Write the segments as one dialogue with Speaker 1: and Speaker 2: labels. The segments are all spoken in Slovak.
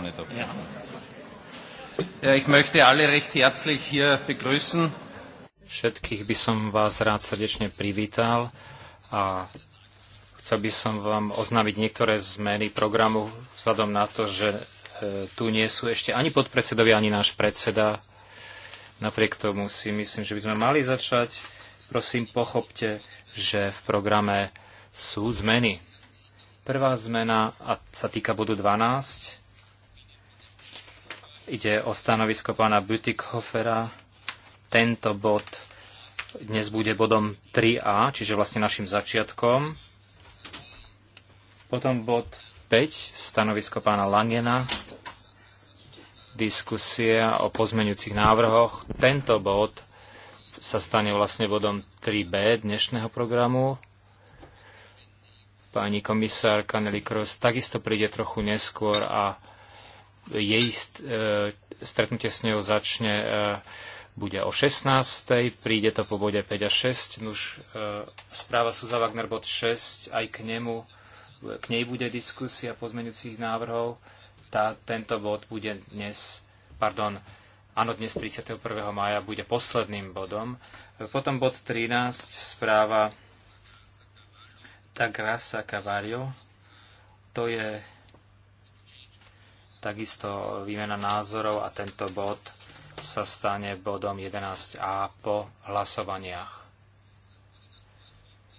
Speaker 1: vorne da. Ja. Ja, ich möchte alle recht herzlich hier begrüßen. Všetkých by som vás rád srdečne privítal a chcel by som vám oznámiť niektoré zmeny programu vzhľadom na to, že e, tu nie sú ešte ani podpredsedovia, ani náš predseda. Napriek tomu si myslím, že by sme mali začať. Prosím, pochopte, že v programe sú zmeny. Prvá zmena a sa týka bodu 12. Ide o stanovisko pána Butikhofera. Tento bod dnes bude bodom 3a, čiže vlastne našim začiatkom. Potom bod 5, stanovisko pána Langena, diskusia o pozmeňujúcich návrhoch. Tento bod sa stane vlastne bodom 3b dnešného programu. Pani komisárka Nelly Cross takisto príde trochu neskôr a jej e, stretnutie s ňou začne e, bude o 16. Príde to po bode 5 a 6. Nuž, e, správa Suza Wagner bod 6, aj k nemu, k nej bude diskusia pozmeňujúcich návrhov. Tá, tento bod bude dnes, pardon, áno, dnes 31. maja bude posledným bodom. Potom bod 13, správa Tagrasa Cavario. To je Takisto výmena názorov a tento bod sa stane bodom 11a po hlasovaniach.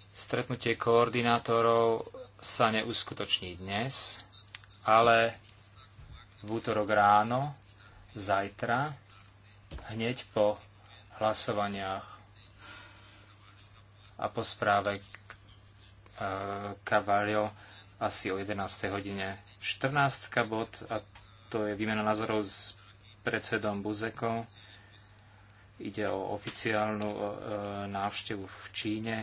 Speaker 1: Stretnutie koordinátorov sa neuskutoční dnes, ale v útorok ráno, zajtra, hneď po hlasovaniach a po správe eh, Cavalio asi o 11. hodine. 14. bod, a to je výmena názorov s predsedom Buzekom. Ide o oficiálnu e, návštevu v Číne,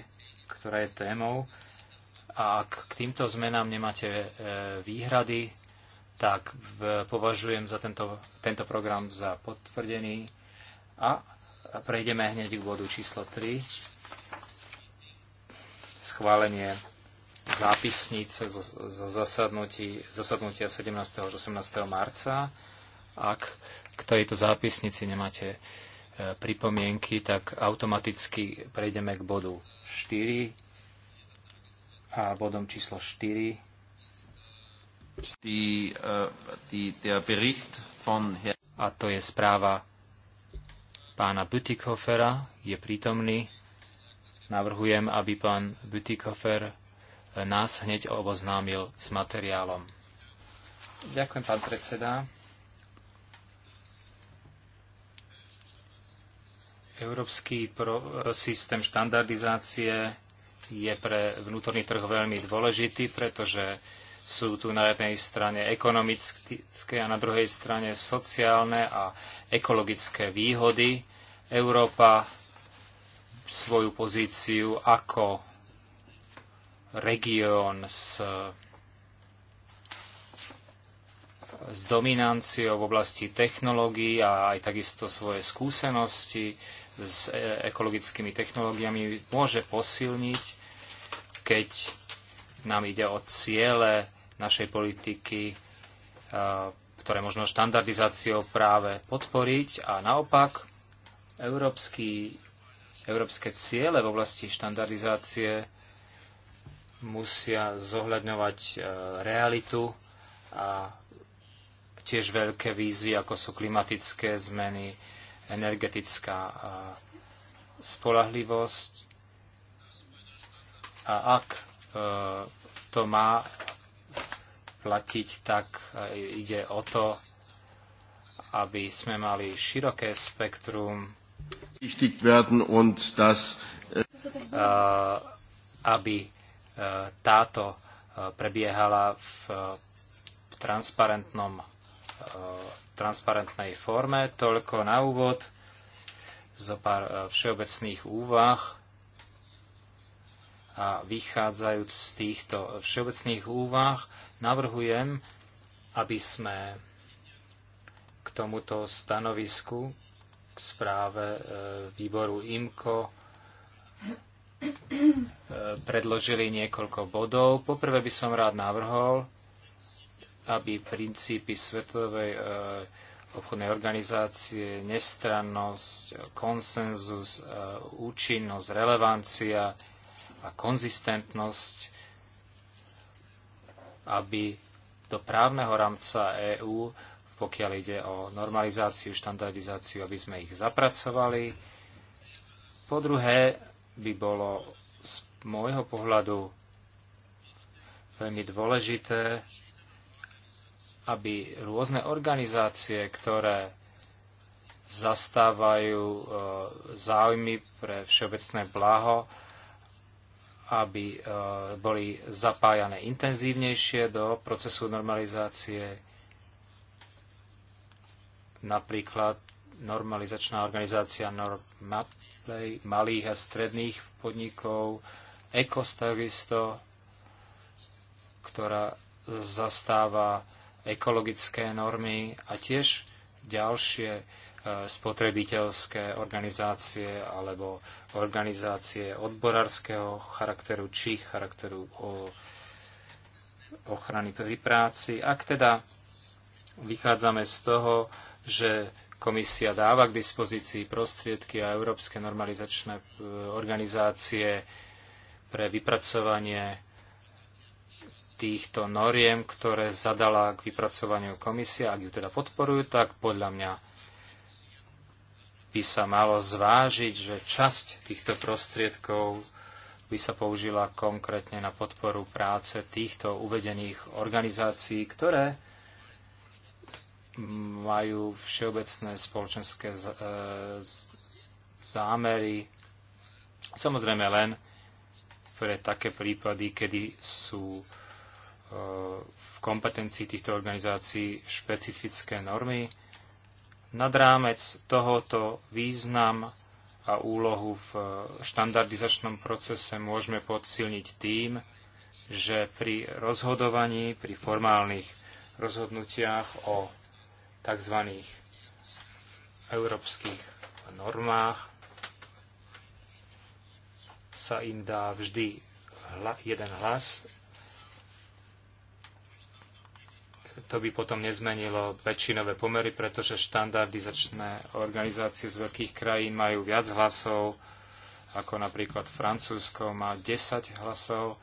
Speaker 1: ktorá je témou. A ak k týmto zmenám nemáte e, výhrady, tak v, považujem za tento, tento program za potvrdený. A prejdeme hneď k bodu číslo 3. Schválenie zápisnice zo zasadnutia 17. až 18. marca. Ak k tejto zápisnici nemáte e, pripomienky, tak automaticky prejdeme k bodu 4 a bodom číslo 4. E, a to je správa pána Butikofera, je prítomný. Navrhujem, aby pán Butikofer nás hneď oboznámil s materiálom. Ďakujem, pán predseda. Európsky pro, systém štandardizácie je pre vnútorný trh veľmi dôležitý, pretože sú tu na jednej strane ekonomické a na druhej strane sociálne a ekologické výhody. Európa svoju pozíciu ako región s, s dominanciou v oblasti technológií a aj takisto svoje skúsenosti s e, ekologickými technológiami môže posilniť, keď nám ide o ciele našej politiky, e, ktoré možno štandardizáciou práve podporiť a naopak európsky, európske ciele v oblasti štandardizácie musia zohľadňovať e, realitu a tiež veľké výzvy, ako sú klimatické zmeny, energetická e, spolahlivosť. A ak e, to má platiť, tak ide o to, aby sme mali široké spektrum, aby táto e, prebiehala v e, transparentnom, e, transparentnej forme. Toľko na úvod zo pár všeobecných úvah a vychádzajúc z týchto všeobecných úvah navrhujem, aby sme k tomuto stanovisku k správe výboru IMCO predložili niekoľko bodov. Poprvé by som rád navrhol, aby princípy Svetovej e, obchodnej organizácie, nestrannosť, konsenzus, e, účinnosť, relevancia a konzistentnosť, aby do právneho rámca EÚ, pokiaľ ide o normalizáciu, štandardizáciu, aby sme ich zapracovali. Po druhé, by bolo z môjho pohľadu veľmi dôležité, aby rôzne organizácie, ktoré zastávajú e, záujmy pre všeobecné blaho, aby e, boli zapájané intenzívnejšie do procesu normalizácie. Napríklad normalizačná organizácia Normat Play, malých a stredných podnikov, ekostavisto, ktorá zastáva ekologické normy a tiež ďalšie e, spotrebiteľské organizácie alebo organizácie odborárskeho charakteru či charakteru o ochrany pri práci. Ak teda vychádzame z toho, že Komisia dáva k dispozícii prostriedky a európske normalizačné e, organizácie pre vypracovanie týchto noriem, ktoré zadala k vypracovaniu komisia, ak ju teda podporujú, tak podľa mňa by sa malo zvážiť, že časť týchto prostriedkov by sa použila konkrétne na podporu práce týchto uvedených organizácií, ktoré majú všeobecné spoločenské e, zámery. Samozrejme len pre také prípady, kedy sú e, v kompetencii týchto organizácií špecifické normy. Nad rámec tohoto význam a úlohu v štandardizačnom procese môžeme podsilniť tým, že pri rozhodovaní, pri formálnych rozhodnutiach o tzv. európskych normách sa im dá vždy jeden hlas. To by potom nezmenilo väčšinové pomery, pretože štandardizačné organizácie z veľkých krajín majú viac hlasov, ako napríklad Francúzsko má 10 hlasov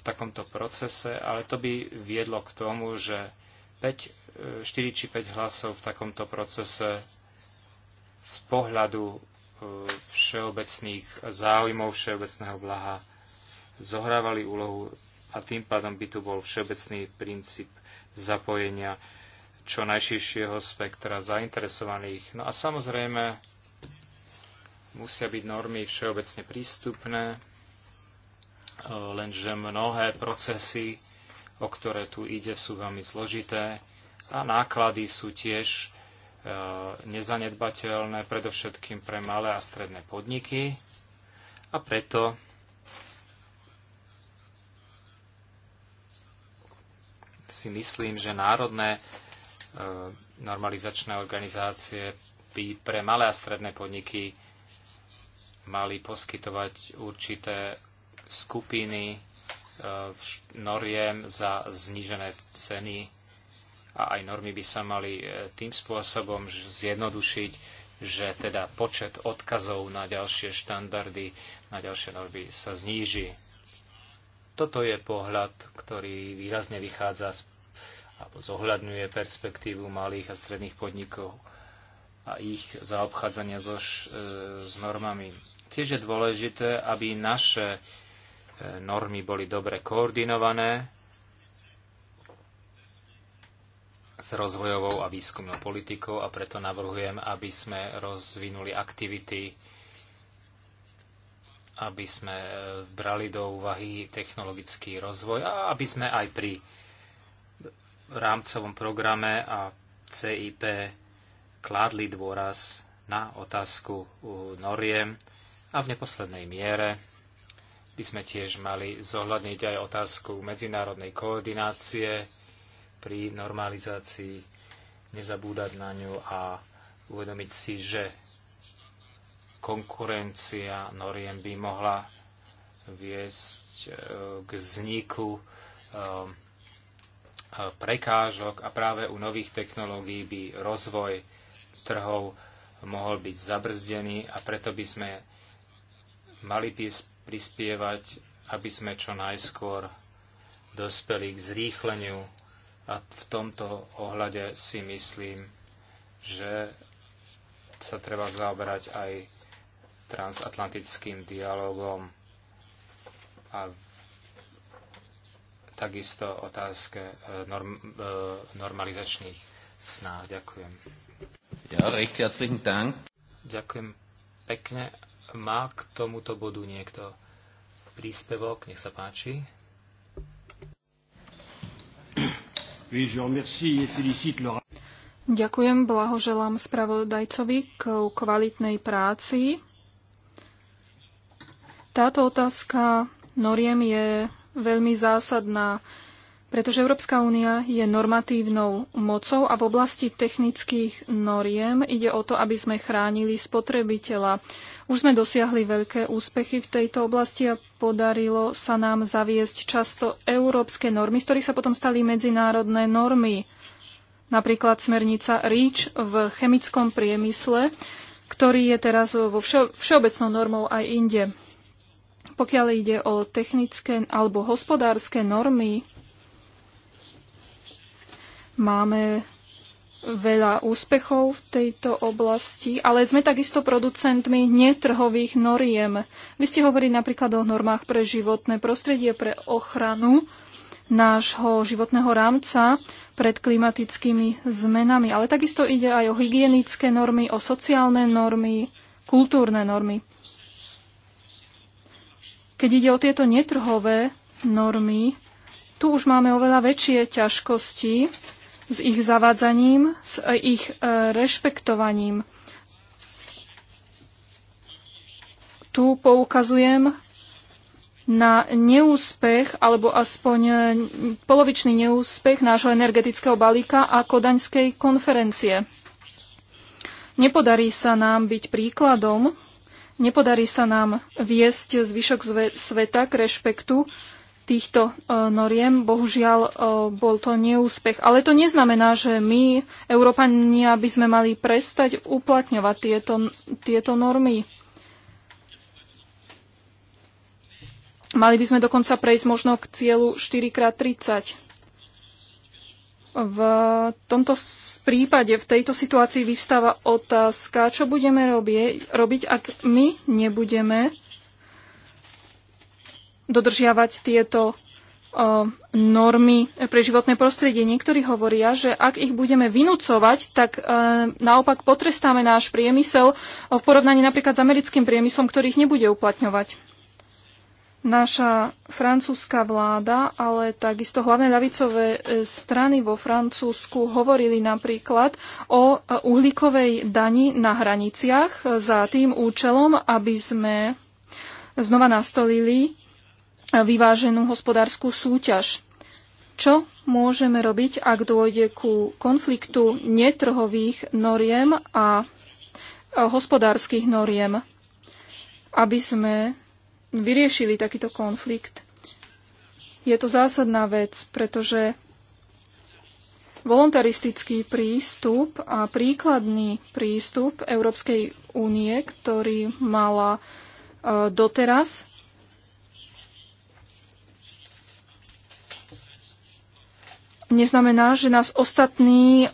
Speaker 1: v takomto procese, ale to by viedlo k tomu, že 5 4 či 5 hlasov v takomto procese z pohľadu e, všeobecných záujmov, všeobecného blaha zohrávali úlohu a tým pádom by tu bol všeobecný princíp zapojenia čo najširšieho spektra zainteresovaných. No a samozrejme musia byť normy všeobecne prístupné, e, lenže mnohé procesy, o ktoré tu ide, sú veľmi zložité a náklady sú tiež e, nezanedbateľné, predovšetkým pre malé a stredné podniky. A preto si myslím, že národné e, normalizačné organizácie by pre malé a stredné podniky mali poskytovať určité skupiny e, noriem za znížené ceny a aj normy by sa mali e, tým spôsobom zjednodušiť, že teda počet odkazov na ďalšie štandardy, na ďalšie normy sa zníži. Toto je pohľad, ktorý výrazne vychádza z, alebo zohľadňuje perspektívu malých a stredných podnikov a ich zaobchádzania so, e, s normami. Tiež je dôležité, aby naše e, normy boli dobre koordinované, s rozvojovou a výskumnou politikou a preto navrhujem, aby sme rozvinuli aktivity, aby sme e, brali do úvahy technologický rozvoj a aby sme aj pri rámcovom programe a CIP kládli dôraz na otázku noriem a v neposlednej miere by sme tiež mali zohľadniť aj otázku medzinárodnej koordinácie pri normalizácii nezabúdať na ňu a uvedomiť si, že konkurencia noriem by mohla viesť e, k vzniku e, e, prekážok a práve u nových technológií by rozvoj trhov mohol byť zabrzdený a preto by sme mali prispievať, aby sme čo najskôr dospeli k zrýchleniu a v tomto ohľade si myslím, že sa treba zaoberať aj transatlantickým dialogom a takisto otázke e, norm, e, normalizačných snách. Ďakujem. Ja, recht herzlichen Dank. Ďakujem pekne. Má k tomuto bodu niekto príspevok? Nech sa páči.
Speaker 2: Ďakujem, blahoželám spravodajcovi k kvalitnej práci. Táto otázka noriem je veľmi zásadná pretože Európska únia je normatívnou mocou a v oblasti technických noriem ide o to, aby sme chránili spotrebiteľa. Už sme dosiahli veľké úspechy v tejto oblasti a podarilo sa nám zaviesť často európske normy, z ktorých sa potom stali medzinárodné normy. Napríklad smernica REACH v chemickom priemysle, ktorý je teraz vo všeobecnou normou aj inde. Pokiaľ ide o technické alebo hospodárske normy, Máme veľa úspechov v tejto oblasti, ale sme takisto producentmi netrhových noriem. Vy ste hovorili napríklad o normách pre životné prostredie, pre ochranu nášho životného rámca pred klimatickými zmenami. Ale takisto ide aj o hygienické normy, o sociálne normy, kultúrne normy. Keď ide o tieto netrhové normy, tu už máme oveľa väčšie ťažkosti, s ich zavádzaním, s e, ich e, rešpektovaním. Tu poukazujem na neúspech, alebo aspoň e, polovičný neúspech nášho energetického balíka a kodaňskej konferencie. Nepodarí sa nám byť príkladom, nepodarí sa nám viesť zvyšok sveta k rešpektu týchto e, noriem. Bohužiaľ, e, bol to neúspech. Ale to neznamená, že my, Európania, by sme mali prestať uplatňovať tieto, tieto normy. Mali by sme dokonca prejsť možno k cieľu 4x30. V tomto prípade, v tejto situácii vyvstáva otázka, čo budeme robiť, robiť ak my nebudeme dodržiavať tieto e, normy pre životné prostredie. Niektorí hovoria, že ak ich budeme vynúcovať, tak e, naopak potrestáme náš priemysel e, v porovnaní napríklad s americkým priemyslom, ktorý ich nebude uplatňovať. Naša francúzska vláda, ale takisto hlavné davicové strany vo Francúzsku hovorili napríklad o uhlíkovej dani na hraniciach za tým účelom, aby sme znova nastolili vyváženú hospodárskú súťaž. Čo môžeme robiť, ak dôjde ku konfliktu netrhových noriem a hospodárskych noriem, aby sme vyriešili takýto konflikt? Je to zásadná vec, pretože voluntaristický prístup a príkladný prístup Európskej únie, ktorý mala e, doteraz, neznamená, že nás ostatní e,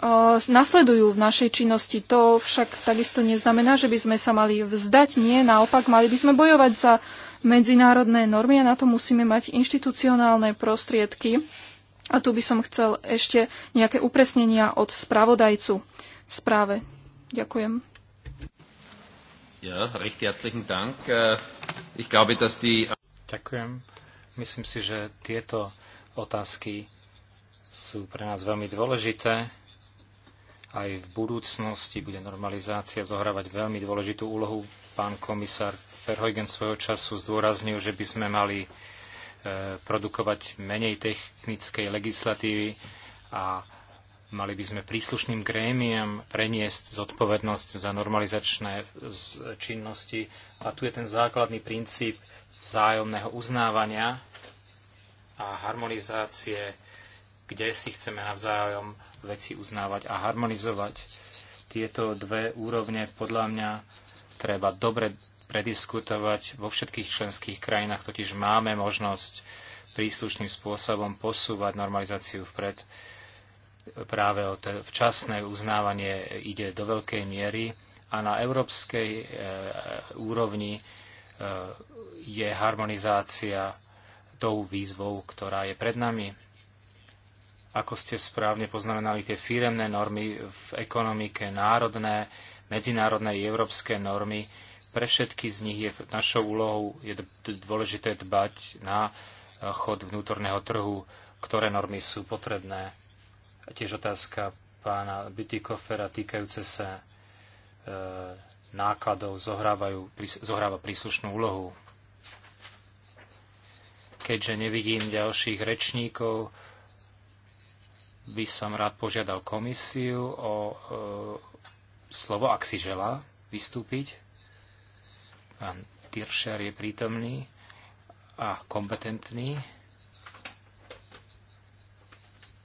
Speaker 2: nasledujú v našej činnosti. To však takisto neznamená, že by sme sa mali vzdať. Nie, naopak, mali by sme bojovať za medzinárodné normy a na to musíme mať inštitucionálne prostriedky. A tu by som chcel ešte nejaké upresnenia od spravodajcu v správe. Ďakujem.
Speaker 1: Ja, recht herzlichen Dank. Äh, ich glaube, dass die... Ďakujem. Myslím si, že tieto otázky sú pre nás veľmi dôležité. Aj v budúcnosti bude normalizácia zohrávať veľmi dôležitú úlohu. Pán komisár Verheugen svojho času zdôraznil, že by sme mali e, produkovať menej technickej legislatívy a mali by sme príslušným grémiam preniesť zodpovednosť za normalizačné činnosti. A tu je ten základný princíp vzájomného uznávania a harmonizácie kde si chceme navzájom veci uznávať a harmonizovať. Tieto dve úrovne podľa mňa treba dobre prediskutovať. Vo všetkých členských krajinách totiž máme možnosť príslušným spôsobom posúvať normalizáciu vpred. Práve o to včasné uznávanie ide do veľkej miery a na európskej e, úrovni e, je harmonizácia tou výzvou, ktorá je pred nami. Ako ste správne poznamenali, tie firemné normy v ekonomike, národné, medzinárodné i európske normy, pre všetky z nich je našou úlohou je dôležité dbať na e, chod vnútorného trhu, ktoré normy sú potrebné. A tiež otázka pána Bytikofera týkajúce sa e, nákladov zohrávajú, zohráva príslušnú úlohu. Keďže nevidím ďalších rečníkov, by som rád požiadal komisiu o e, slovo, ak si želá vystúpiť. Pán Tiršer je prítomný a kompetentný.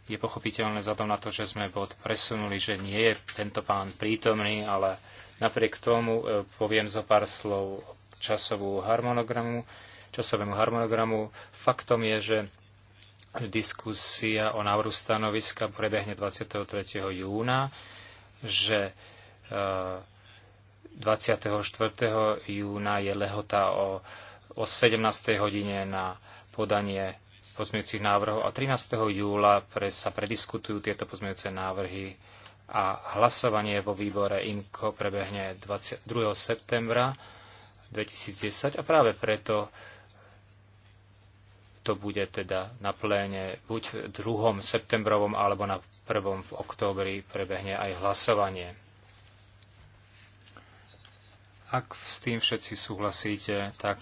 Speaker 1: Je pochopiteľné to na to, že sme bod presunuli, že nie je tento pán prítomný, ale napriek tomu e, poviem zo pár slov časovú harmonogramu, časovému harmonogramu. Faktom je, že diskusia o návrhu stanoviska prebehne 23. júna, že 24. Eh, júna je lehota o, o 17. hodine na podanie pozmeňujúcich návrhov a 13. júla pre, sa prediskutujú tieto pozmeňujúce návrhy a hlasovanie vo výbore IMCO prebehne 22. septembra 2010 a práve preto to bude teda na pléne buď v 2. septembrovom alebo na 1. v októbri prebehne aj hlasovanie. Ak s tým všetci súhlasíte, tak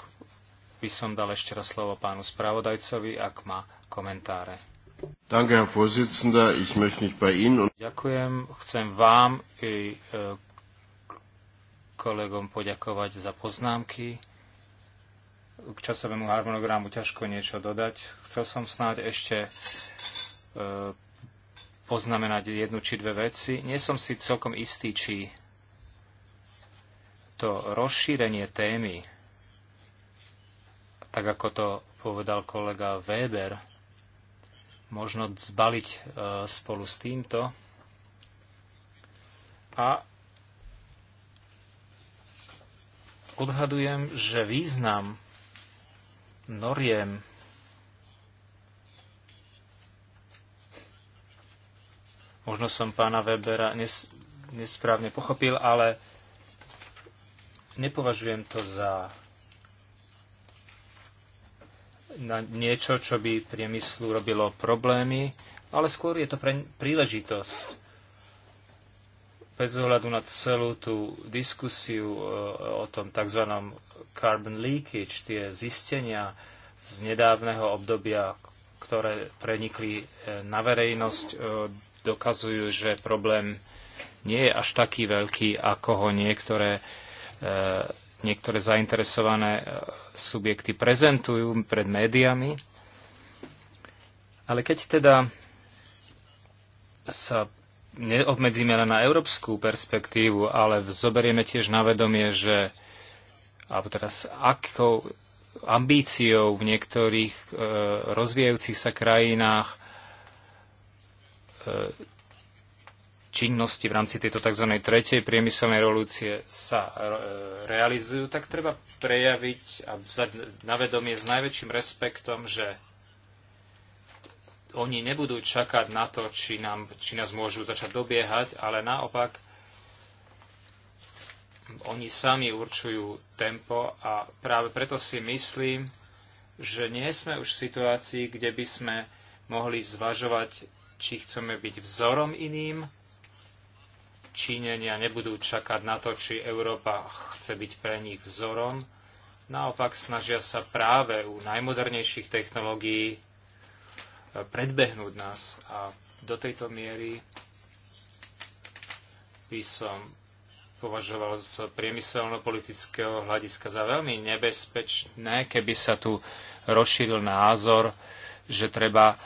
Speaker 1: by som dal ešte raz slovo pánu spravodajcovi, ak má komentáre. Ďakujem, chcem vám i e, kolegom poďakovať za poznámky k časovému harmonogramu ťažko niečo dodať. Chcel som snáď ešte e, poznamenať jednu či dve veci. Nie som si celkom istý, či to rozšírenie témy, tak ako to povedal kolega Weber, možno zbaliť e, spolu s týmto a odhadujem, že význam noriem. Možno som pána Webera nes- nesprávne pochopil, ale nepovažujem to za na niečo, čo by priemyslu robilo problémy, ale skôr je to pre príležitosť bez ohľadu na celú tú diskusiu e, o tom tzv. carbon leakage, tie zistenia z nedávneho obdobia, ktoré prenikli e, na verejnosť, e, dokazujú, že problém nie je až taký veľký, ako ho niektoré, niektoré zainteresované subjekty prezentujú pred médiami. Ale keď teda sa neobmedzíme len na európsku perspektívu, ale zoberieme tiež na vedomie, že alebo teraz akou ambíciou v niektorých e, rozvíjajúcich sa krajinách e, činnosti v rámci tejto tzv. tretej priemyselnej revolúcie sa e, realizujú, tak treba prejaviť a vzať na vedomie s najväčším respektom, že oni nebudú čakať na to, či, nám, či nás môžu začať dobiehať, ale naopak oni sami určujú tempo a práve preto si myslím, že nie sme už v situácii, kde by sme mohli zvažovať, či chceme byť vzorom iným. Čínenia nebudú čakať na to, či Európa chce byť pre nich vzorom. Naopak snažia sa práve u najmodernejších technológií predbehnúť nás a do tejto miery by som považoval z priemyselno-politického hľadiska za veľmi nebezpečné, keby sa tu rozšíril názor, že treba e,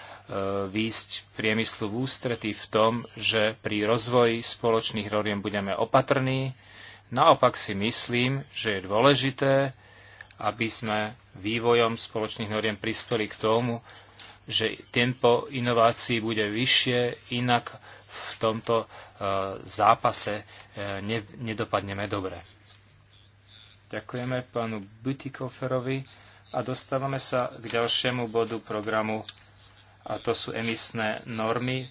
Speaker 1: výjsť priemyslu v ústretí v tom, že pri rozvoji spoločných roliem budeme opatrní. Naopak si myslím, že je dôležité, aby sme vývojom spoločných noriem prispeli k tomu, že tempo inovácií bude vyššie, inak v tomto e, zápase e, nedopadneme dobre. Ďakujeme pánu Butikoferovi a dostávame sa k ďalšiemu bodu programu a to sú emisné normy e,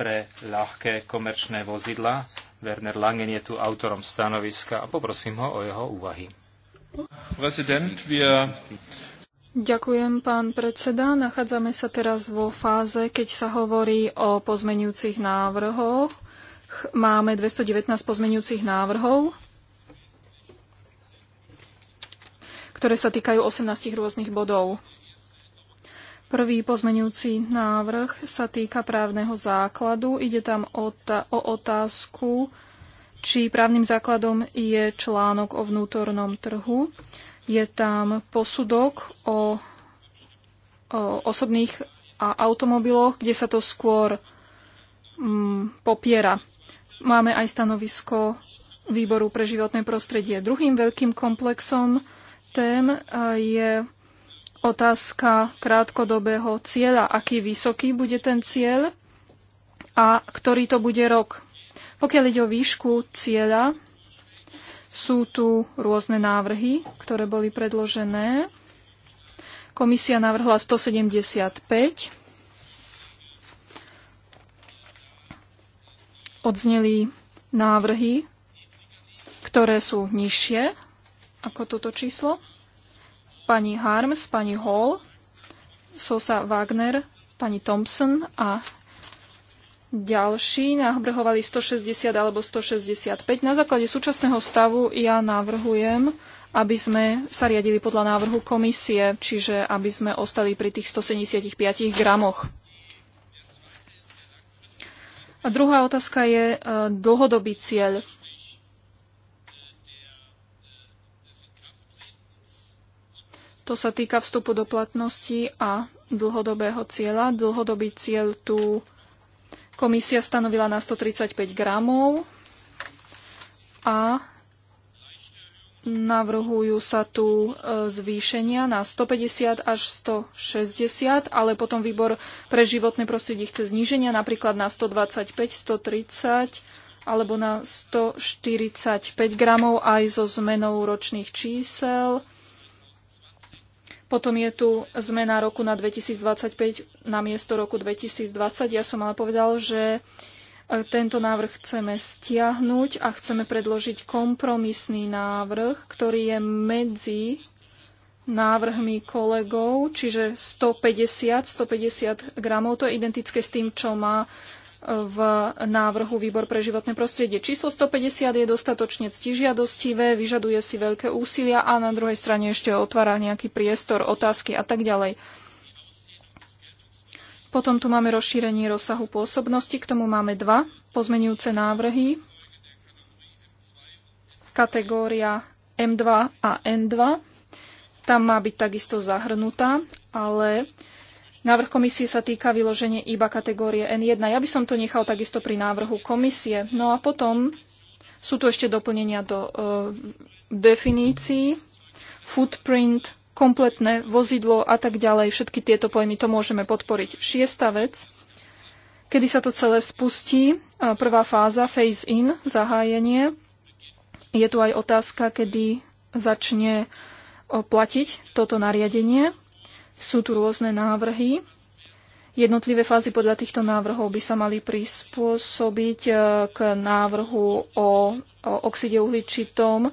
Speaker 1: pre ľahké komerčné vozidla. Werner Langen je tu autorom stanoviska a poprosím ho o jeho úvahy.
Speaker 3: Prezident, wir
Speaker 2: Ďakujem, pán predseda. Nachádzame sa teraz vo fáze, keď sa hovorí o pozmenujúcich návrhoch. Máme 219 pozmenujúcich návrhov, ktoré sa týkajú 18 rôznych bodov. Prvý pozmenujúci návrh sa týka právneho základu. Ide tam o, o otázku, či právnym základom je článok o vnútornom trhu. Je tam posudok o, o osobných a automobiloch, kde sa to skôr mm, popiera. Máme aj stanovisko výboru pre životné prostredie. Druhým veľkým komplexom tém e, je otázka krátkodobého cieľa. Aký vysoký bude ten cieľ a ktorý to bude rok. Pokiaľ ide o výšku cieľa, sú tu rôzne návrhy, ktoré boli predložené. Komisia navrhla 175. Odzneli návrhy, ktoré sú nižšie ako toto číslo. Pani Harms, pani Hall, Sosa Wagner, pani Thompson a ďalší navrhovali 160 alebo 165. Na základe súčasného stavu ja navrhujem, aby sme sa riadili podľa návrhu komisie, čiže aby sme ostali pri tých 175 gramoch. A druhá otázka je e, dlhodobý cieľ. To sa týka vstupu do platnosti a dlhodobého cieľa. Dlhodobý cieľ tu Komisia stanovila na 135 gramov a navrhujú sa tu e, zvýšenia na 150 až 160, ale potom výbor pre životné prostredie chce zníženia napríklad na 125, 130 alebo na 145 gramov aj so zmenou ročných čísel. Potom je tu zmena roku na 2025 na miesto roku 2020. Ja som ale povedal, že e, tento návrh chceme stiahnuť a chceme predložiť kompromisný návrh, ktorý je medzi návrhmi kolegov, čiže 150, 150 gramov, to je identické s tým, čo má v návrhu Výbor pre životné prostredie. Číslo 150 je dostatočne ctižiadostivé, vyžaduje si veľké úsilia a na druhej strane ešte otvára nejaký priestor, otázky a tak ďalej. Potom tu máme rozšírenie rozsahu pôsobnosti, k tomu máme dva pozmenujúce návrhy. Kategória M2 a N2. Tam má byť takisto zahrnutá, ale Návrh komisie sa týka vyloženie iba kategórie N1. Ja by som to nechal takisto pri návrhu komisie. No a potom sú tu ešte doplnenia do e, definícií, footprint, kompletné vozidlo a tak ďalej. Všetky tieto pojmy to môžeme podporiť. Šiesta vec, kedy sa to celé spustí. E, prvá fáza, phase-in, zahájenie. Je tu aj otázka, kedy začne platiť toto nariadenie. Sú tu rôzne návrhy. Jednotlivé fázy podľa týchto návrhov by sa mali prispôsobiť e, k návrhu o, oxide uhličitom e,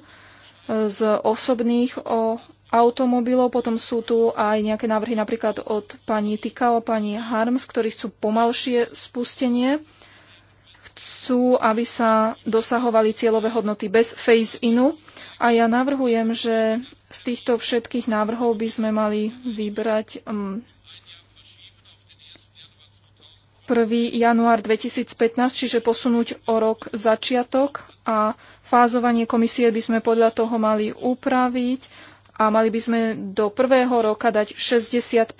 Speaker 2: z osobných o automobilov. Potom sú tu aj nejaké návrhy napríklad od pani Tikao, pani Harms, ktorí chcú pomalšie spustenie chcú, aby sa dosahovali cieľové hodnoty bez phase-inu. A ja navrhujem, že z týchto všetkých návrhov by sme mali vybrať 1. Mm, január 2015, čiže posunúť o rok začiatok a fázovanie komisie by sme podľa toho mali upraviť a mali by sme do prvého roka dať 65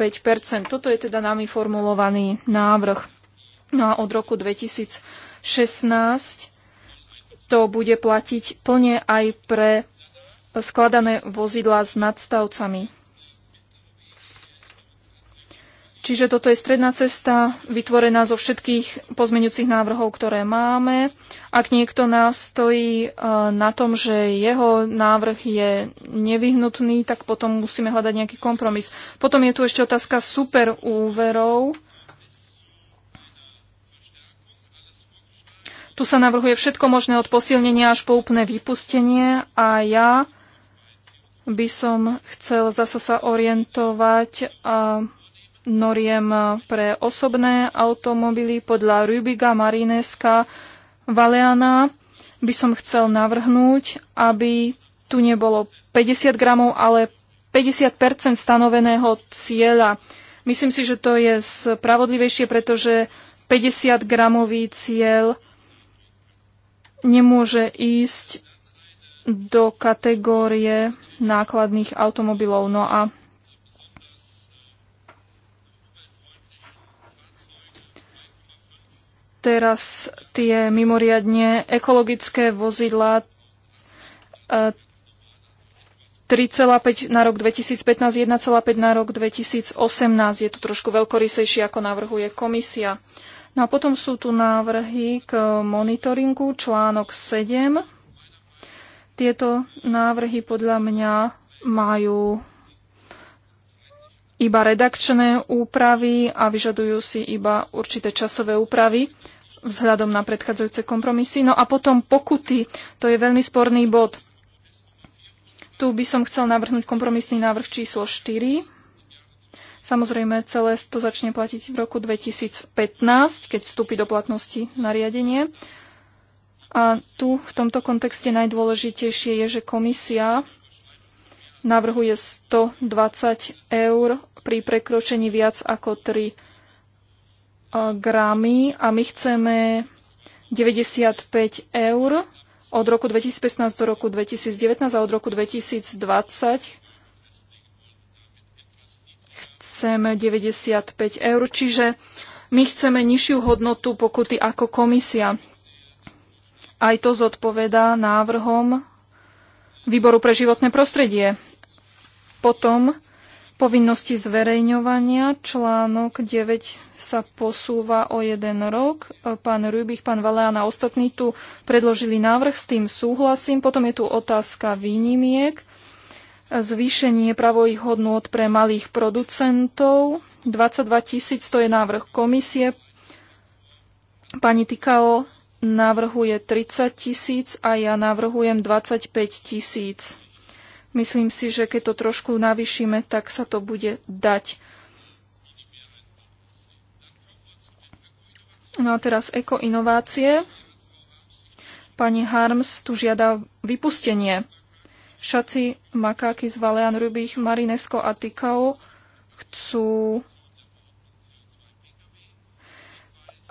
Speaker 2: Toto je teda nami formulovaný návrh. No a od roku 2015 16 to bude platiť plne aj pre skladané vozidlá s nadstavcami. Čiže toto je stredná cesta, vytvorená zo všetkých pozmeňujúcich návrhov, ktoré máme. Ak niekto nás stojí e, na tom, že jeho návrh je nevyhnutný, tak potom musíme hľadať nejaký kompromis. Potom je tu ešte otázka superúverov. Tu sa navrhuje všetko možné od posilnenia až po úplné vypustenie a ja by som chcel zasa sa orientovať a noriem pre osobné automobily podľa Rubiga, Marineska, Valeana. By som chcel navrhnúť, aby tu nebolo 50 gramov, ale 50 stanoveného cieľa. Myslím si, že to je spravodlivejšie, pretože 50-gramový cieľ nemôže ísť do kategórie nákladných automobilov. No a teraz tie mimoriadne ekologické vozidlá 3,5 e, na rok 2015, 1,5 na rok 2018. Je to trošku veľkorysejšie, ako navrhuje komisia. No a potom sú tu návrhy k monitoringu, článok 7. Tieto návrhy podľa mňa majú iba redakčné úpravy a vyžadujú si iba určité časové úpravy vzhľadom na predchádzajúce kompromisy. No a potom pokuty, to je veľmi sporný bod. Tu by som chcel navrhnúť kompromisný návrh číslo 4 Samozrejme, celé to začne platiť v roku 2015, keď vstúpi do platnosti nariadenie. A tu v tomto kontexte najdôležitejšie je, že komisia navrhuje 120 eur pri prekročení viac ako 3 e, gramy a my chceme 95 eur od roku 2015 do roku 2019 a od roku 2020 chceme 95 eur, čiže my chceme nižšiu hodnotu pokuty ako komisia. Aj to zodpovedá návrhom Výboru pre životné prostredie. Potom povinnosti zverejňovania, článok 9 sa posúva o jeden rok. Pán Rubich, pán Valeán a ostatní tu predložili návrh, s tým súhlasím. Potom je tu otázka výnimiek zvýšenie pravových hodnôt pre malých producentov. 22 tisíc to je návrh komisie. Pani Tikao navrhuje 30 tisíc a ja navrhujem 25 tisíc. Myslím si, že keď to trošku navýšime, tak sa to bude dať. No a teraz ekoinovácie. Pani Harms tu žiada vypustenie Šaci, z Valean, Rubich, Marinesko a Tikau chcú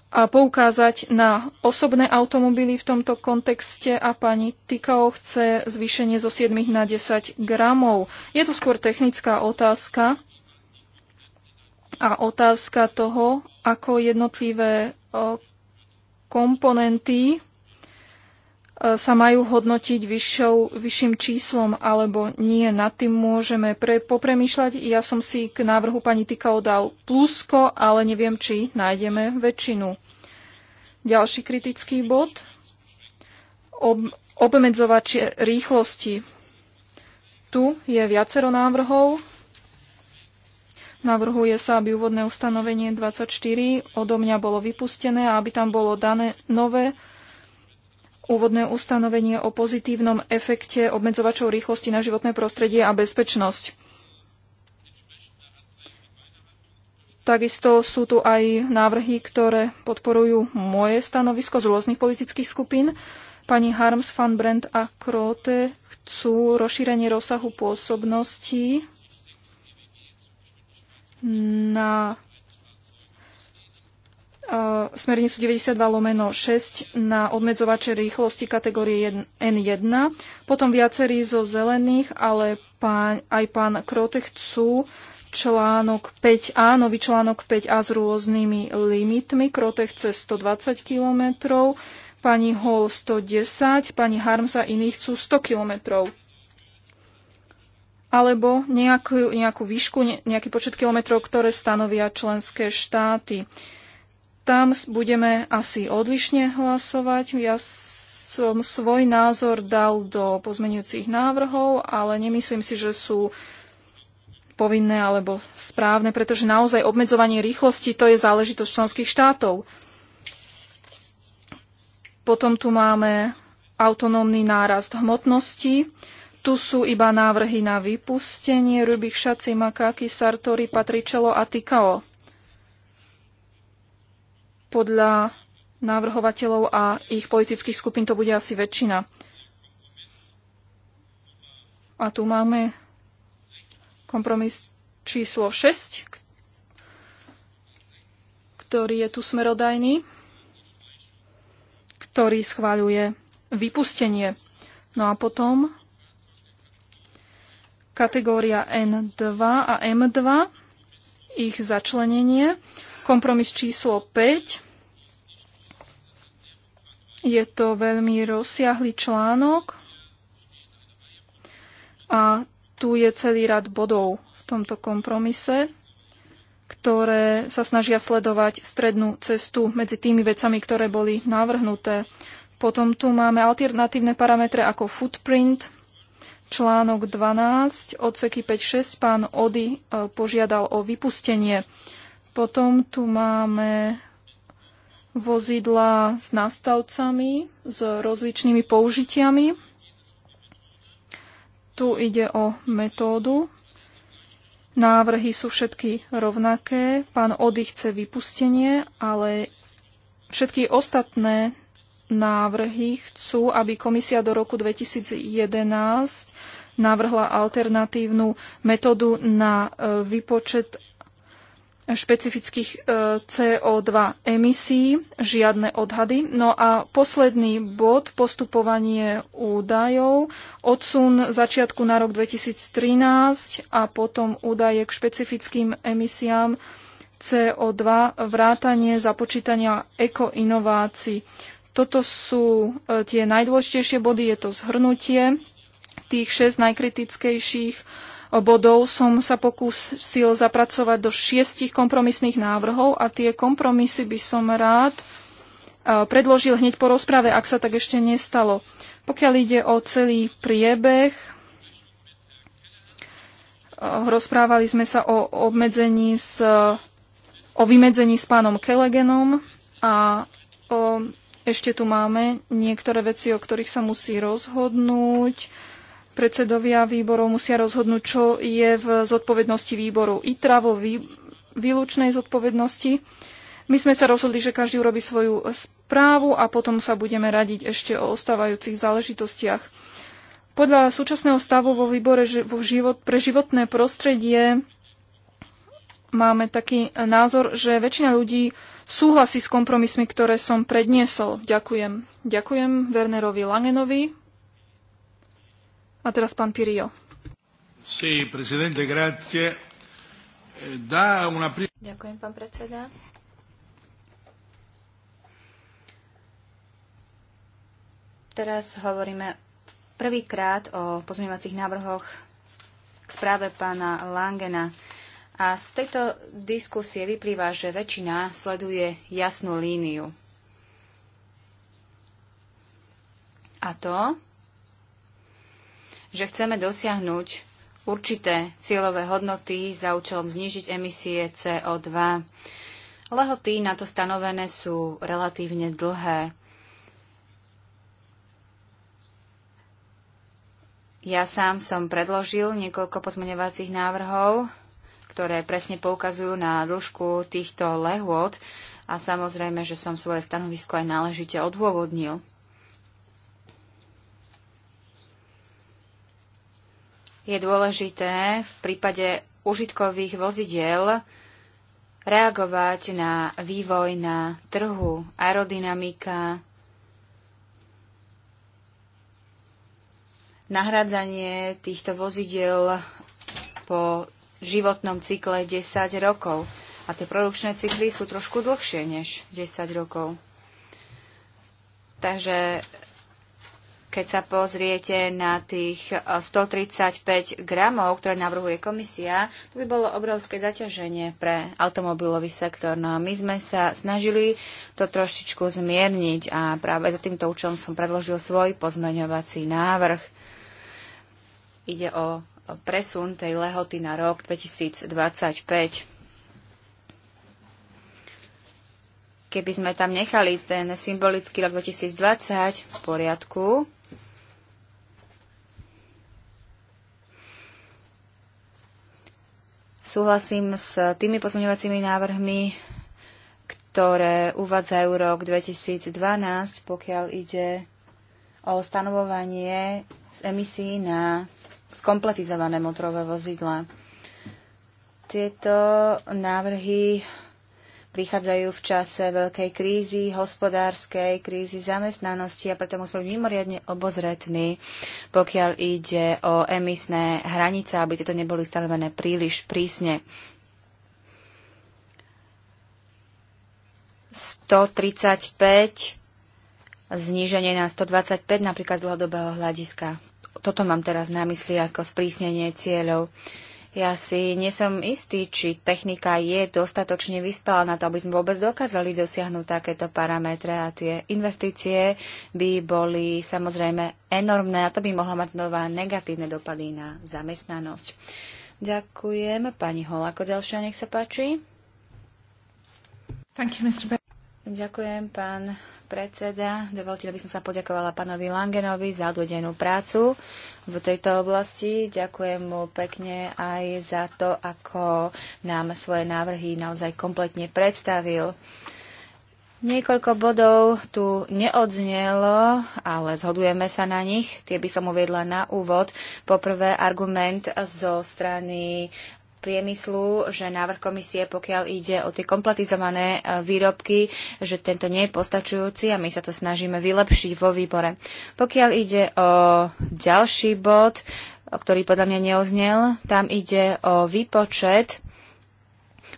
Speaker 2: a poukázať na osobné automobily v tomto kontexte a pani Tikao chce zvýšenie zo 7 na 10 gramov. Je to skôr technická otázka a otázka toho, ako jednotlivé komponenty E, sa majú hodnotiť vyššou, vyšším číslom alebo nie. Nad tým môžeme pre, popremýšľať. Ja som si k návrhu pani Tikao dal plusko, ale neviem, či nájdeme väčšinu. Ďalší kritický bod. Ob, obmedzovačie rýchlosti. Tu je viacero návrhov. Navrhuje sa, aby úvodné ustanovenie 24 odo mňa bolo vypustené a aby tam bolo dané nové úvodné ustanovenie o pozitívnom efekte obmedzovačov rýchlosti na životné prostredie a bezpečnosť. Takisto sú tu aj návrhy, ktoré podporujú moje stanovisko z rôznych politických skupín. Pani Harms, Van Brent a Krote chcú rozšírenie rozsahu pôsobnosti na E, smernicu 92 lomeno 6 na obmedzovače rýchlosti kategórie N1. Potom viacerí zo zelených, ale pán, aj pán Krotech chcú článok 5a, nový článok 5a s rôznymi limitmi. Krote chce 120 km, pani Hall 110, pani Harmsa a iní chcú 100 km alebo nejakú, nejakú výšku, nejaký počet kilometrov, ktoré stanovia členské štáty. Uh, tam budeme asi odlišne hlasovať. Ja som svoj názor dal do pozmenujúcich návrhov, ale nemyslím si, že sú povinné alebo správne, pretože naozaj obmedzovanie rýchlosti to je záležitosť členských štátov. Potom tu máme autonómny nárast hmotnosti. Tu sú iba návrhy na vypustenie Rubik, Šaci, Makáky, Sartori, Patričelo a Tikao. Podľa návrhovateľov a ich politických skupín to bude asi väčšina. A tu máme kompromis číslo 6, ktorý je tu smerodajný, ktorý schváľuje vypustenie. No a potom kategória N2 a M2, ich začlenenie. Kompromis číslo 5. Je to veľmi rozsiahly článok a tu je celý rad bodov v tomto kompromise, ktoré sa snažia sledovať strednú cestu medzi tými vecami, ktoré boli navrhnuté. Potom tu máme alternatívne parametre ako footprint, článok 12, odseky 5.6. Pán Ody e, požiadal o vypustenie potom tu máme vozidla s nastavcami, s rozličnými použitiami. Tu ide o metódu. Návrhy sú všetky rovnaké. Pán Ody chce vypustenie, ale všetky ostatné návrhy chcú, aby komisia do roku 2011 navrhla alternatívnu metódu na e, vypočet špecifických e, CO2 emisí, žiadne odhady. No a posledný bod, postupovanie údajov, odsun začiatku na rok 2013 a potom údaje k špecifickým emisiám CO2, vrátanie započítania ekoinovácií. Toto sú e, tie najdôležitejšie body, je to zhrnutie tých šest najkritickejších bodov som sa pokúsil zapracovať do šiestich kompromisných návrhov a tie kompromisy by som rád e, predložil hneď po rozprave, ak sa tak ešte nestalo. Pokiaľ ide o celý priebeh, e, rozprávali sme sa o obmedzení s, e, o vymedzení s pánom Kelegenom a o, ešte tu máme niektoré veci, o ktorých sa musí rozhodnúť Predsedovia výborov musia rozhodnúť, čo je v zodpovednosti výboru ITRA vo vý... výlučnej zodpovednosti. My sme sa rozhodli, že každý urobí svoju správu a potom sa budeme radiť ešte o ostávajúcich záležitostiach. Podľa súčasného stavu vo výbore vo život, pre životné prostredie máme taký názor, že väčšina ľudí súhlasí s kompromismi, ktoré som predniesol. Ďakujem. Ďakujem Wernerovi Langenovi. A teraz pán Pirio. Sí, grazie. Eh, una... Ďakujem,
Speaker 3: pán predseda. Teraz hovoríme prvýkrát o pozmeňovacích návrhoch k správe pána Langena. A z tejto diskusie vyplýva, že väčšina sleduje jasnú líniu. A to, že chceme dosiahnuť určité cieľové hodnoty za účelom znižiť emisie CO2. Lehoty na to stanovené sú relatívne dlhé. Ja sám som predložil niekoľko pozmeňovacích návrhov, ktoré presne poukazujú na dĺžku týchto lehôd a samozrejme, že som svoje stanovisko aj náležite odôvodnil. je dôležité v prípade užitkových vozidiel reagovať na vývoj na trhu, aerodynamika, nahradzanie týchto vozidiel po životnom cykle 10 rokov. A tie produkčné cykly sú trošku dlhšie než 10 rokov. Takže keď sa pozriete na tých 135 e, gramov, ktoré navrhuje komisia, to by bolo obrovské zaťaženie pre automobilový sektor. No my sme sa snažili to trošičku zmierniť a práve za týmto účom som predložil svoj pozmeňovací návrh. Ide o presun tej lehoty na rok 2025. keby sme tam nechali ten symbolický rok 2020 v poriadku, Súhlasím s tými pozmeňovacími návrhmi, ktoré uvádzajú rok 2012, pokiaľ ide o stanovovanie z emisí na skompletizované motorové vozidla. Tieto návrhy prichádzajú v čase veľkej krízy, hospodárskej krízy, zamestnanosti a preto musíme byť mimoriadne obozretní, pokiaľ ide o emisné hranice, aby tieto neboli stanovené príliš prísne. 135 zníženie na 125 napríklad z dlhodobého hľadiska. Toto mám teraz na mysli ako sprísnenie cieľov. Ja si nesom istý, či technika je dostatočne vyspala na to, aby sme vôbec dokázali dosiahnuť takéto parametre a tie investície by boli samozrejme enormné a to by mohlo mať znova negatívne dopady na zamestnanosť. Ďakujem. Pani Holako ďalšia, nech sa páči. You, Ďakujem, pán predseda. Dovolte, aby som sa poďakovala pánovi Langenovi za odvedenú prácu v tejto oblasti. Ďakujem mu pekne aj za to, ako nám svoje návrhy naozaj kompletne predstavil. Niekoľko bodov tu neodznelo, ale zhodujeme sa na nich. Tie by som uviedla na úvod. Poprvé argument zo strany priemyslu, že návrh komisie, pokiaľ ide o tie kompletizované e, výrobky, že tento nie je postačujúci a my sa to snažíme vylepšiť vo výbore. Pokiaľ ide o ďalší bod, ktorý podľa mňa neoznel, tam ide o výpočet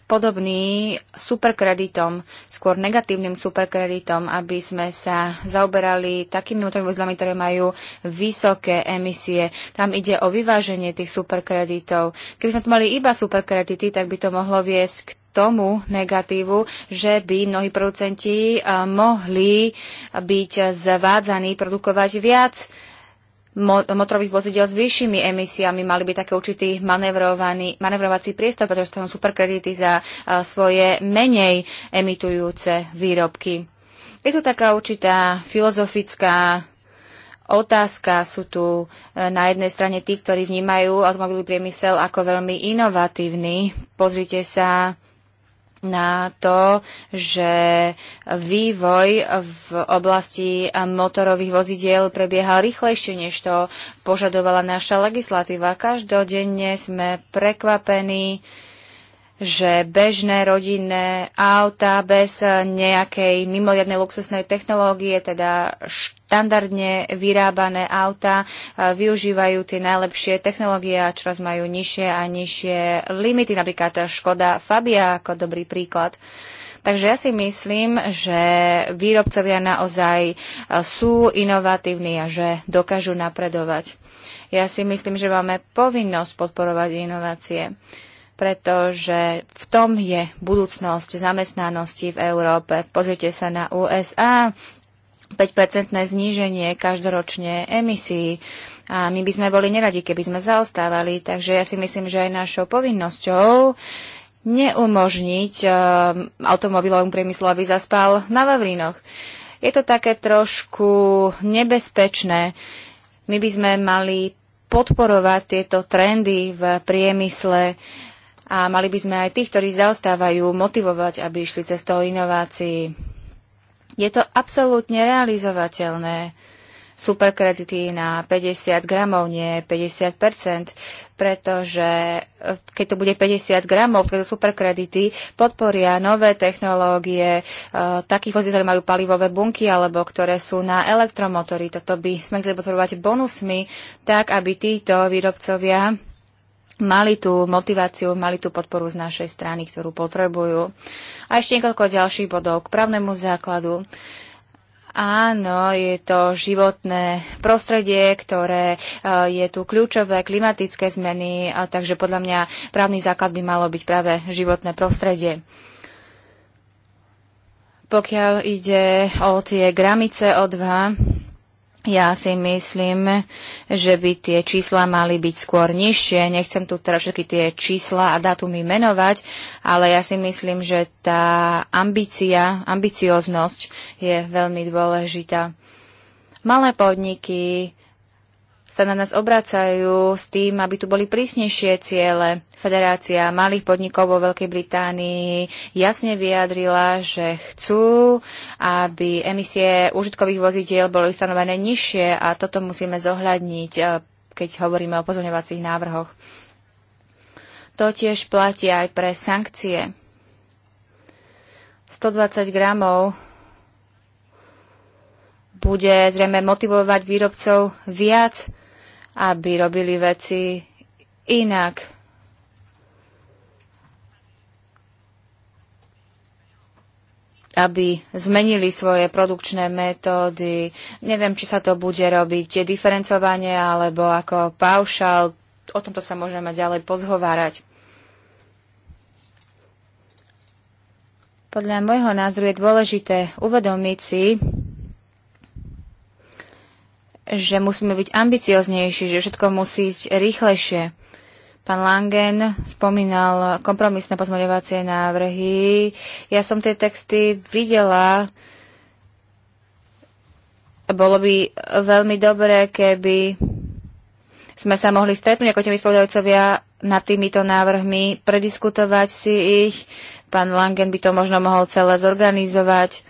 Speaker 3: podobný superkreditom, skôr negatívnym superkreditom, aby sme sa zaoberali takými motorovými ktoré majú vysoké emisie. Tam ide o vyváženie tých superkreditov. Keby sme tu mali iba superkredity, tak by to mohlo viesť k tomu negatívu, že by mnohí producenti eh, mohli byť zvádzaní produkovať viac motorových vozidel s vyššími emisiami mali by taký určitý manevrovací priestor, pretože stanú superkredity za svoje menej emitujúce výrobky. Je tu taká určitá filozofická otázka. Sú tu e, na jednej strane tí, ktorí vnímajú automobilový priemysel ako veľmi inovatívny. Pozrite sa na to, že vývoj v oblasti motorových vozidiel prebiehal rýchlejšie, než to požadovala naša legislatíva. Každodenne sme prekvapení že bežné rodinné auta bez nejakej mimoriadnej luxusnej technológie, teda štandardne vyrábané auta, e, využívajú tie najlepšie technológie a čoraz majú nižšie a nižšie limity, napríklad Škoda Fabia ako dobrý príklad. Takže ja si myslím, že výrobcovia naozaj e, sú inovatívni a že dokážu napredovať. Ja si myslím, že máme povinnosť podporovať inovácie pretože v tom je budúcnosť zamestnanosti v Európe. Pozrite sa na USA, 5-percentné zníženie každoročne emisí. A my by sme boli neradi, keby sme zaostávali, takže ja si myslím, že aj našou povinnosťou neumožniť um, e, automobilovom priemyslu, aby zaspal na Vavrinoch. Je to také trošku nebezpečné. My by sme mali podporovať tieto trendy v priemysle, uh, a mali by sme aj tých, ktorí zaostávajú, motivovať, aby išli cestou inovácií. Je to absolútne realizovateľné. Superkredity na 50 gramov, nie 50 pretože e, keď to bude 50 gramov, keď to superkredity podporia nové technológie, e, takých vozidel, ktoré majú palivové bunky alebo ktoré sú na elektromotory. Toto by sme chceli podporovať bonusmi, tak aby títo výrobcovia mali tú motiváciu, mali tú podporu z našej strany, ktorú potrebujú. A ešte niekoľko ďalších bodov k právnemu základu. Áno, je to životné prostredie, ktoré e, je tu kľúčové, klimatické zmeny, a takže podľa mňa právny základ by malo byť práve životné prostredie. Pokiaľ ide o tie gramice O2, ja si myslím, že by tie čísla mali byť skôr nižšie. Nechcem tu teraz všetky tie čísla a dátumy menovať, ale ja si myslím, že tá ambícia, ambicioznosť je veľmi dôležitá. Malé podniky, sa na nás obracajú s tým, aby tu boli prísnejšie ciele. Federácia malých podnikov vo Veľkej Británii jasne vyjadrila, že chcú, aby emisie užitkových vozidiel boli stanovené nižšie a toto musíme zohľadniť, eh, keď hovoríme o pozorňovacích návrhoch. To tiež platí aj pre sankcie. 120 gramov bude zrejme motivovať výrobcov viac aby robili veci inak. aby zmenili svoje produkčné metódy. Neviem, či sa to bude robiť diferencovanie alebo ako paušal. O tomto sa môžeme ďalej pozhovárať. Podľa môjho názoru je dôležité uvedomiť si, že musíme byť ambicioznejší, že všetko musí ísť rýchlejšie. Pán Langen spomínal kompromisné pozmeňovacie návrhy. Ja som tie texty videla. Bolo by veľmi dobré, keby sme sa mohli stretnúť ako tie vyspovedajúcovia nad týmito návrhmi, prediskutovať si ich. Pán Langen by to možno mohol celé zorganizovať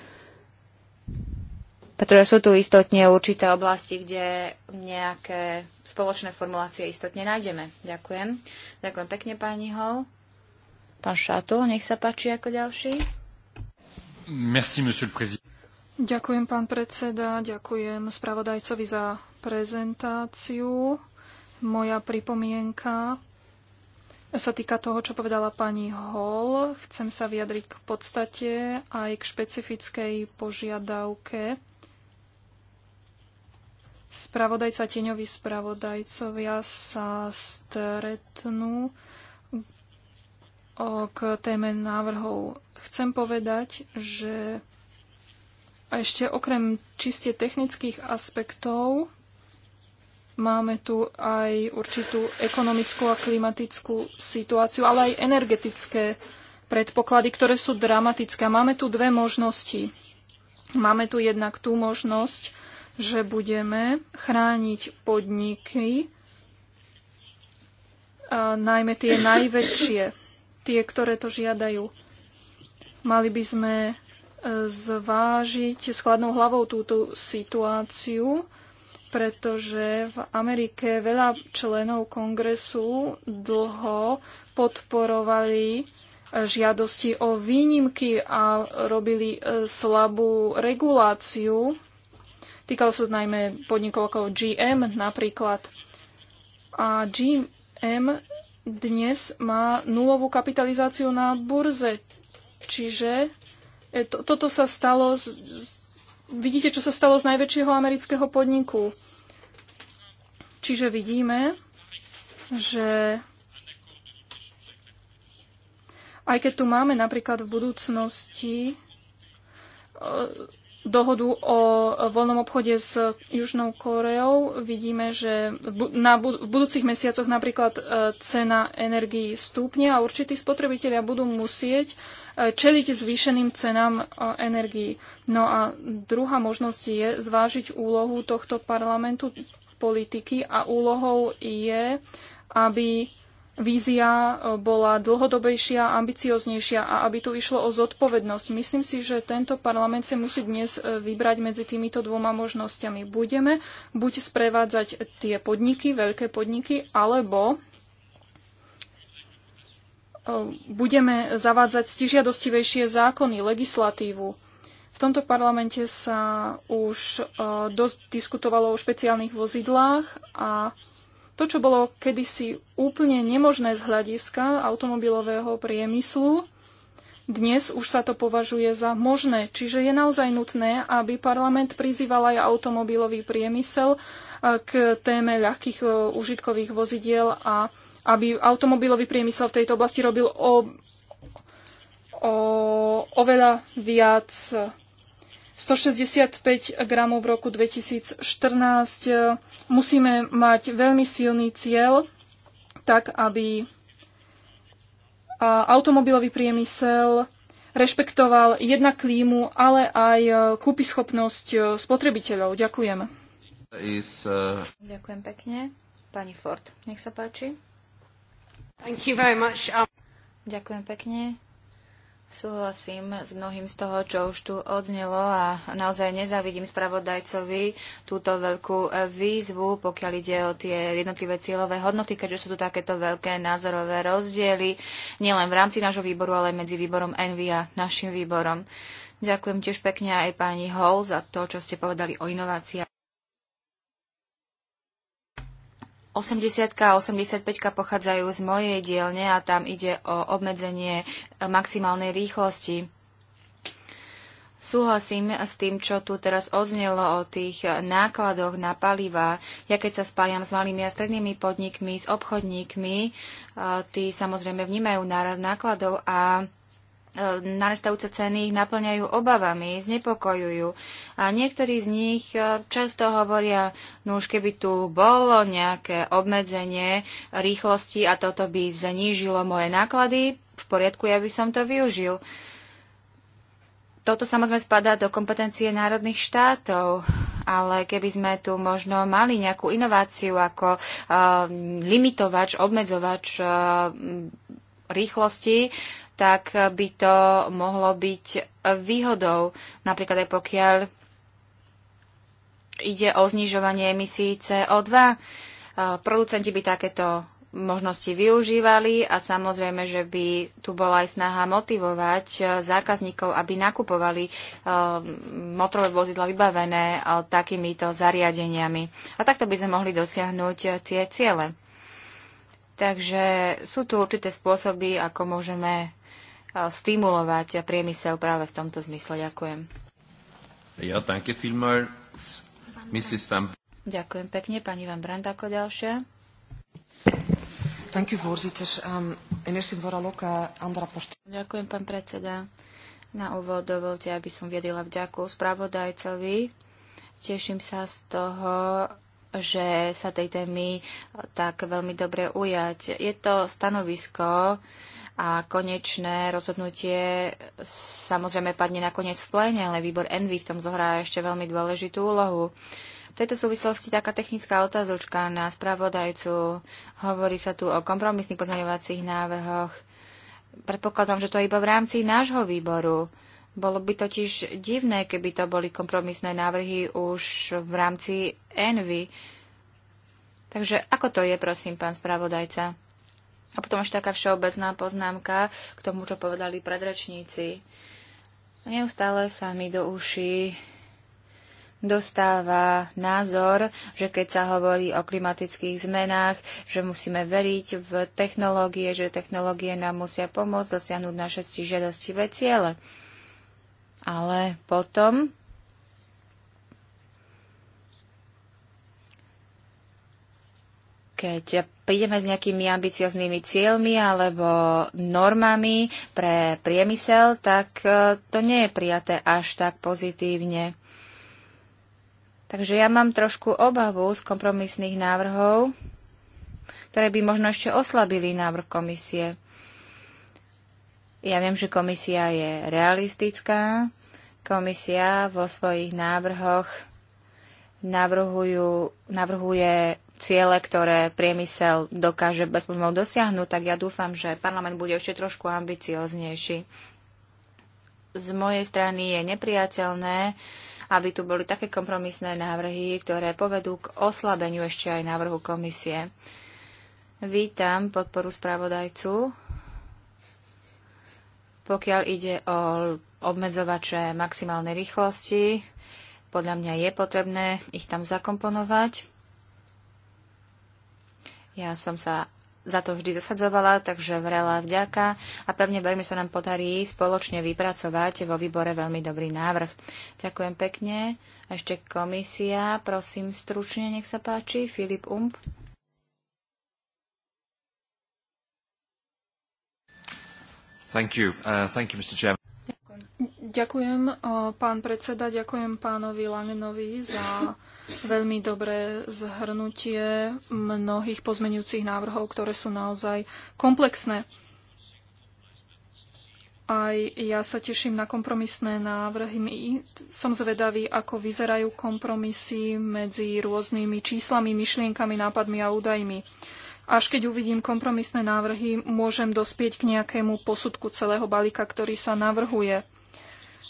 Speaker 3: pretože sú tu istotne určité oblasti, kde nejaké spoločné formulácie istotne nájdeme. Ďakujem. Ďakujem pekne, pani Hol. Pán Šato, nech sa páči ako
Speaker 2: ďalší.
Speaker 1: Merci, monsieur le président.
Speaker 2: Ďakujem, pán predseda, ďakujem spravodajcovi za prezentáciu. Moja pripomienka sa týka toho, čo povedala pani Hall. Chcem sa vyjadriť k podstate aj k špecifickej požiadavke Spravodajca, tieňoví spravodajcovia sa stretnú k téme návrhov. Chcem povedať, že ešte okrem čiste technických aspektov máme tu aj určitú ekonomickú a klimatickú situáciu, ale aj energetické predpoklady, ktoré sú dramatické. Máme tu dve možnosti. Máme tu jednak tú možnosť, že budeme chrániť podniky, e, najmä tie najväčšie, tie, ktoré to žiadajú. Mali by sme e, zvážiť s chladnou hlavou túto situáciu, pretože v Amerike veľa členov kongresu dlho podporovali e, žiadosti o výnimky a robili slabú reguláciu Týkalo sa najmä podnikov ako GM napríklad. A GM dnes má nulovú kapitalizáciu na burze. Čiže e, to, toto sa stalo, z, vidíte, čo sa stalo z najväčšieho amerického podniku. Čiže vidíme, že aj keď tu máme napríklad v budúcnosti e, dohodu o voľnom obchode s Južnou Koreou vidíme, že v budúcich mesiacoch napríklad e, cena energií stúpne a určití spotrebitelia budú musieť e, čeliť zvýšeným cenám e, energií. No a druhá možnosť je zvážiť úlohu tohto parlamentu politiky a úlohou je, aby vízia e, bola dlhodobejšia, ambicioznejšia a aby tu išlo o zodpovednosť. Myslím si, že tento parlament si musí dnes e, vybrať medzi týmito dvoma možnosťami. Budeme buď sprevádzať tie podniky, veľké podniky, alebo e, budeme zavádzať stižiadostivejšie zákony, legislatívu. V tomto parlamente sa už dosť diskutovalo o špeciálnych vozidlách a to, čo bolo kedysi úplne nemožné z hľadiska automobilového priemyslu, dnes už sa to považuje za možné, čiže je naozaj nutné, aby parlament prizýval aj automobilový priemysel eh, k téme ľahkých eh, užitkových vozidiel a aby automobilový priemysel v tejto oblasti robil o, o, oveľa viac. 165 gramov v roku 2014. Musíme mať veľmi silný cieľ, tak aby automobilový priemysel rešpektoval jednak klímu, ale aj e, kúpyschopnosť e, spotrebiteľov. Ďakujem.
Speaker 3: Is, uh...
Speaker 2: Ďakujem pekne. Pani Ford, nech sa páči.
Speaker 3: Thank you very much. Ďakujem pekne. Súhlasím s mnohým z toho, čo už tu odznelo a naozaj nezávidím spravodajcovi túto veľkú e, výzvu, pokiaľ ide o tie jednotlivé cieľové hodnoty, keďže sú tu takéto veľké názorové rozdiely, nielen v rámci nášho výboru, ale aj medzi výborom Envy a našim výborom. Ďakujem tiež pekne aj pani Hall za to, čo ste povedali o inováciách. 80 a 85 pochádzajú z mojej dielne a tam ide o obmedzenie e, maximálnej rýchlosti. Súhlasím s tým, čo tu teraz odznelo o tých e, nákladoch na paliva. Ja keď sa spájam s malými a strednými podnikmi, s obchodníkmi, e, tí samozrejme vnímajú náraz nákladov a E, narastajúce ceny ich naplňajú obavami, znepokojujú. A niektorí z nich e, často hovoria, no už keby tu bolo nejaké obmedzenie rýchlosti a toto by znížilo moje náklady, v poriadku, ja by som to využil. Toto samozrejme spadá do kompetencie národných štátov, ale keby sme tu možno mali nejakú inováciu ako uh, limitovač, obmedzovač uh, rýchlosti, tak by to mohlo byť výhodou, napríklad aj pokiaľ ide o znižovanie emisí CO2. Producenti by takéto možnosti využívali a samozrejme, že by tu bola aj snaha motivovať e, zákazníkov, aby nakupovali e, motorové vozidla vybavené e, takýmito zariadeniami. A takto by sme mohli dosiahnuť tie ciele. Takže sú tu určité spôsoby, ako môžeme stimulovať priemysel práve v tomto zmysle. Ďakujem.
Speaker 1: Ja, danke vielmals, Mrs. Van...
Speaker 3: Ďakujem pekne. Pani Van Brandt ako ďalšia.
Speaker 2: Thank you, voorzitter. Um, ehm, en eerst en vooral ook uh, aan de rapporteur.
Speaker 3: Ďakujem, pán predseda. Na úvod dovolte, aby som viedila vďaku spravodajcovi. Teším sa z toho, že sa tej témy tak veľmi dobre ujať. Je to stanovisko, uh, a konečné rozhodnutie samozrejme padne nakoniec v pléne, ale výbor Envy v tom zohrá ešte veľmi dôležitú úlohu. V tejto súvislosti taká technická otázočka na spravodajcu. Hovorí sa tu o kompromisných pozmeňovacích návrhoch. Predpokladám, že to je iba v rámci nášho výboru. Bolo by totiž divné, keby to boli kompromisné návrhy už v rámci Envy. Takže ako to je, prosím, pán spravodajca? A potom ešte taká všeobecná poznámka k tomu, čo povedali predrečníci. Neustále sa mi do uší dostáva názor, že keď sa hovorí o klimatických zmenách, že musíme veriť v technológie, že technológie nám musia pomôcť dosiahnuť naše žiadostivé ciele. Ale potom keď prídeme s nejakými ambicioznými cieľmi alebo normami pre priemysel, tak e, to nie je prijaté až tak pozitívne. Takže ja mám trošku obavu z kompromisných návrhov, ktoré by možno ešte oslabili návrh komisie. Ja viem, že komisia je realistická. Komisia vo svojich návrhoch navrhujú, navrhuje ciele, ktoré priemysel dokáže bez problémov dosiahnuť, tak ja dúfam, že parlament bude ešte trošku ambicioznejší. Z mojej strany je nepriateľné, aby tu boli také kompromisné návrhy, ktoré povedú k oslabeniu ešte aj návrhu komisie. Vítam podporu spravodajcu, pokiaľ ide o obmedzovače maximálnej rýchlosti. Podľa mňa je potrebné ich tam zakomponovať. Ja som sa za to vždy zasadzovala, takže vrela vďaka a pevne verím, že sa nám podarí spoločne vypracovať vo výbore veľmi dobrý návrh. Ďakujem pekne. A ešte komisia, prosím stručne, nech sa páči. Filip Ump.
Speaker 1: Thank you. Uh, thank you, Mr. Chairman.
Speaker 2: Ďakujem, uh, pán predseda, ďakujem pánovi Langenovi za veľmi dobré zhrnutie mnohých pozmenujúcich návrhov, ktoré sú naozaj komplexné. Aj ja sa teším na kompromisné návrhy. Som zvedavý, ako vyzerajú kompromisy medzi rôznymi číslami, myšlienkami, nápadmi a údajmi. Až keď uvidím kompromisné návrhy, môžem dospieť k nejakému posudku celého balíka, ktorý sa navrhuje.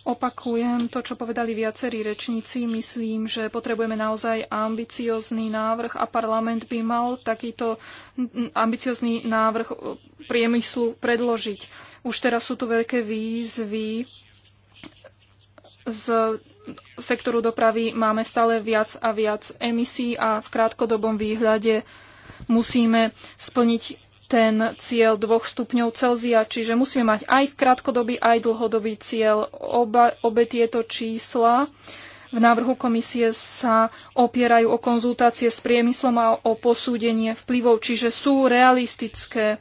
Speaker 2: Opakujem to, čo povedali viacerí rečníci. Myslím, že potrebujeme naozaj ambiciózny návrh a parlament by mal takýto ambiciózny návrh priemyslu predložiť. Už teraz sú tu veľké výzvy z sektoru dopravy máme stále viac a viac emisí a v krátkodobom výhľade musíme splniť ten cieľ dvoch stupňov Celzia, čiže musíme mať aj krátkodobý, aj dlhodobý cieľ. Oba, obe tieto čísla v návrhu komisie sa opierajú o konzultácie s priemyslom a o posúdenie vplyvov, čiže sú realistické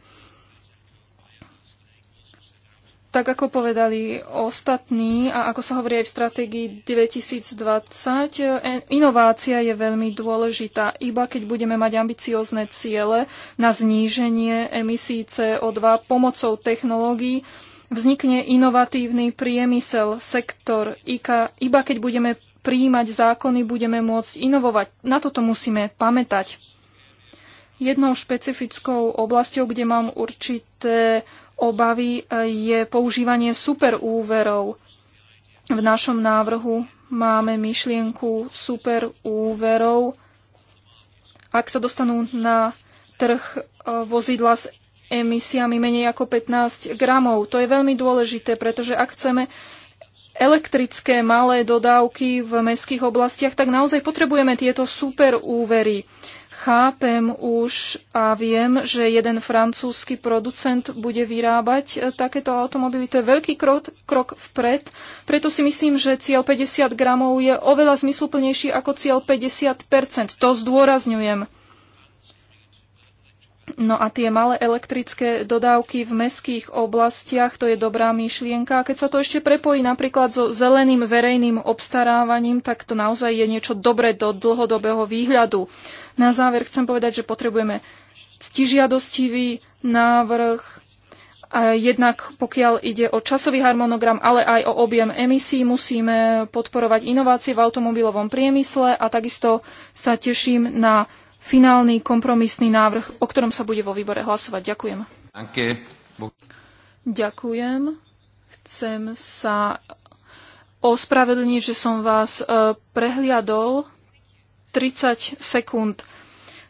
Speaker 2: tak ako povedali ostatní a ako sa hovorí aj v stratégii 2020, e, inovácia je veľmi dôležitá. Iba keď budeme mať ambiciozne ciele na zníženie emisí CO2 pomocou technológií, vznikne inovatívny priemysel, sektor IKA. Iba keď budeme príjmať zákony, budeme môcť inovovať. Na toto musíme pamätať. Jednou špecifickou oblasťou, kde mám určité obavy, e, je používanie superúverov. V našom návrhu máme myšlienku superúverov. Ak sa dostanú na trh e, vozidla s emisiami menej ako 15 gramov. To je veľmi dôležité, pretože ak chceme elektrické malé dodávky v mestských oblastiach, tak naozaj potrebujeme tieto superúvery. úvery. Chápem už a viem, že jeden francúzsky producent bude vyrábať eh, takéto automobily. To je veľký krok, krok vpred. Preto si myslím, že cieľ 50 gramov je oveľa zmysluplnejší ako cieľ 50 To zdôrazňujem. No a tie malé elektrické dodávky v mestských oblastiach, to je dobrá myšlienka. A keď sa to ešte prepojí napríklad so zeleným verejným obstarávaním, tak to naozaj je niečo dobré do dlhodobého výhľadu. Na záver chcem povedať, že potrebujeme ctižiadostivý návrh, a jednak pokiaľ ide o časový harmonogram, ale aj o objem emisí, musíme podporovať inovácie v automobilovom priemysle a takisto sa teším na finálny kompromisný návrh, o ktorom sa bude vo výbore hlasovať. Ďakujem. Ďakujem. Chcem sa ospravedlniť, že som vás e, prehliadol. 30 sekúnd.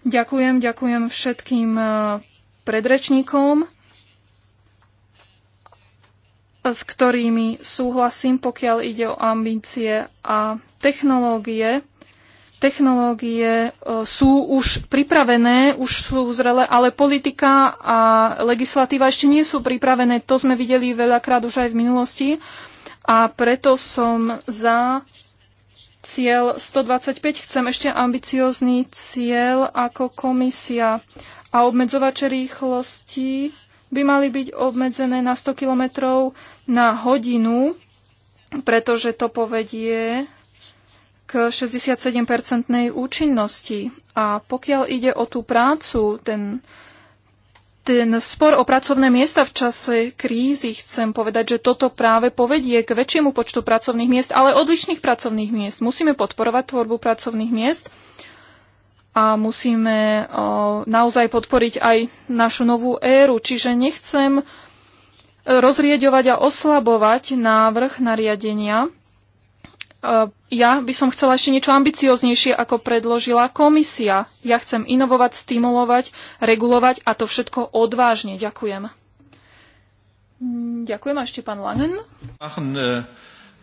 Speaker 2: Ďakujem, ďakujem všetkým e, predrečníkom, s ktorými súhlasím, pokiaľ ide o ambície a technológie. Technológie e, sú už pripravené, už sú zrele, ale politika a legislatíva ešte nie sú pripravené. To sme videli veľakrát už aj v minulosti. A preto som za cieľ 125, chcem ešte ambiciózny cieľ ako komisia. A obmedzovače rýchlosti by mali byť obmedzené na 100 km na hodinu, pretože to povedie k 67-percentnej účinnosti. A pokiaľ ide o tú prácu, ten ten spor o pracovné miesta v čase krízy, chcem povedať, že toto práve povedie k väčšiemu počtu pracovných miest, ale odlišných pracovných miest. Musíme podporovať tvorbu pracovných miest a musíme o, naozaj podporiť aj našu novú éru. Čiže nechcem e, rozrieďovať a oslabovať návrh nariadenia, E, ja by som chcela ešte niečo ambicioznejšie, ako predložila komisia. Ja chcem inovovať, stimulovať, regulovať a to všetko odvážne. Ďakujem. Ďakujem a ešte pán Langen.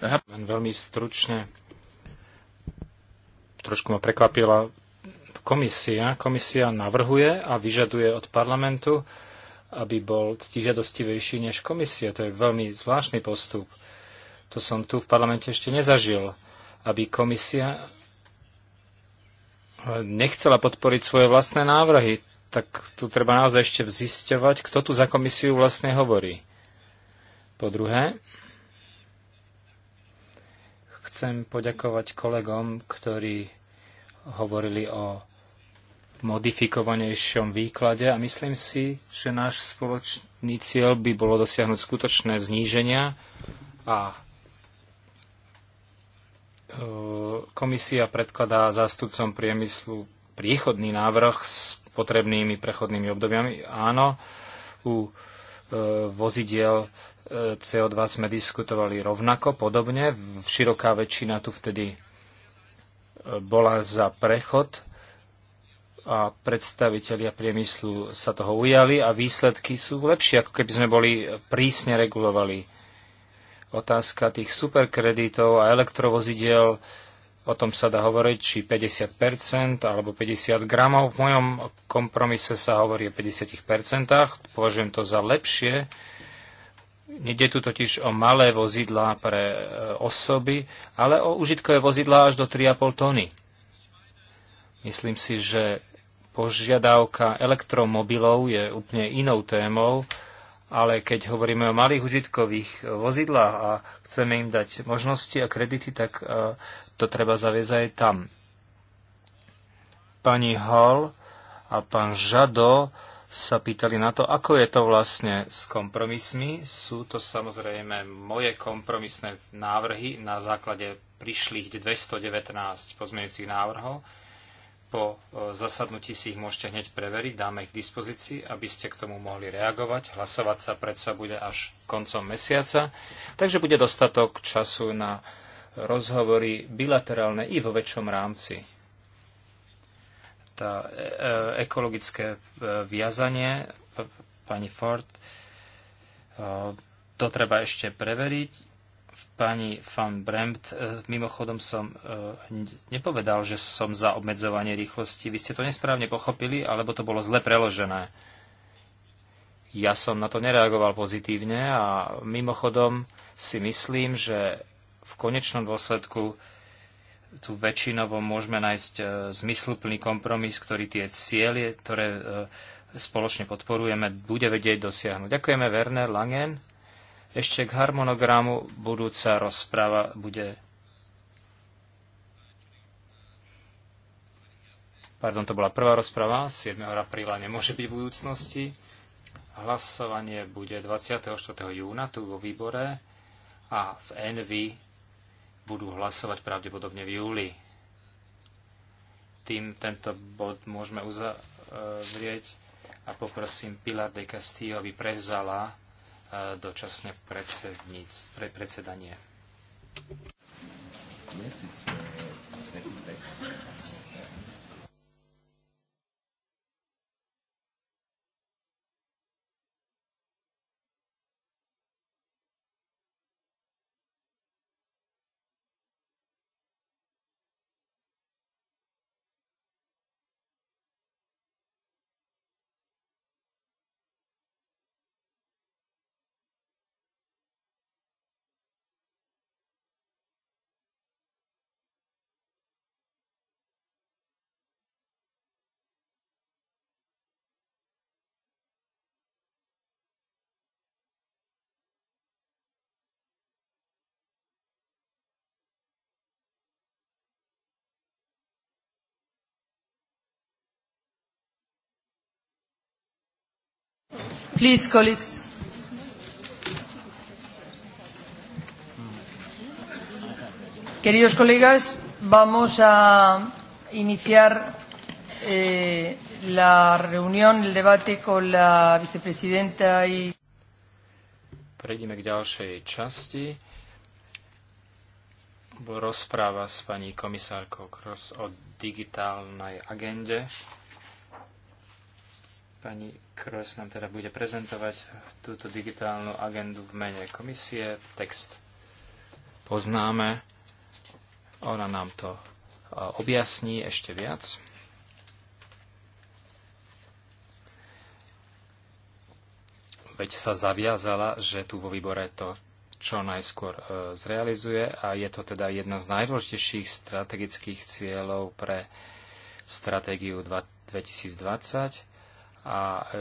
Speaker 1: Len veľmi stručne. Trošku ma prekvapila komisia. Komisia navrhuje a vyžaduje od parlamentu, aby bol ctižiadostivejší než komisia. To je veľmi zvláštny postup to som tu v parlamente ešte nezažil, aby komisia nechcela podporiť svoje vlastné návrhy. Tak tu treba naozaj ešte vzisťovať, kto tu za komisiu vlastne hovorí. Po druhé, chcem poďakovať kolegom, ktorí hovorili o modifikovanejšom výklade a myslím si, že náš spoločný cieľ by bolo dosiahnuť skutočné zníženia a komisia predkladá zástupcom priemyslu priechodný návrh s potrebnými prechodnými obdobiami. Áno, u e, vozidiel e, CO2 sme diskutovali rovnako, podobne. Široká väčšina tu vtedy e, bola za prechod a predstavitelia priemyslu sa toho ujali a výsledky sú lepšie, ako keby sme boli prísne regulovali Otázka tých superkreditov a elektrovozidiel, o tom sa dá hovoriť, či 50% alebo 50 gramov. V mojom kompromise sa hovorí o 50%, považujem to za lepšie. Nede tu totiž o malé vozidlá pre e, osoby, ale o užitkové vozidlá až do 3,5 tony. Myslím si, že požiadavka elektromobilov je úplne inou témou ale keď hovoríme o malých užitkových eh, vozidlách a chceme im dať možnosti a kredity, tak eh, to treba zaviesť aj tam. Pani Hall a pán Žado sa pýtali na to, ako je to vlastne s kompromismi. Sú to samozrejme moje kompromisné návrhy na základe prišlých 219 pozmeňujúcich návrhov po e, zasadnutí si ich môžete hneď preveriť, dáme ich k dispozícii, aby ste k tomu mohli reagovať. Hlasovať sa predsa bude až koncom mesiaca, takže bude dostatok času na rozhovory bilaterálne i vo väčšom rámci. Tá e, e, ekologické viazanie, pani Ford, to treba ešte preveriť pani van Bremt, e, mimochodom som e, nepovedal, že som za obmedzovanie rýchlosti. Vy ste to nesprávne pochopili, alebo to bolo zle preložené. Ja som na to nereagoval pozitívne a mimochodom si myslím, že v konečnom dôsledku tu väčšinovo môžeme nájsť e, zmysluplný kompromis, ktorý tie cieľe, ktoré spoločne podporujeme, bude vedieť dosiahnuť. Ďakujeme Werner Langen. Ešte k harmonogramu budúca rozpráva bude Pardon, to bola prvá rozprava, 7. apríla nemôže byť v budúcnosti. Hlasovanie bude 24. júna tu vo výbore a v NV budú hlasovať pravdepodobne v júli. Tým tento bod môžeme uzavrieť e, a poprosím Pilar de Castillo, aby prevzala dočasné pre predsedanie.
Speaker 2: Yes, it's, uh, it's Please, colleagues. Queridos colegas, vamos a iniciar eh, la reunión, el debate con la vicepresidenta y...
Speaker 1: Prejdeme k ďalšej časti. Rozpráva s pani komisárkou Kros o digitálnej agende. Pani Kroes nám teda bude prezentovať túto digitálnu agendu v mene komisie. Text poznáme. Ona nám to objasní ešte viac. Veď sa zaviazala, že tu vo výbore to čo najskôr e, zrealizuje a je to teda jedna z najdôležitejších strategických cieľov pre stratégiu 2020 a e,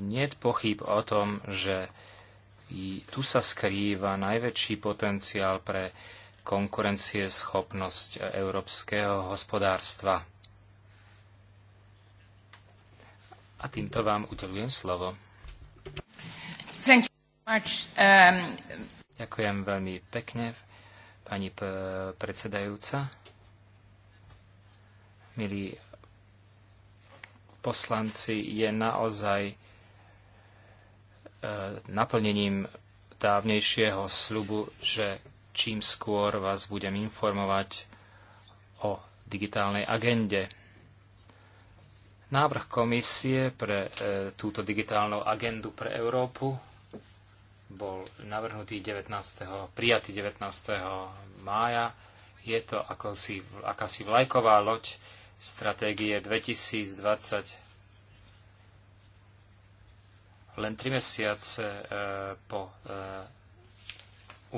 Speaker 1: nie je pochyb o tom, že tu sa skrýva najväčší potenciál pre konkurencieschopnosť európskeho hospodárstva. A týmto vám udelujem slovo. Um, Ďakujem veľmi pekne, pani predsedajúca. Milí poslanci je naozaj e, naplnením dávnejšieho slubu, že čím skôr vás budem informovať o digitálnej agende. Návrh komisie pre e, túto digitálnu agendu pre Európu bol navrhnutý 19. prijatý 19. mája. Je to akosi, akási vlajková loď stratégie 2020 len tri mesiace e, po e,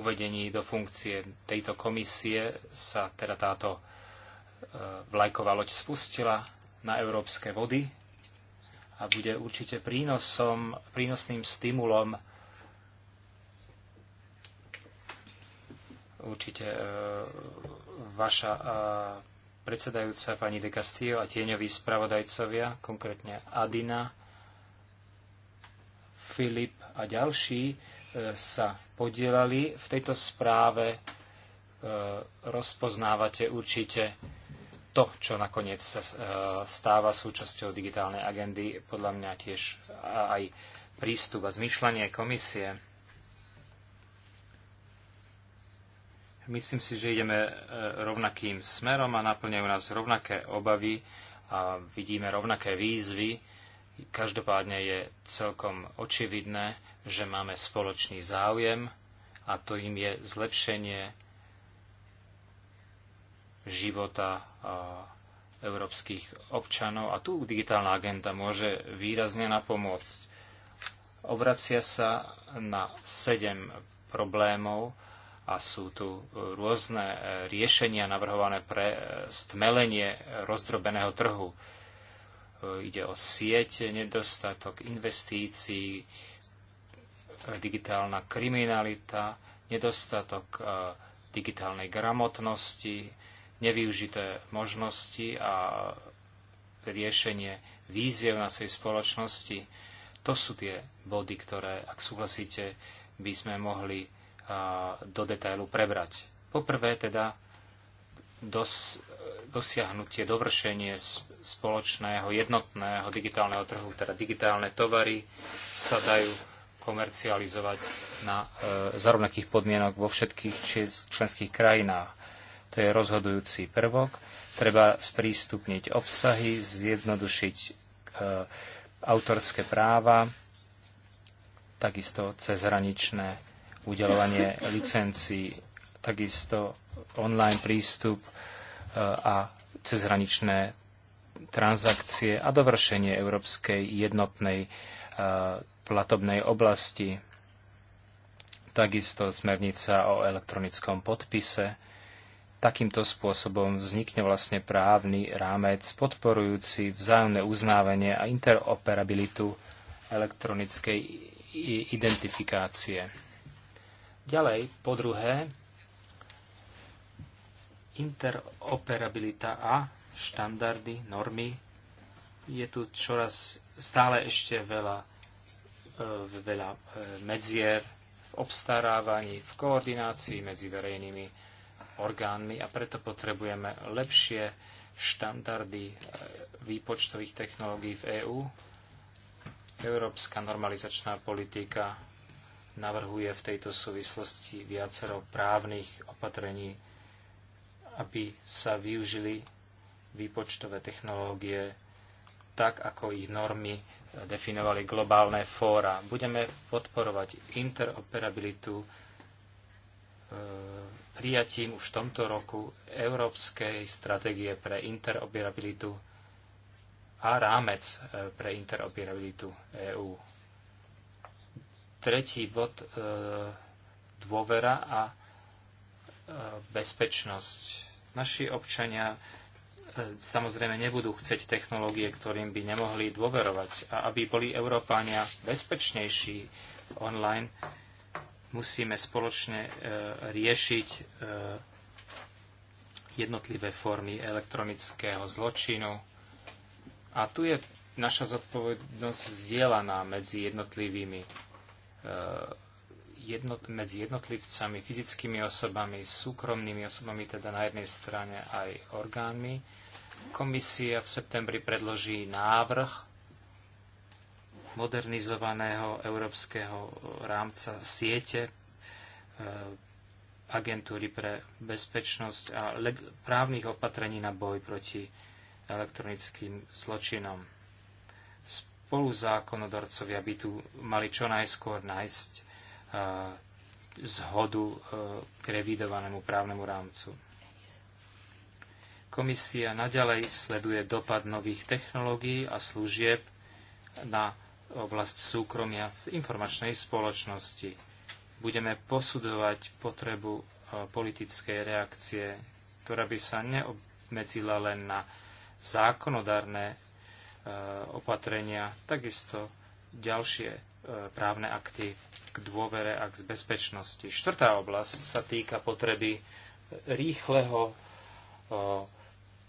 Speaker 1: uvedení do funkcie tejto komisie sa teda táto e, vlajková loď spustila na európske vody a bude určite prínosom, prínosným stimulom určite vaša predsedajúca pani de Castillo a tieňoví spravodajcovia, konkrétne Adina, Filip a ďalší, e, sa podielali. V tejto správe e, rozpoznávate určite to, čo nakoniec sa e, stáva súčasťou digitálnej agendy, podľa mňa tiež aj prístup a zmyšľanie komisie Myslím si, že ideme e, rovnakým smerom a naplňajú nás rovnaké obavy a vidíme rovnaké výzvy. Každopádne je celkom očividné, že máme spoločný záujem a to im je zlepšenie života e, európskych občanov a tu digitálna agenda môže výrazne napomôcť. Obracia sa na sedem problémov, a sú tu e, rôzne e, riešenia navrhované pre e, stmelenie rozdrobeného trhu. Ide o sieť, nedostatok investícií, digitálna kriminalita, nedostatok digitálnej gramotnosti, nevyužité možnosti a riešenie víziev našej spoločnosti. To sú tie body, ktoré, ak súhlasíte, by sme mohli do detailu prebrať. Poprvé teda dos, dosiahnutie, dovršenie spoločného, jednotného digitálneho trhu, teda digitálne tovary sa dajú komercializovať na e, za rovnakých podmienok vo všetkých čes, členských krajinách. To je rozhodujúci prvok. Treba sprístupniť obsahy, zjednodušiť e, autorské práva, takisto cezhraničné udelovanie licencií, takisto online prístup e, a cezhraničné transakcie a dovršenie Európskej jednotnej e, platobnej oblasti. Takisto smernica o elektronickom podpise. Takýmto spôsobom vznikne vlastne právny rámec podporujúci vzájomné uznávanie a interoperabilitu elektronickej identifikácie. Ďalej, po druhé, interoperabilita a štandardy, normy. Je tu čoraz stále ešte veľa, e, veľa e, medzier v obstarávaní, v koordinácii medzi verejnými orgánmi a preto potrebujeme lepšie štandardy e, výpočtových technológií v EÚ. Európska normalizačná politika navrhuje v tejto súvislosti viacero právnych opatrení, aby sa využili výpočtové technológie tak, ako ich normy definovali globálne fóra. Budeme podporovať interoperabilitu e, prijatím už v tomto roku Európskej stratégie pre interoperabilitu a rámec e, pre interoperabilitu EÚ Tretí bod e, dôvera a e, bezpečnosť. Naši občania e, samozrejme nebudú chcieť technológie, ktorým by nemohli dôverovať. A aby boli Európania bezpečnejší online, musíme spoločne e, riešiť e, jednotlivé formy elektronického zločinu. A tu je naša zodpovednosť zdieľaná medzi jednotlivými Eh, jednot, medzi jednotlivcami, fyzickými osobami, súkromnými osobami, teda na jednej strane aj orgánmi. Komisia v septembri predloží návrh modernizovaného európskeho rámca siete eh, agentúry pre bezpečnosť a právnych opatrení na boj proti elektronickým zločinom spoluzákonodarcovia by tu mali čo najskôr nájsť e, zhodu e, k revidovanému právnemu rámcu. Komisia naďalej sleduje dopad nových technológií a služieb na oblasť súkromia v informačnej spoločnosti. Budeme posudovať potrebu e, politickej reakcie, ktorá by sa neobmedzila len na zákonodárne Eh, opatrenia, takisto ďalšie eh, právne akty k dôvere a k bezpečnosti. Štvrtá oblasť sa týka potreby rýchleho eh,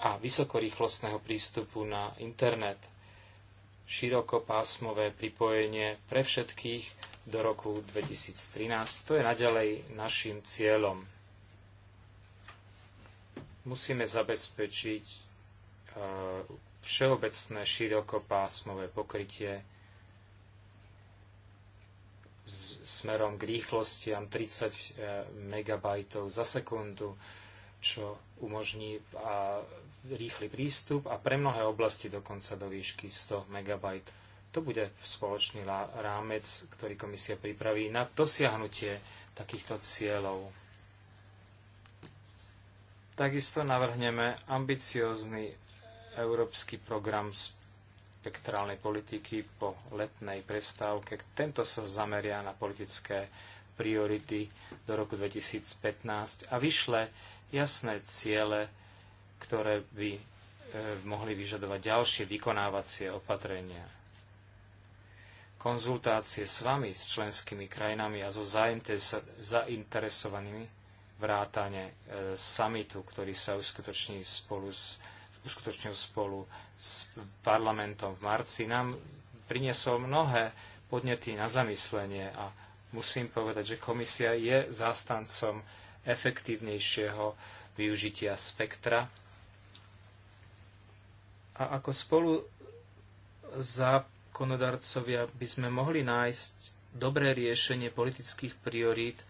Speaker 1: a vysokorýchlostného prístupu na internet. Širokopásmové pripojenie pre všetkých do roku 2013. To je naďalej našim cieľom. Musíme zabezpečiť všeobecné širokopásmové pokrytie smerom k rýchlostiam 30 e, MB za sekundu, čo umožní rýchly prístup a pre mnohé oblasti dokonca do výšky 100 MB. To bude spoločný rámec, ktorý komisia pripraví na dosiahnutie takýchto cieľov. Takisto navrhneme ambiciózny Európsky program spektrálnej politiky po letnej prestávke. Tento sa zameria na politické priority do roku 2015 a vyšle jasné ciele, ktoré by e, mohli vyžadovať ďalšie vykonávacie opatrenia. Konzultácie s vami, s členskými krajinami a so zainteresovanými vrátane e, samitu, ktorý sa uskutoční spolu s uskutočnil spolu s parlamentom v marci, nám priniesol mnohé podnety na zamyslenie a musím povedať, že komisia je zástancom efektívnejšieho využitia spektra. A ako spolu zákonodarcovia by sme mohli nájsť dobré riešenie politických priorít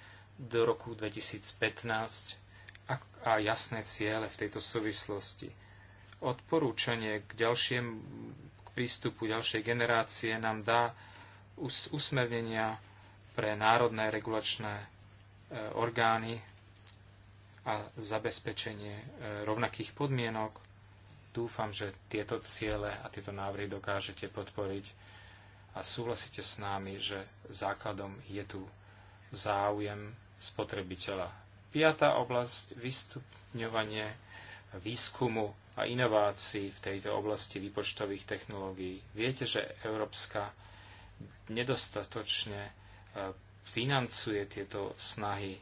Speaker 1: do roku 2015 a jasné ciele v tejto súvislosti odporúčanie k ďalšiem k prístupu ďalšej generácie nám dá usmernenia pre národné regulačné e, orgány a zabezpečenie e, rovnakých podmienok. Dúfam, že tieto ciele a tieto návrhy dokážete podporiť a súhlasíte s námi, že základom je tu záujem spotrebiteľa. Piatá oblasť, vystupňovanie výskumu a inovácií v tejto oblasti výpočtových technológií. Viete, že Európska nedostatočne e, financuje tieto snahy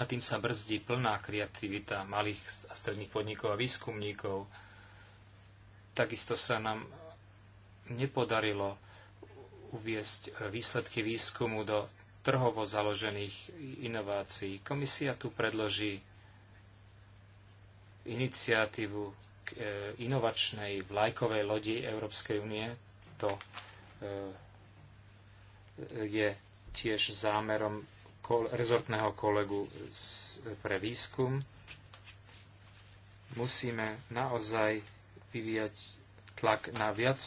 Speaker 1: a tým sa brzdí plná kreativita malých a stredných podnikov a výskumníkov. Takisto sa nám nepodarilo uviesť e, výsledky výskumu do trhovo založených inovácií. Komisia tu predloží iniciatívu k e, inovačnej vlajkovej lodi Európskej únie. To e, je tiež zámerom rezortného kolegu pre výskum. Musíme naozaj vyvíjať tlak na viac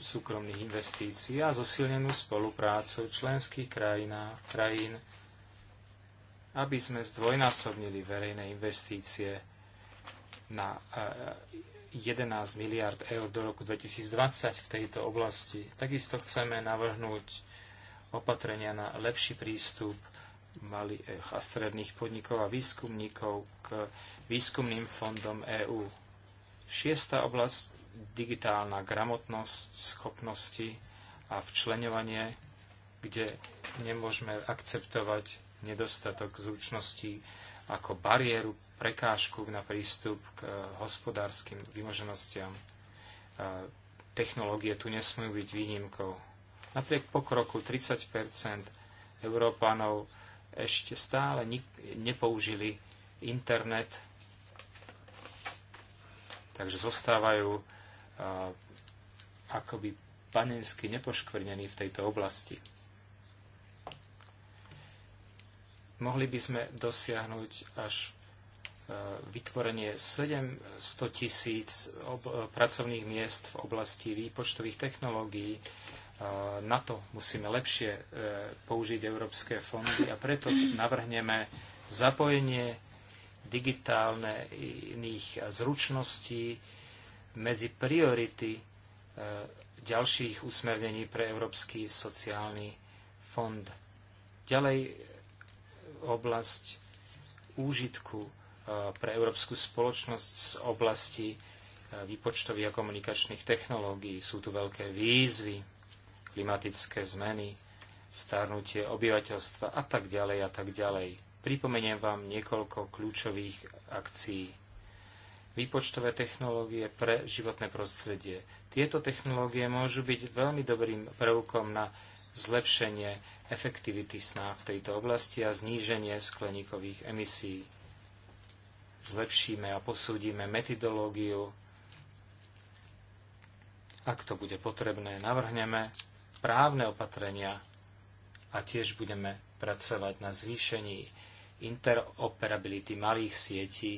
Speaker 1: súkromných investícií a zosilnenú spoluprácu členských krajín, krajín aby sme zdvojnásobnili verejné investície na 11 eh, miliard eur do roku 2020 v tejto oblasti. Takisto chceme navrhnúť opatrenia na lepší prístup malých eh, a stredných podnikov a výskumníkov k výskumným fondom EÚ. Šiesta oblasť digitálna gramotnosť, schopnosti a včlenovanie, kde nemôžeme akceptovať nedostatok zručností ako bariéru, prekážku na prístup k eh, hospodárskym vymoženostiam. Eh, technológie tu nesmú byť výnimkou. Napriek pokroku 30 Európanov ešte stále nepoužili internet, takže zostávajú eh, akoby panensky nepoškvrnení v tejto oblasti. mohli by sme dosiahnuť až e, vytvorenie 700 tisíc e, pracovných miest v oblasti výpočtových technológií. E, na to musíme lepšie použiť európske fondy a preto navrhneme zapojenie digitálnych zručností medzi priority ďalších usmernení pre Európsky sociálny fond. Ďalej oblasť úžitku e, pre európsku spoločnosť z oblasti e, výpočtových a komunikačných technológií. Sú tu veľké výzvy, klimatické zmeny, starnutie obyvateľstva a tak ďalej a tak ďalej. Pripomeniem vám niekoľko kľúčových akcií. Výpočtové technológie pre životné prostredie. Tieto technológie môžu byť veľmi dobrým prvkom na zlepšenie efektivity sna v tejto oblasti a zníženie skleníkových emisí. Zlepšíme a posúdime metodológiu. Ak to bude potrebné, navrhneme právne opatrenia a tiež budeme pracovať na zvýšení interoperability malých sietí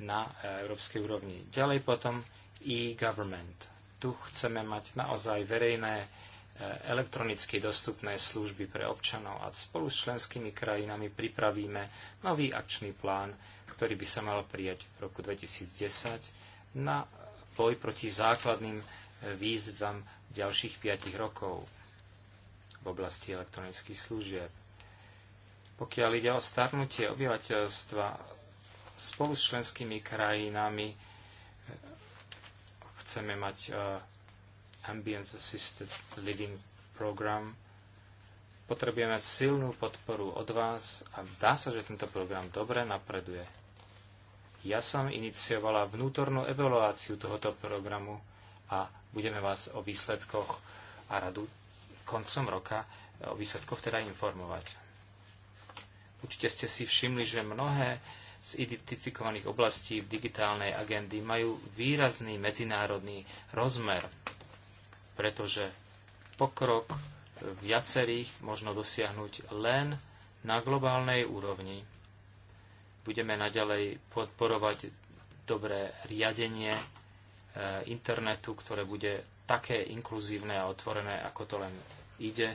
Speaker 1: na e, európskej úrovni. Ďalej potom e-government. Tu chceme mať naozaj verejné elektronicky dostupné služby pre občanov a spolu s členskými krajinami pripravíme nový akčný plán, ktorý by sa mal prijať v roku 2010 na boj proti základným e, výzvam ďalších 5 rokov v oblasti elektronických služieb. Pokiaľ ide o starnutie obyvateľstva spolu s členskými krajinami, chceme mať e, Ambience Assisted Living Program. Potrebujeme silnú podporu od vás a dá sa, že tento program dobre napreduje. Ja som iniciovala vnútornú evaluáciu tohoto programu a budeme vás o výsledkoch a radu koncom roka e, o výsledkoch teda informovať. Určite ste si všimli, že mnohé z identifikovaných oblastí digitálnej agendy majú výrazný medzinárodný rozmer pretože pokrok viacerých možno dosiahnuť len na globálnej úrovni. Budeme naďalej podporovať dobré riadenie e, internetu, ktoré bude také inkluzívne a otvorené, ako to len ide.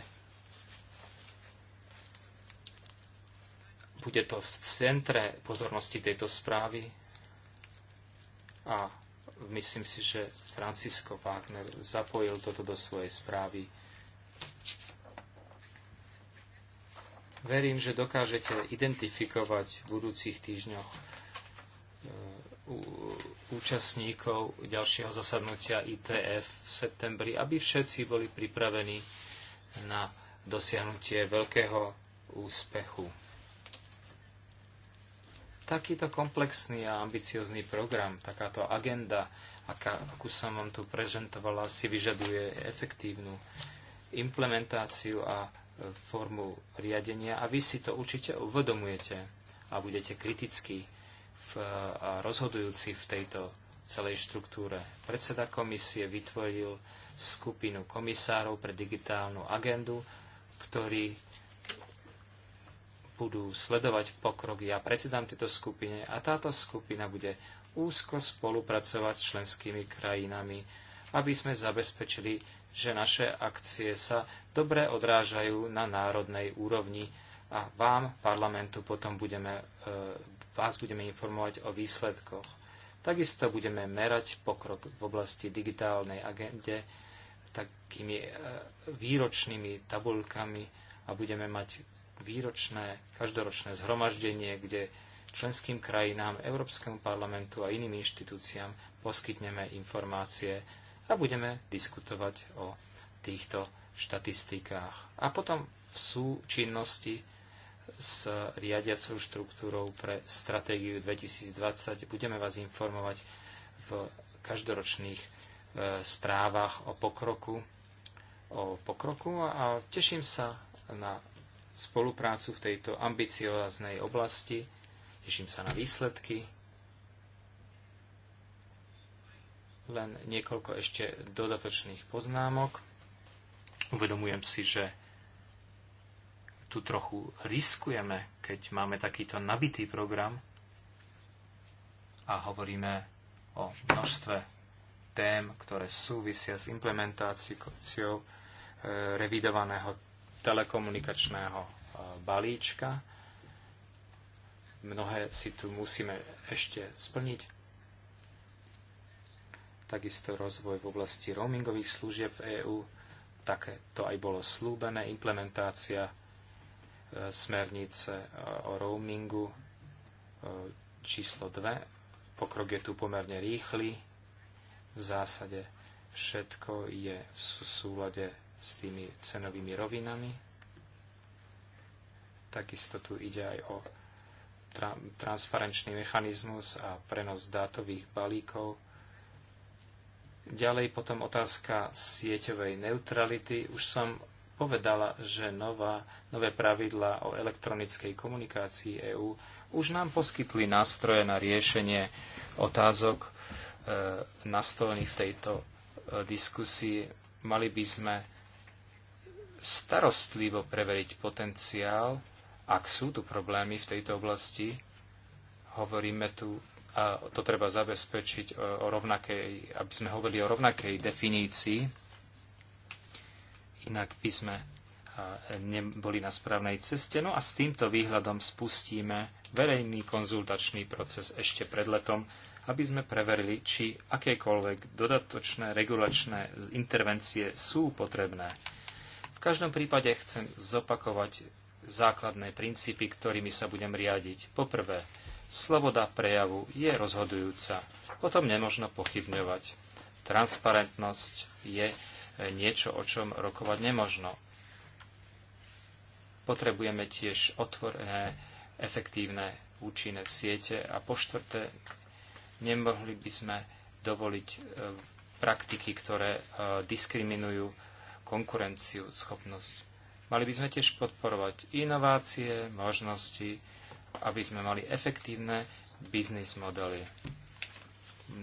Speaker 1: Bude to v centre pozornosti tejto správy a myslím si, že Francisco Wagner zapojil toto do svojej správy. Verím, že dokážete identifikovať v budúcich týždňoch e, účastníkov ďalšieho zasadnutia ITF v septembri, aby všetci boli pripravení na dosiahnutie veľkého úspechu. Takýto komplexný a ambiciozný program, takáto agenda, aká, akú som vám tu prezentovala, si vyžaduje efektívnu implementáciu a e, formu riadenia a vy si to určite uvedomujete a budete kritickí v, e, a rozhodujúci v tejto celej štruktúre. Predseda komisie vytvoril skupinu komisárov pre digitálnu agendu, ktorí budú sledovať pokrok. Ja predsedám tejto skupine a táto skupina bude úzko spolupracovať s členskými krajinami, aby sme zabezpečili, že naše akcie sa dobre odrážajú na národnej úrovni a vám, parlamentu, potom budeme, e, vás budeme informovať o výsledkoch. Takisto budeme merať pokrok v oblasti digitálnej agende takými e, výročnými tabulkami a budeme mať výročné, každoročné zhromaždenie, kde členským krajinám, Európskemu parlamentu a iným inštitúciám poskytneme informácie a budeme diskutovať o týchto štatistikách. A potom v súčinnosti s riadiacou štruktúrou pre stratégiu 2020 budeme vás informovať v každoročných e, správach o pokroku, o pokroku a teším sa na spoluprácu v tejto ambicioznej oblasti. Teším sa na výsledky. Len niekoľko ešte dodatočných poznámok. Uvedomujem si, že tu trochu riskujeme, keď máme takýto nabitý program a hovoríme o množstve tém, ktoré súvisia s implementáciou e, revidovaného telekomunikačného e, balíčka. Mnohé si tu musíme ešte splniť. Takisto rozvoj v oblasti roamingových služieb v EÚ, také to aj bolo slúbené, implementácia e, smernice e, o roamingu číslo 2. Pokrok je tu pomerne rýchly. V zásade všetko je v súlade s tými cenovými rovinami. Takisto tu ide aj o tra transparenčný mechanizmus a prenos dátových balíkov. Ďalej potom otázka sieťovej neutrality. Už som povedala, že nová, nové pravidlá o elektronickej komunikácii EÚ už nám poskytli nástroje na riešenie otázok e, nastolených v tejto e, diskusii. Mali by sme starostlivo preveriť potenciál, ak sú tu problémy v tejto oblasti. Hovoríme tu, a to treba zabezpečiť o rovnakej, aby sme hovorili o rovnakej definícii, inak by sme neboli na správnej ceste. No a s týmto výhľadom spustíme verejný konzultačný proces ešte pred letom, aby sme preverili, či akékoľvek dodatočné regulačné intervencie sú potrebné v každom prípade chcem zopakovať základné princípy, ktorými sa budem riadiť. Poprvé, sloboda prejavu je rozhodujúca. O tom nemožno pochybňovať. Transparentnosť je e, niečo, o čom rokovať nemožno. Potrebujeme tiež otvorené, efektívne, účinné siete a po štvrté, nemohli by sme dovoliť e, praktiky, ktoré e, diskriminujú konkurenciu, schopnosť. Mali by sme tiež podporovať inovácie, možnosti, aby sme mali efektívne biznis modely.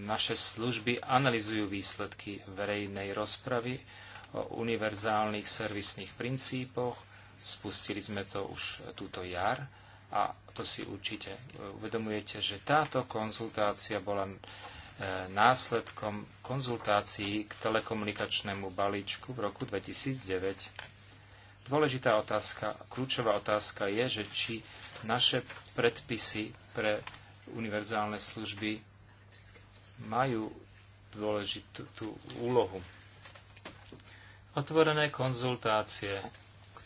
Speaker 1: Naše služby analizujú výsledky verejnej rozpravy o univerzálnych servisných princípoch. Spustili sme to už túto jar a to si určite uvedomujete, že táto konzultácia bola E, následkom konzultácií k telekomunikačnému balíčku v roku 2009. Dôležitá otázka, kľúčová otázka je, že či naše predpisy pre univerzálne služby majú dôležitú úlohu. Otvorené konzultácie,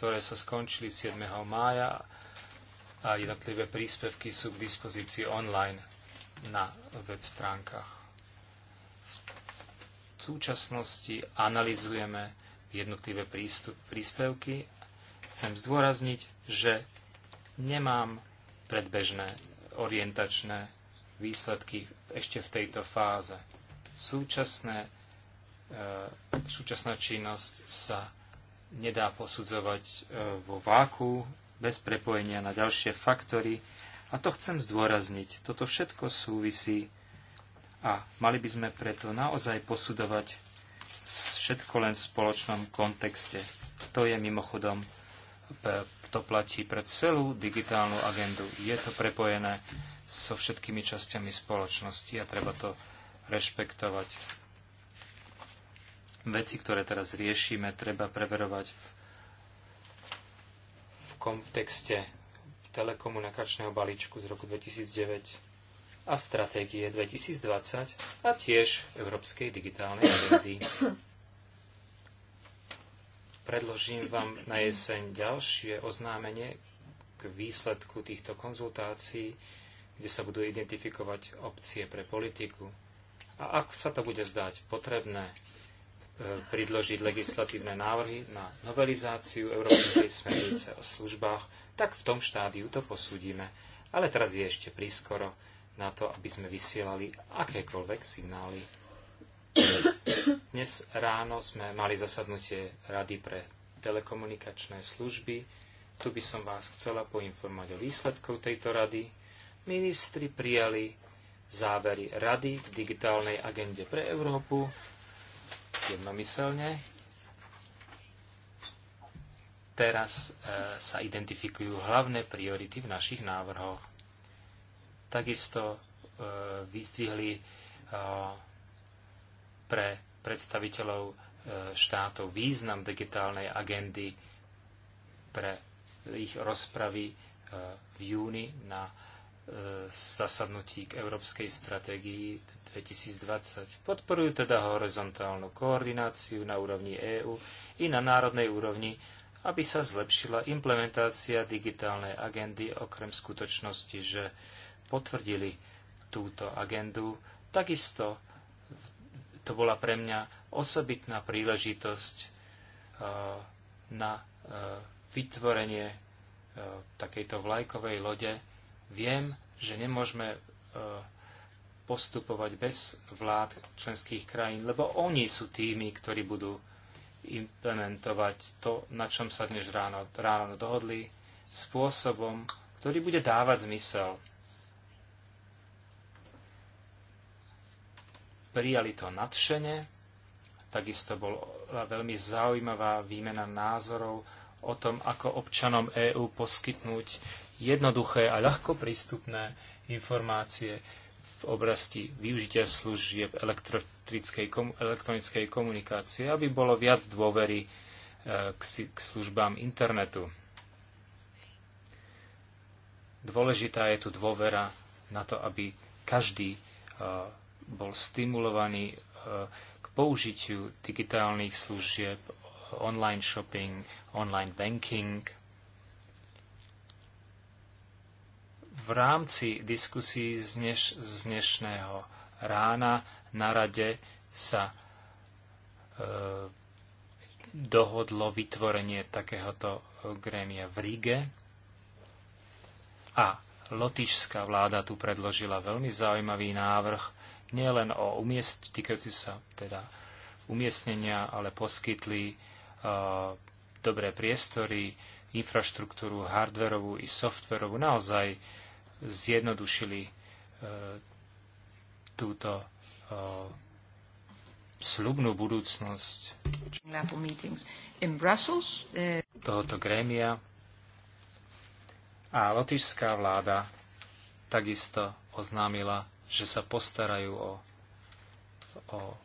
Speaker 1: ktoré sa skončili 7. mája a jednotlivé príspevky sú k dispozícii online na web stránkach. V súčasnosti analizujeme jednotlivé prístup, príspevky. Chcem zdôrazniť, že nemám predbežné orientačné výsledky ešte v tejto fáze. Súčasné, e, súčasná činnosť sa nedá posudzovať e, vo váku, bez prepojenia na ďalšie faktory. A to chcem zdôrazniť. Toto všetko súvisí a mali by sme preto naozaj posudovať všetko len v spoločnom kontexte. To je mimochodom, to platí pre celú digitálnu agendu. Je to prepojené so všetkými časťami spoločnosti a treba to rešpektovať. Veci, ktoré teraz riešime, treba preverovať v, v kontexte telekomunikačného balíčku z roku 2009 a stratégie 2020 a tiež Európskej digitálnej agendy. Predložím vám na jeseň ďalšie oznámenie k výsledku týchto konzultácií, kde sa budú identifikovať opcie pre politiku. A ak sa to bude zdať potrebné, e, pridložiť legislatívne návrhy na novelizáciu Európskej smernice o službách, tak v tom štádiu to posúdime. Ale teraz je ešte prískoro na to, aby sme vysielali akékoľvek signály. Dnes ráno sme mali zasadnutie Rady pre telekomunikačné služby. Tu by som vás chcela poinformovať o výsledkov tejto rady. Ministri prijali závery Rady k digitálnej agende pre Európu jednomyselne. Teraz e, sa identifikujú hlavné priority v našich návrhoch. Takisto e, vyzdvihli e, pre predstaviteľov e, štátov význam digitálnej agendy pre ich rozpravy v júni na zasadnutí k Európskej stratégii 2020. Podporujú teda horizontálnu koordináciu na úrovni EÚ i na národnej úrovni, aby sa zlepšila implementácia digitálnej agendy okrem skutočnosti, že potvrdili túto agendu. Takisto to bola pre mňa osobitná príležitosť e, na e, vytvorenie e, takejto vlajkovej lode. Viem, že nemôžeme postupovať bez vlád členských krajín, lebo oni sú tými, ktorí budú implementovať to, na čom sa dnes ráno, ráno dohodli, spôsobom, ktorý bude dávať zmysel Prijali to nadšene, takisto bola veľmi zaujímavá výmena názorov o tom, ako občanom EÚ poskytnúť jednoduché a ľahko prístupné informácie v oblasti využitia služieb elektronickej komunikácie, aby bolo viac dôvery e, k, k službám internetu. Dôležitá je tu dôvera na to, aby každý e, bol stimulovaný e, k použitiu digitálnych služieb, online shopping, online banking. V rámci diskusí z, dneš- z dnešného rána na rade sa e, dohodlo vytvorenie takéhoto e, grémia v Ríge a lotišská vláda tu predložila veľmi zaujímavý návrh nielen o umiest, týkajúci sa teda umiestnenia, ale poskytli uh, dobré priestory, infraštruktúru hardverovú i softverovú, naozaj zjednodušili e, túto e, slubnú budúcnosť
Speaker 2: uh,
Speaker 1: tohoto grémia. A lotišská vláda takisto oznámila že sa postarajú o, o e,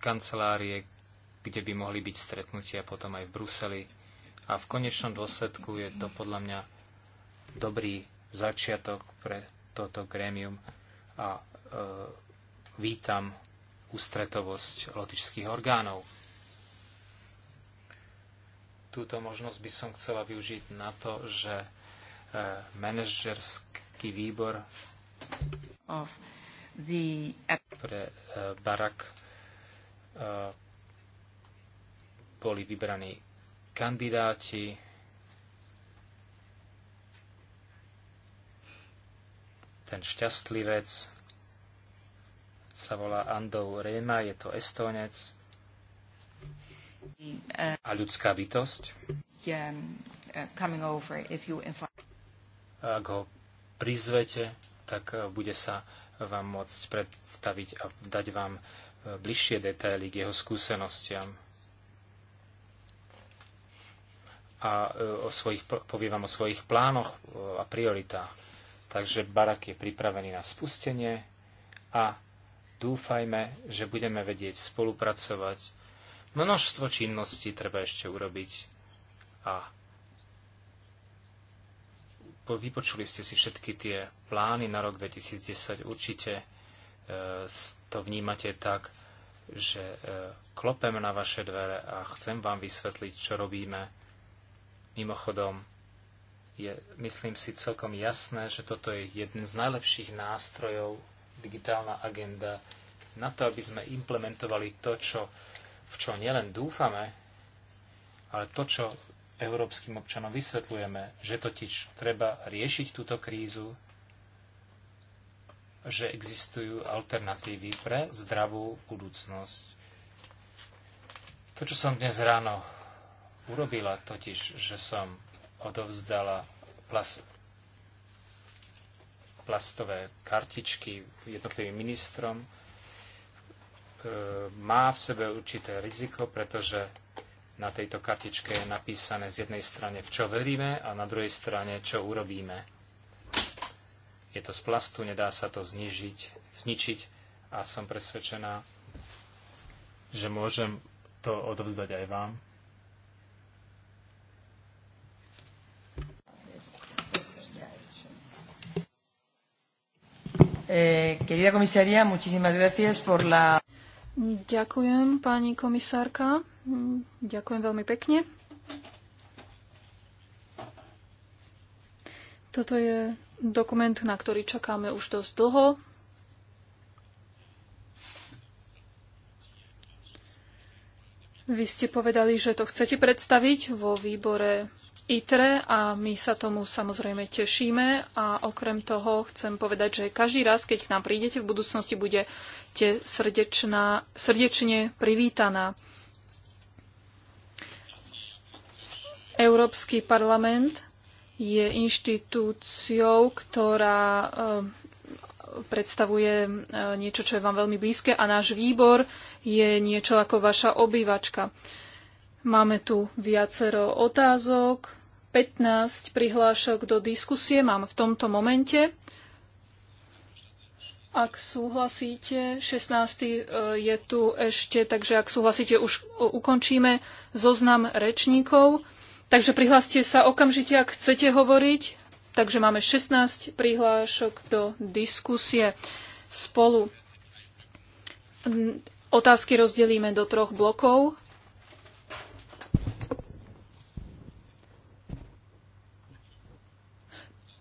Speaker 1: kancelárie, kde by mohli byť stretnutia potom aj v Bruseli. A v konečnom dôsledku je to podľa mňa dobrý začiatok pre toto grémium a e, vítam ústretovosť lotičských orgánov. Túto možnosť by som chcela využiť na to, že Eh, manažerský výbor the... pre eh, Barak eh, boli vybraní kandidáti. Ten šťastlivec sa volá Andou Réma, je to estónec a ľudská bytosť.
Speaker 2: Yeah, uh,
Speaker 1: ak ho prizvete, tak e, bude sa vám môcť predstaviť a dať vám e, bližšie detaily k jeho skúsenostiam. A e, o svojich, povie vám o svojich plánoch a prioritách. Takže Barak je pripravený na spustenie a dúfajme, že budeme vedieť spolupracovať. Množstvo činností treba ešte urobiť a vypočuli ste si všetky tie plány na rok 2010. Určite e, to vnímate tak, že e, klopem na vaše dvere a chcem vám vysvetliť, čo robíme. Mimochodom, je, myslím si, celkom jasné, že toto je jeden z najlepších nástrojov, digitálna agenda, na to, aby sme implementovali to, čo, v čo nielen dúfame, ale to, čo európskym občanom vysvetľujeme, že totiž treba riešiť túto krízu, že existujú alternatívy pre zdravú budúcnosť. To, čo som dnes ráno urobila, totiž, že som odovzdala plas- plastové kartičky jednotlivým ministrom, e, má v sebe určité riziko, pretože na tejto kartičke je napísané z jednej strane, v čo veríme a na druhej strane, čo urobíme. Je to z plastu, nedá sa to znižiť, zničiť a som presvedčená, že môžem to odovzdať aj vám.
Speaker 2: Eh, querida comisaria, muchísimas gracias por la... Ďakujem, pani komisárka. Hm, ďakujem veľmi pekne. Toto je dokument, na ktorý čakáme už dosť dlho. Vy ste povedali, že to chcete predstaviť vo výbore ITRE a my sa tomu samozrejme tešíme a okrem toho chcem povedať, že každý raz, keď k nám prídete v budúcnosti, budete srdečná, srdečne privítaná. Európsky parlament je inštitúciou, ktorá eh, predstavuje eh, niečo, čo je vám veľmi blízke a náš výbor je niečo ako vaša obývačka. Máme tu viacero otázok, 15 prihlášok do diskusie mám v tomto momente. Ak súhlasíte, 16. Eh, je tu ešte, takže ak súhlasíte, už ukončíme zoznam rečníkov. Takže prihláste sa okamžite, ak chcete hovoriť. Takže máme 16 prihlášok do diskusie spolu. Otázky rozdelíme do troch blokov.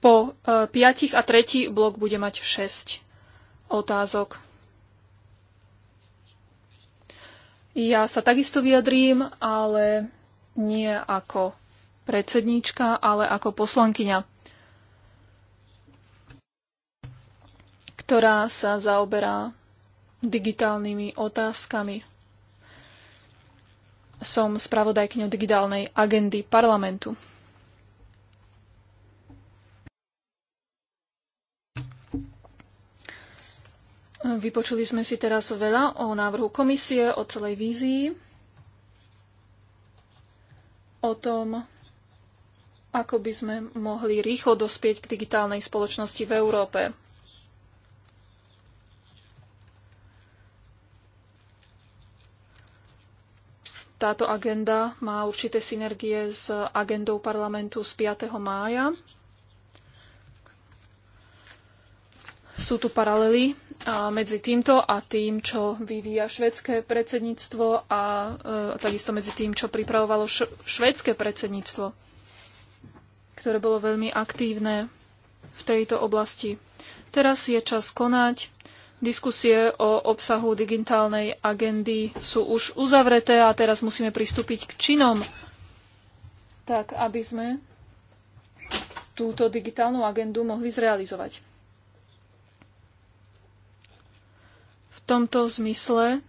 Speaker 2: Po e, piatich a tretí blok bude mať 6 otázok. Ja sa takisto vyjadrím, ale nie ako predsedníčka, ale ako poslankyňa, ktorá sa zaoberá digitálnymi otázkami. Som spravodajkňou digitálnej agendy parlamentu. Vypočuli sme si teraz veľa o návrhu komisie, o celej vízii o tom, ako by sme mohli rýchlo dospieť k digitálnej spoločnosti v Európe. Táto agenda má určité synergie s agendou parlamentu z 5. mája Sú tu paralely medzi týmto a tým, čo vyvíja švedské predsedníctvo a e, takisto medzi tým, čo pripravovalo švedské predsedníctvo, ktoré bolo veľmi aktívne v tejto oblasti. Teraz je čas konať. Diskusie o obsahu digitálnej agendy sú už uzavreté a teraz musíme pristúpiť k činom, tak aby sme túto digitálnu agendu mohli zrealizovať. tomto zmysle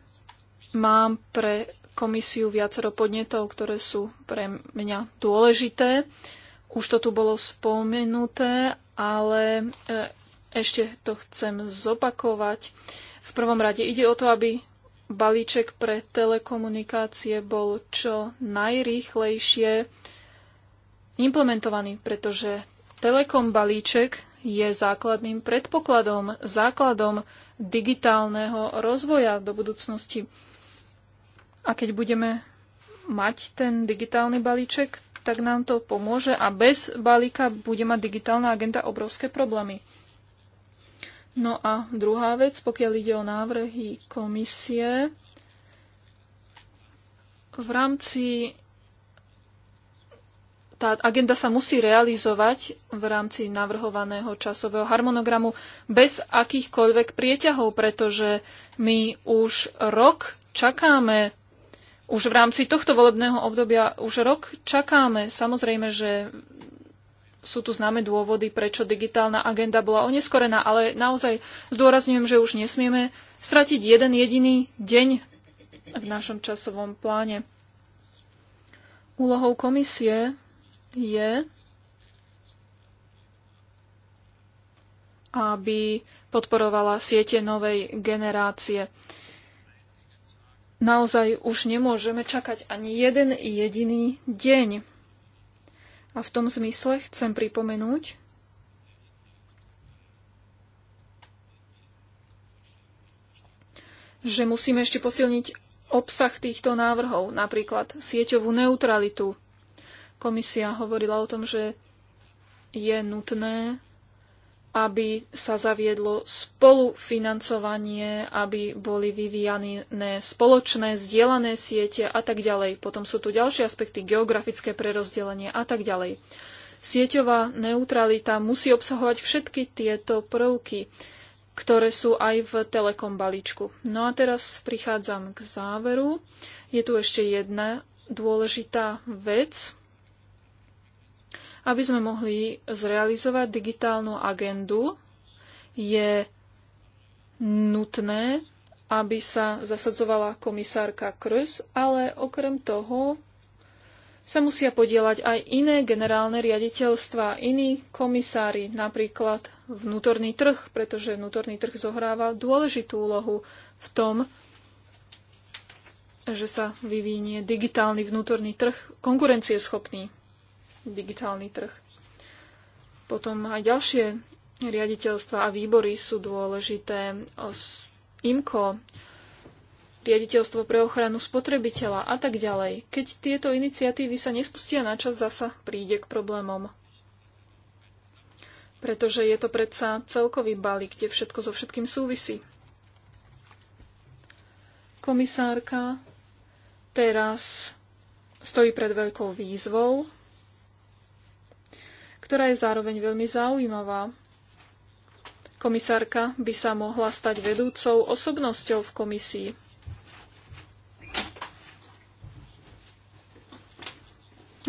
Speaker 2: mám pre komisiu viacero podnetov, ktoré sú pre mňa dôležité. Už to tu bolo spomenuté, ale e, ešte to chcem zopakovať. V prvom rade ide o to, aby balíček pre telekomunikácie bol čo najrýchlejšie implementovaný, pretože telekom balíček je základným predpokladom, základom digitálneho rozvoja do budúcnosti. A keď budeme mať ten digitálny balíček, tak nám to pomôže a bez balíka bude mať digitálna agenda obrovské problémy. No a druhá vec, pokiaľ ide o návrhy komisie, v rámci tá agenda sa musí realizovať v rámci navrhovaného časového harmonogramu bez akýchkoľvek prieťahov, pretože my už rok čakáme, už v rámci tohto volebného obdobia už rok čakáme. Samozrejme, že sú tu známe dôvody, prečo digitálna agenda bola oneskorená, ale naozaj zdôrazňujem, že už nesmieme stratiť jeden jediný deň v našom časovom pláne. Úlohou komisie je, aby podporovala siete novej generácie. Naozaj už nemôžeme čakať ani jeden jediný deň. A v tom zmysle chcem pripomenúť, že musíme ešte posilniť obsah týchto návrhov, napríklad sieťovú neutralitu, Komisia hovorila o tom, že je nutné, aby sa zaviedlo spolufinancovanie, aby boli vyvíjané spoločné, zdieľané siete a tak ďalej. Potom sú tu ďalšie aspekty, geografické prerozdelenie a tak ďalej. Sieťová neutralita musí obsahovať všetky tieto prvky ktoré sú aj v telekom balíčku. No a teraz prichádzam k záveru. Je tu ešte jedna dôležitá vec aby sme mohli zrealizovať digitálnu agendu, je nutné, aby sa zasadzovala komisárka Kröz, ale okrem toho sa musia podielať aj iné generálne riaditeľstva, iní komisári, napríklad vnútorný trh, pretože vnútorný trh zohráva dôležitú úlohu v tom, že sa vyvinie digitálny vnútorný trh konkurencieschopný digitálny trh. Potom aj ďalšie riaditeľstva a výbory sú dôležité. IMCO, riaditeľstvo pre ochranu spotrebiteľa a tak ďalej. Keď tieto iniciatívy sa nespustia na čas, zasa príde k problémom. Pretože je to predsa celkový balík, kde všetko so všetkým súvisí. Komisárka teraz stojí pred veľkou výzvou, ktorá je zároveň veľmi zaujímavá. Komisárka by sa mohla stať vedúcou osobnosťou v komisii.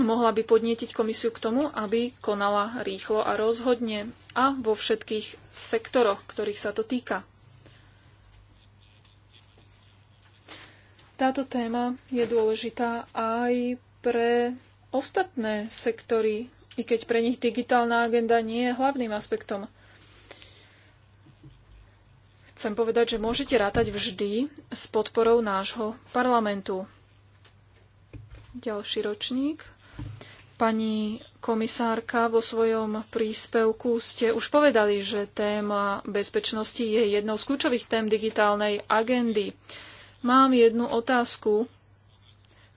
Speaker 2: Mohla by podnietiť komisiu k tomu, aby konala rýchlo a rozhodne a vo všetkých sektoroch, ktorých sa to týka. Táto téma je dôležitá aj pre ostatné sektory i keď pre nich digitálna agenda nie je hlavným aspektom. Chcem povedať, že môžete rátať vždy s podporou nášho parlamentu. Ďalší ročník. Pani komisárka, vo svojom príspevku ste už povedali, že téma bezpečnosti je jednou z kľúčových tém digitálnej agendy. Mám jednu otázku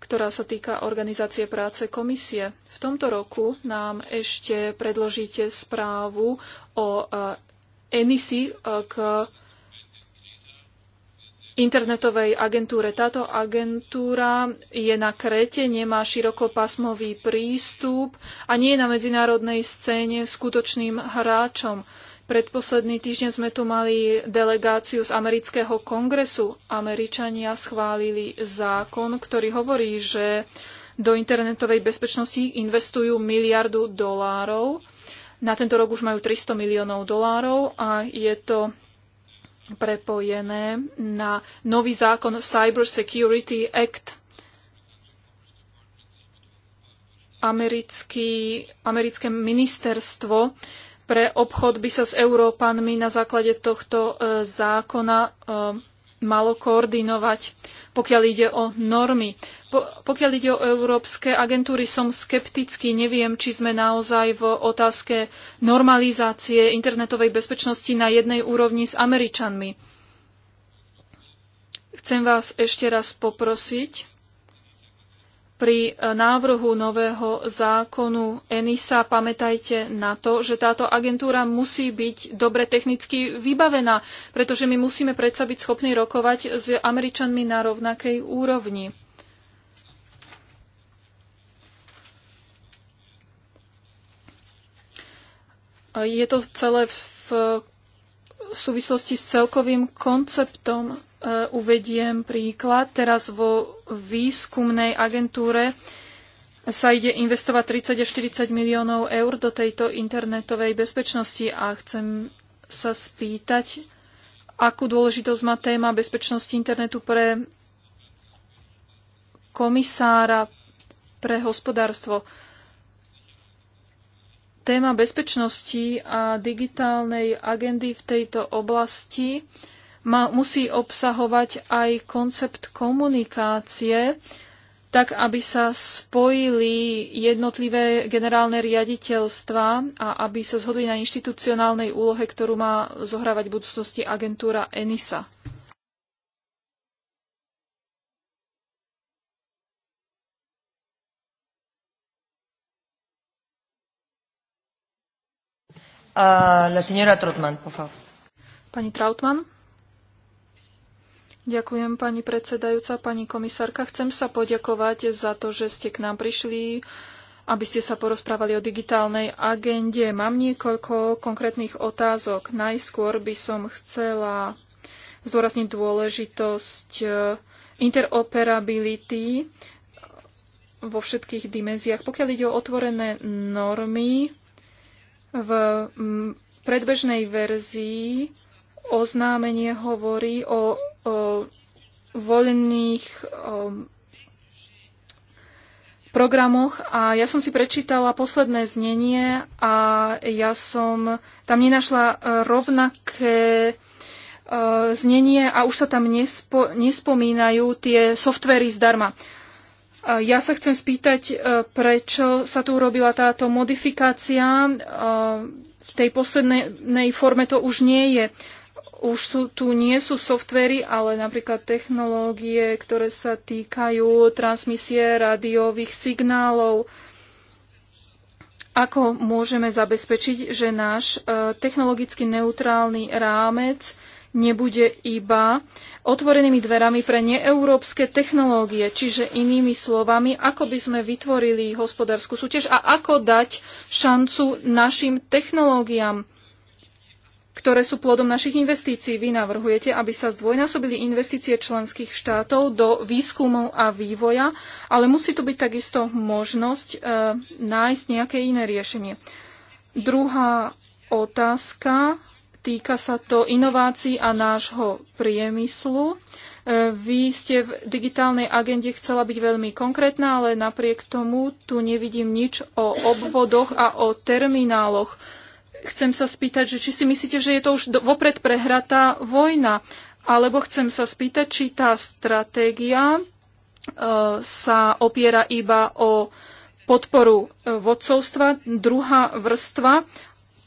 Speaker 2: ktorá sa týka organizácie práce komisie. V tomto roku nám ešte predložíte správu o ENISI eh, eh, k internetovej agentúre. Táto agentúra je na Krete, nemá širokopásmový prístup a nie je na medzinárodnej scéne skutočným hráčom. Predposledný týždeň sme tu mali delegáciu z amerického kongresu. Američania schválili zákon, ktorý hovorí, že do internetovej bezpečnosti investujú miliardu dolárov. Na tento rok už majú 300 miliónov dolárov a je to prepojené na nový zákon Cyber Security Act. Americký, americké ministerstvo pre obchod by sa s Európanmi na základe tohto e, zákona e, malo koordinovať, pokiaľ ide o normy. Po, pokiaľ ide o európske agentúry, som skeptický. Neviem, či sme naozaj v otázke normalizácie internetovej bezpečnosti na jednej úrovni s Američanmi. Chcem vás ešte raz poprosiť, pri e, návrhu nového zákonu ENISA pamätajte na to, že táto agentúra musí byť dobre technicky vybavená, pretože my musíme predsa byť schopní rokovať s Američanmi na rovnakej úrovni. E, je to celé v v súvislosti s celkovým konceptom e, uvediem príklad. Teraz vo výskumnej agentúre sa ide investovať 30 až 40 miliónov eur do tejto internetovej bezpečnosti a chcem sa spýtať, akú dôležitosť má téma bezpečnosti internetu pre komisára pre hospodárstvo. Téma bezpečnosti a digitálnej agendy v tejto oblasti ma, musí obsahovať aj koncept komunikácie, tak aby sa spojili jednotlivé generálne riaditeľstva a aby sa zhodli na inštitucionálnej úlohe, ktorú má zohrávať v budúcnosti agentúra ENISA. Uh, la señora Trotman, por favor. Pani Trautmann. Ďakujem, pani predsedajúca, pani komisárka. Chcem sa poďakovať za to, že ste k nám prišli, aby ste sa porozprávali o digitálnej agende. Mám niekoľko konkrétnych otázok. Najskôr by som chcela zdôrazniť dôležitosť eh, interoperability vo všetkých dimenziách. Pokiaľ ide o otvorené normy, v mm, predbežnej verzii oznámenie hovorí o, o voľných o, programoch a ja som si prečítala posledné znenie a ja som tam nenašla e, rovnaké e, znenie a už sa tam nespo, nespomínajú tie softvery zdarma. Ja sa chcem spýtať, e, prečo sa tu urobila táto modifikácia. E, v tej poslednej forme to už nie je. Už sú, tu nie sú softvery, ale napríklad technológie, ktoré sa týkajú transmisie rádiových signálov. Ako môžeme zabezpečiť, že náš e, technologicky neutrálny rámec nebude iba otvorenými dverami pre neeurópske technológie, čiže inými slovami, ako by sme vytvorili hospodárskú súťaž a ako dať šancu našim technológiám, ktoré sú plodom našich investícií. Vy navrhujete, aby sa zdvojnásobili investície členských štátov do výskumov a vývoja, ale musí tu byť takisto možnosť e, nájsť nejaké iné riešenie. Druhá otázka Týka sa to inovácií a nášho priemyslu. E, vy ste v digitálnej agende chcela byť veľmi konkrétna, ale napriek tomu tu nevidím nič o obvodoch a o termináloch. Chcem sa spýtať, že či si myslíte, že je to už vopred prehratá vojna, alebo chcem sa spýtať, či tá stratégia e, sa opiera iba o podporu e, vodcovstva, druhá vrstva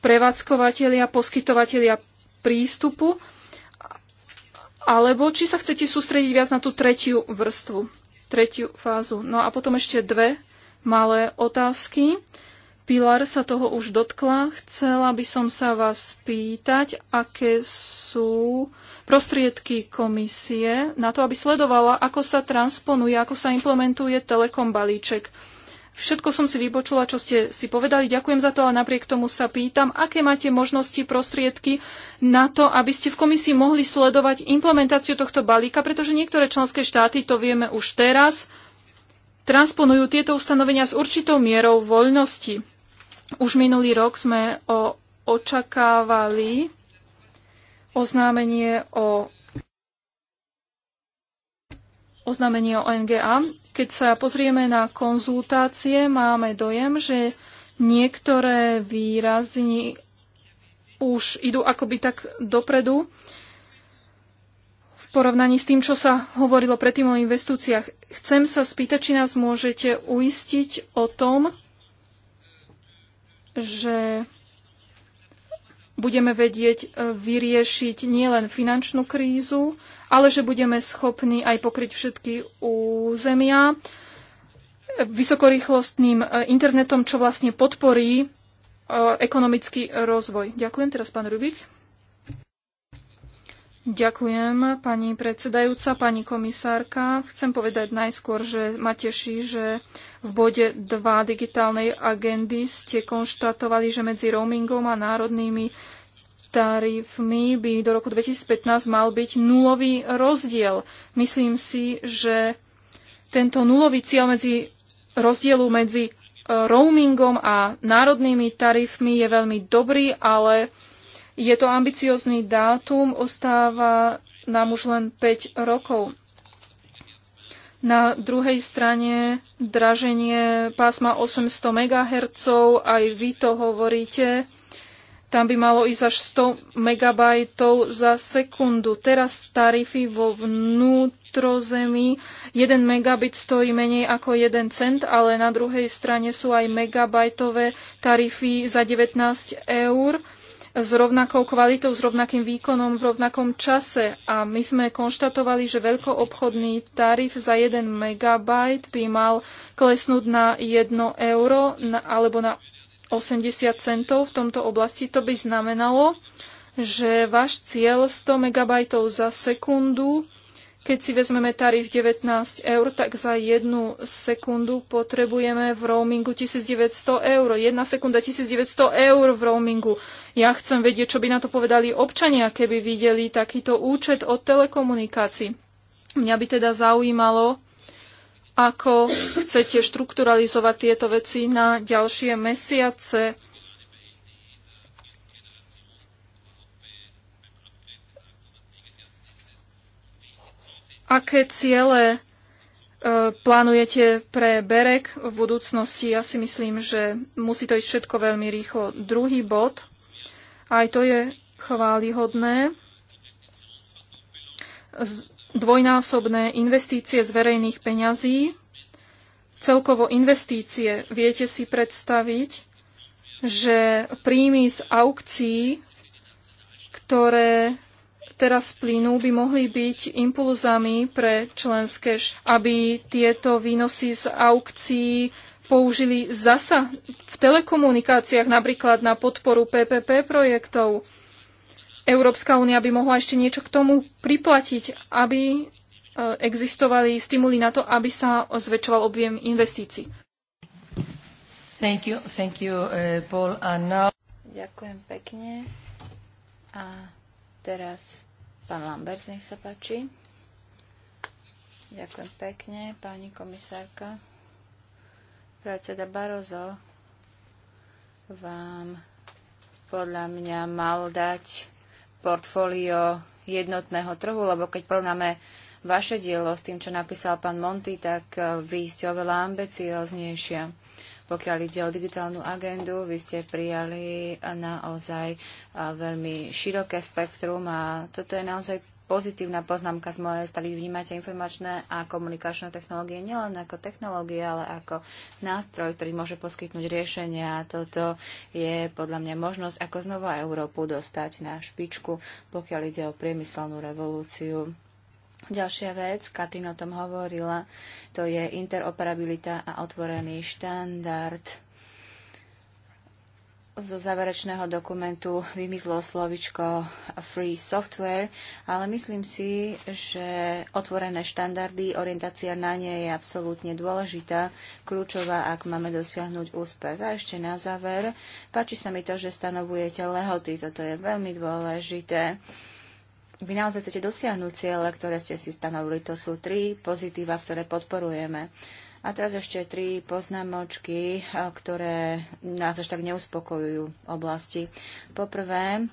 Speaker 2: prevádzkovateľia, poskytovateľia prístupu, alebo či sa chcete sústrediť viac na tú tretiu vrstvu, tretiu fázu. No a potom ešte dve malé otázky. Pilar sa toho už dotkla. Chcela by som sa vás pýtať, aké sú prostriedky komisie na to, aby sledovala, ako sa transponuje, ako sa implementuje telekom balíček. Všetko som si vypočula, čo ste si povedali. Ďakujem za to, ale napriek tomu sa pýtam, aké máte možnosti, prostriedky na to, aby ste v komisii mohli sledovať implementáciu tohto balíka, pretože niektoré členské štáty, to vieme už teraz, transponujú tieto ustanovenia s určitou mierou voľnosti. Už minulý rok sme o, očakávali oznámenie o oznámenie o NGA keď sa pozrieme na konzultácie, máme dojem, že niektoré výrazy už idú akoby tak dopredu v porovnaní s tým, čo sa hovorilo predtým o investúciách. Chcem sa spýtať, či nás môžete uistiť o tom, že budeme vedieť vyriešiť nielen finančnú krízu, ale že budeme schopní aj pokryť všetky územia vysokorýchlostným e, internetom, čo vlastne podporí e, ekonomický rozvoj. Ďakujem teraz, pán Rubik. Ďakujem, pani predsedajúca, pani komisárka. Chcem povedať najskôr, že ma teší, že v bode 2 digitálnej agendy ste konštatovali, že medzi roamingom a národnými tarifmi by do roku 2015 mal byť nulový rozdiel. Myslím si, že tento nulový cieľ medzi rozdielu medzi e, roamingom a národnými tarifmi je veľmi dobrý, ale je to ambiciózny dátum, ostáva nám už len 5 rokov. Na druhej strane draženie pásma 800 MHz, aj vy to hovoríte, tam by malo ísť až 100 megabajtov za sekundu. Teraz tarify vo vnútrozemí 1 megabit stojí menej ako 1 cent, ale na druhej strane sú aj megabajtové tarify za 19 eur s rovnakou kvalitou, s rovnakým výkonom v rovnakom čase. A my sme konštatovali, že veľkoobchodný tarif za 1 megabajt by mal klesnúť na 1 euro na, alebo na 80 centov v tomto oblasti, to by znamenalo, že váš cieľ 100 MB za sekundu, keď si vezmeme tarif 19 eur, tak za jednu sekundu potrebujeme v roamingu 1900 eur. Jedna sekunda 1900 eur v roamingu. Ja chcem vedieť, čo by na to povedali občania, keby videli takýto účet od telekomunikácií. Mňa by teda zaujímalo, ako chcete štrukturalizovať tieto veci na ďalšie mesiace. Aké ciele e, plánujete pre Berek v budúcnosti? Ja si myslím, že musí to ísť všetko veľmi rýchlo. Druhý bod, aj to je chválihodné. Z dvojnásobné investície z verejných peňazí, celkovo investície, viete si predstaviť, že príjmy z aukcií, ktoré teraz plynú, by mohli byť impulzami pre členské, aby tieto výnosy z aukcií použili zasa v telekomunikáciách, napríklad na podporu PPP projektov. Európska únia by mohla ešte niečo k tomu priplatiť, aby e, existovali stimuly na to, aby sa zväčšoval objem investícií. Thank you, thank you, e, Paul. And now... Ďakujem pekne. A teraz
Speaker 3: pán Lambers, nech sa páči. Ďakujem pekne, pani komisárka. Predseda Barozo vám podľa mňa mal dať portfólio jednotného trhu, lebo keď porovnáme vaše dielo s tým, čo napísal pán Monty, tak eh, vy ste oveľa ambicioznejšia. Pokiaľ ide o digitálnu agendu, vy ste prijali naozaj eh, veľmi široké spektrum a toto je naozaj pozitívna poznámka z mojej strany. Vnímate informačné a komunikačné technológie nielen ako technológie, ale ako nástroj, ktorý môže poskytnúť riešenia. A toto je podľa mňa možnosť, ako znova Európu dostať na špičku, pokiaľ ide o priemyselnú revolúciu. Ďalšia vec, Katina o tom hovorila, to je interoperabilita a otvorený štandard zo záverečného dokumentu vymizlo slovičko free software, ale myslím si, že otvorené štandardy, orientácia na ne je absolútne dôležitá, kľúčová, ak máme dosiahnuť úspech. A ešte na záver, páči sa mi to, že stanovujete lehoty, toto je veľmi dôležité. Vy naozaj chcete dosiahnuť cieľe, ktoré ste si stanovili. To sú tri pozitíva, ktoré podporujeme. A teraz ešte tri poznámočky, e, ktoré nás až tak neuspokojujú oblasti. Poprvé,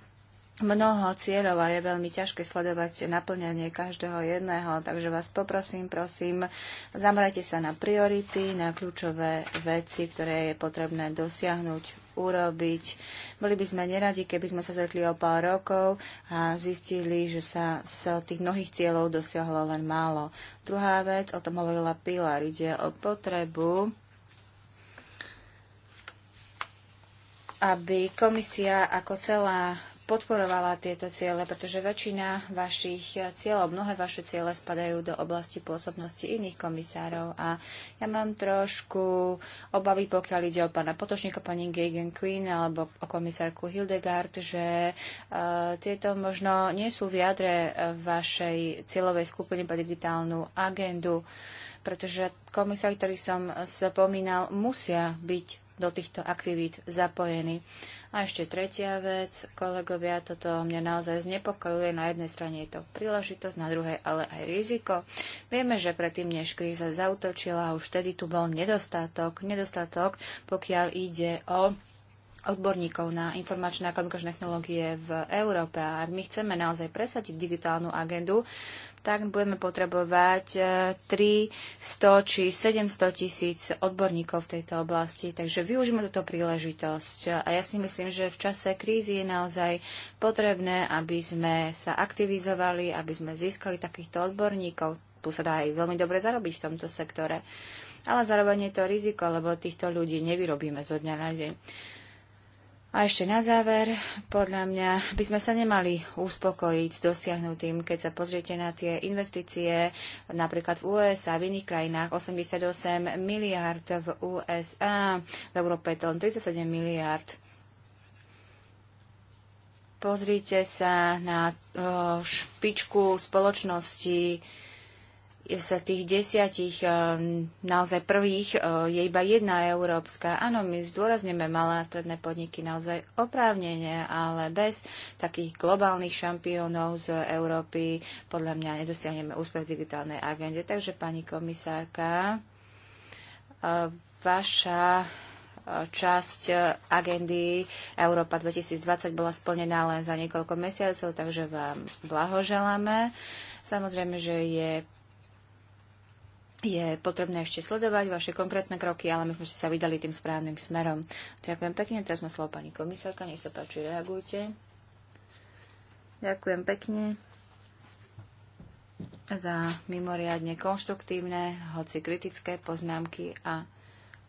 Speaker 3: mnoho cieľov a je veľmi ťažké sledovať naplňanie každého jedného, takže vás poprosím, prosím, zamerajte sa na priority, na kľúčové veci, ktoré je potrebné dosiahnuť urobiť. Boli by sme neradi, keby sme sa zretli o pár rokov a zistili, že sa z tých mnohých cieľov dosiahlo len málo. Druhá vec, o tom hovorila Pilar, ide o potrebu aby komisia ako celá podporovala tieto ciele, pretože väčšina vašich cieľov, mnohé vaše ciele spadajú do oblasti pôsobnosti iných komisárov a ja mám trošku obavy, pokiaľ ide o pána Potočníka, pani Gagan Queen alebo o komisárku Hildegard, že uh, tieto možno nie sú v jadre e, vašej cieľovej skupiny pre digitálnu agendu, pretože komisár, ktorý som spomínal, musia byť do týchto aktivít zapojení. A ešte tretia vec, kolegovia, toto mňa naozaj znepokojuje. Na jednej strane je to príležitosť, na druhej ale aj riziko. Vieme, že predtým, než kríza zautočila, už vtedy tu bol nedostatok, nedostatok, pokiaľ ide o odborníkov na informačné a komunikačné technológie v Európe. A ak my chceme naozaj presadiť digitálnu agendu, tak budeme potrebovať 300 e, či 700 tisíc odborníkov v tejto oblasti. Takže využíme túto príležitosť. A ja si myslím, že v čase krízy je naozaj potrebné, aby sme sa aktivizovali, aby sme získali takýchto odborníkov. Tu sa dá aj veľmi dobre zarobiť v tomto sektore. Ale zároveň je to riziko, lebo týchto ľudí nevyrobíme zo dňa na deň. A ešte na záver, podľa mňa by sme sa nemali uspokojiť s dosiahnutým, keď sa pozriete na tie investície, napríklad v USA, v iných krajinách 88 miliard v USA, v Európe to 37 miliard. Pozrite sa na špičku spoločnosti, sa tých desiatich eh, naozaj prvých eh, je iba jedna európska. Áno, my zdôrazneme malé a stredné podniky naozaj oprávnenie, ale bez takých globálnych šampiónov z Európy podľa mňa nedosiahneme úspech v digitálnej agende. Takže, pani komisárka, eh, vaša časť agendy Európa 2020 bola splnená len za niekoľko mesiacov, takže vám blahoželáme. Samozrejme, že je je potrebné ešte sledovať vaše konkrétne kroky, ale my sme sa vydali tým správnym smerom. Ďakujem pekne. Teraz má slovo pani komisárka. Nech sa páči, reagujte. Ďakujem pekne za mimoriadne konštruktívne, hoci kritické poznámky a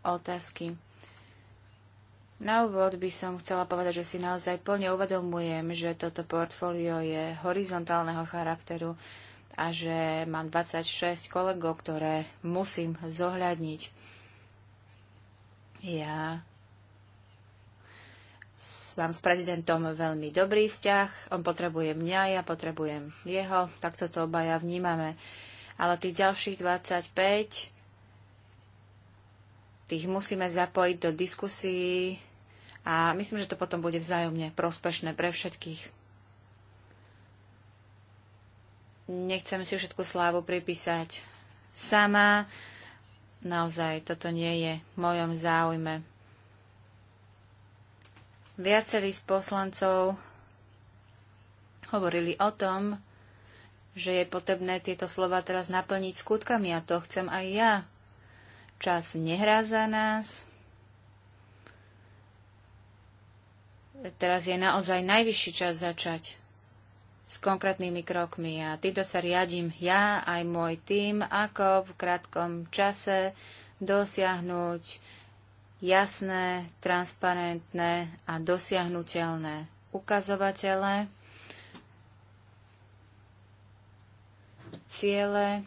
Speaker 3: otázky. Na úvod by som chcela povedať, že si naozaj plne uvedomujem, že toto portfólio je horizontálneho charakteru, a že mám 26 kolegov, ktoré musím zohľadniť. Ja mám s prezidentom veľmi dobrý vzťah, on potrebuje mňa, ja potrebujem jeho, tak toto obaja vnímame. Ale tých ďalších 25, tých musíme zapojiť do diskusí a myslím, že to potom bude vzájomne prospešné pre všetkých. Nechcem si všetku slávu pripísať sama. Naozaj, toto nie je v mojom záujme. Viacerí z poslancov hovorili o tom, že je potrebné tieto slova teraz naplniť skutkami a to chcem aj ja. Čas nehrá za nás. Teraz je naozaj najvyšší čas začať s konkrétnymi krokmi a týmto sa riadím ja aj môj tým, ako v krátkom čase dosiahnuť jasné, transparentné a dosiahnutelné ukazovatele, ciele.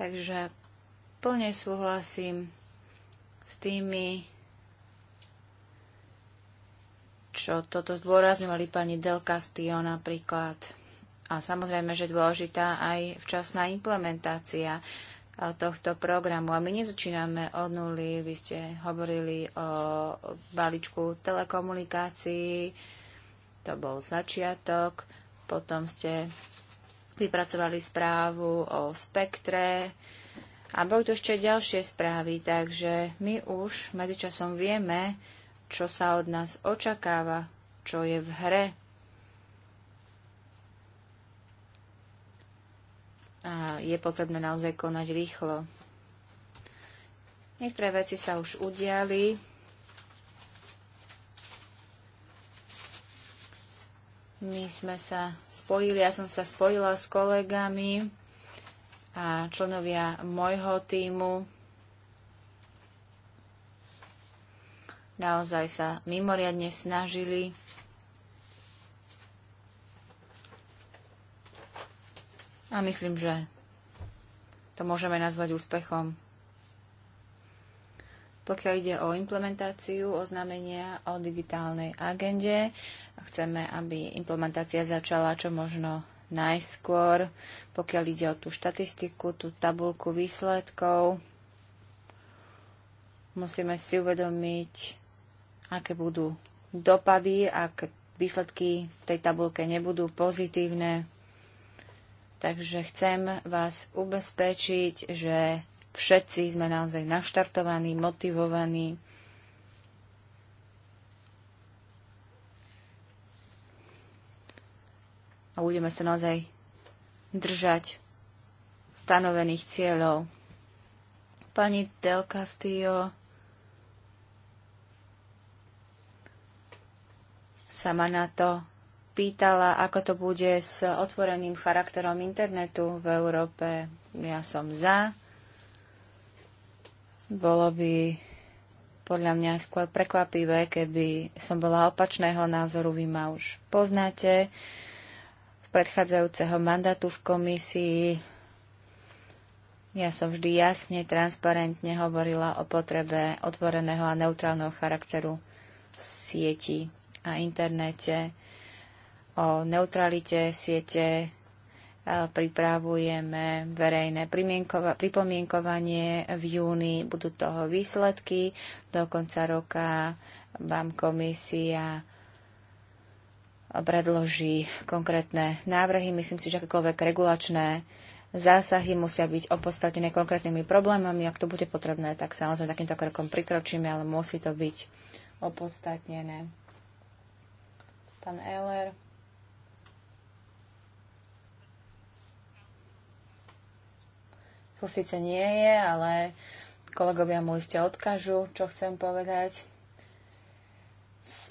Speaker 3: Takže plne súhlasím s tými čo toto zdôrazňovali pani Del Castillo napríklad. A samozrejme, že dôležitá aj včasná implementácia tohto programu. A my nezačíname od nuly. Vy ste hovorili o balíčku telekomunikácií. To bol začiatok. Potom ste vypracovali správu o spektre. A boli tu ešte ďalšie správy, takže my už medzičasom vieme, čo sa od nás očakáva, čo je v hre. A je potrebné naozaj konať rýchlo. Niektoré veci sa už udiali. My sme sa spojili, ja som sa spojila s kolegami a členovia môjho týmu Naozaj sa mimoriadne snažili. A myslím, že to môžeme nazvať úspechom. Pokiaľ ide o implementáciu oznámenia o digitálnej agende, chceme, aby implementácia začala čo možno najskôr, pokiaľ ide o tú štatistiku, tú tabulku výsledkov. Musíme si uvedomiť, aké budú dopady, ak výsledky v tej tabulke nebudú pozitívne. Takže chcem vás ubezpečiť, že všetci sme naozaj naštartovaní, motivovaní. A budeme sa naozaj držať stanovených cieľov. Pani Del Castillo sa ma na to pýtala, ako to bude s otvoreným charakterom internetu v Európe. Ja som za. Bolo by podľa mňa skôr prekvapivé, keby som bola opačného názoru. Vy ma už poznáte z predchádzajúceho mandátu v komisii. Ja som vždy jasne, transparentne hovorila o potrebe otvoreného a neutrálneho charakteru sieti a internete, o neutralite siete pripravujeme verejné pripomienkovanie v júni. Budú toho výsledky. Do konca roka vám komisia predloží konkrétne návrhy. Myslím si, že akékoľvek regulačné zásahy musia byť opodstatnené konkrétnymi problémami. Ak to bude potrebné, tak samozrejme takýmto krokom prikročíme, ale musí to byť opodstatnené pán Eller. Tu síce nie je, ale kolegovia mu iste odkážu, čo chcem povedať.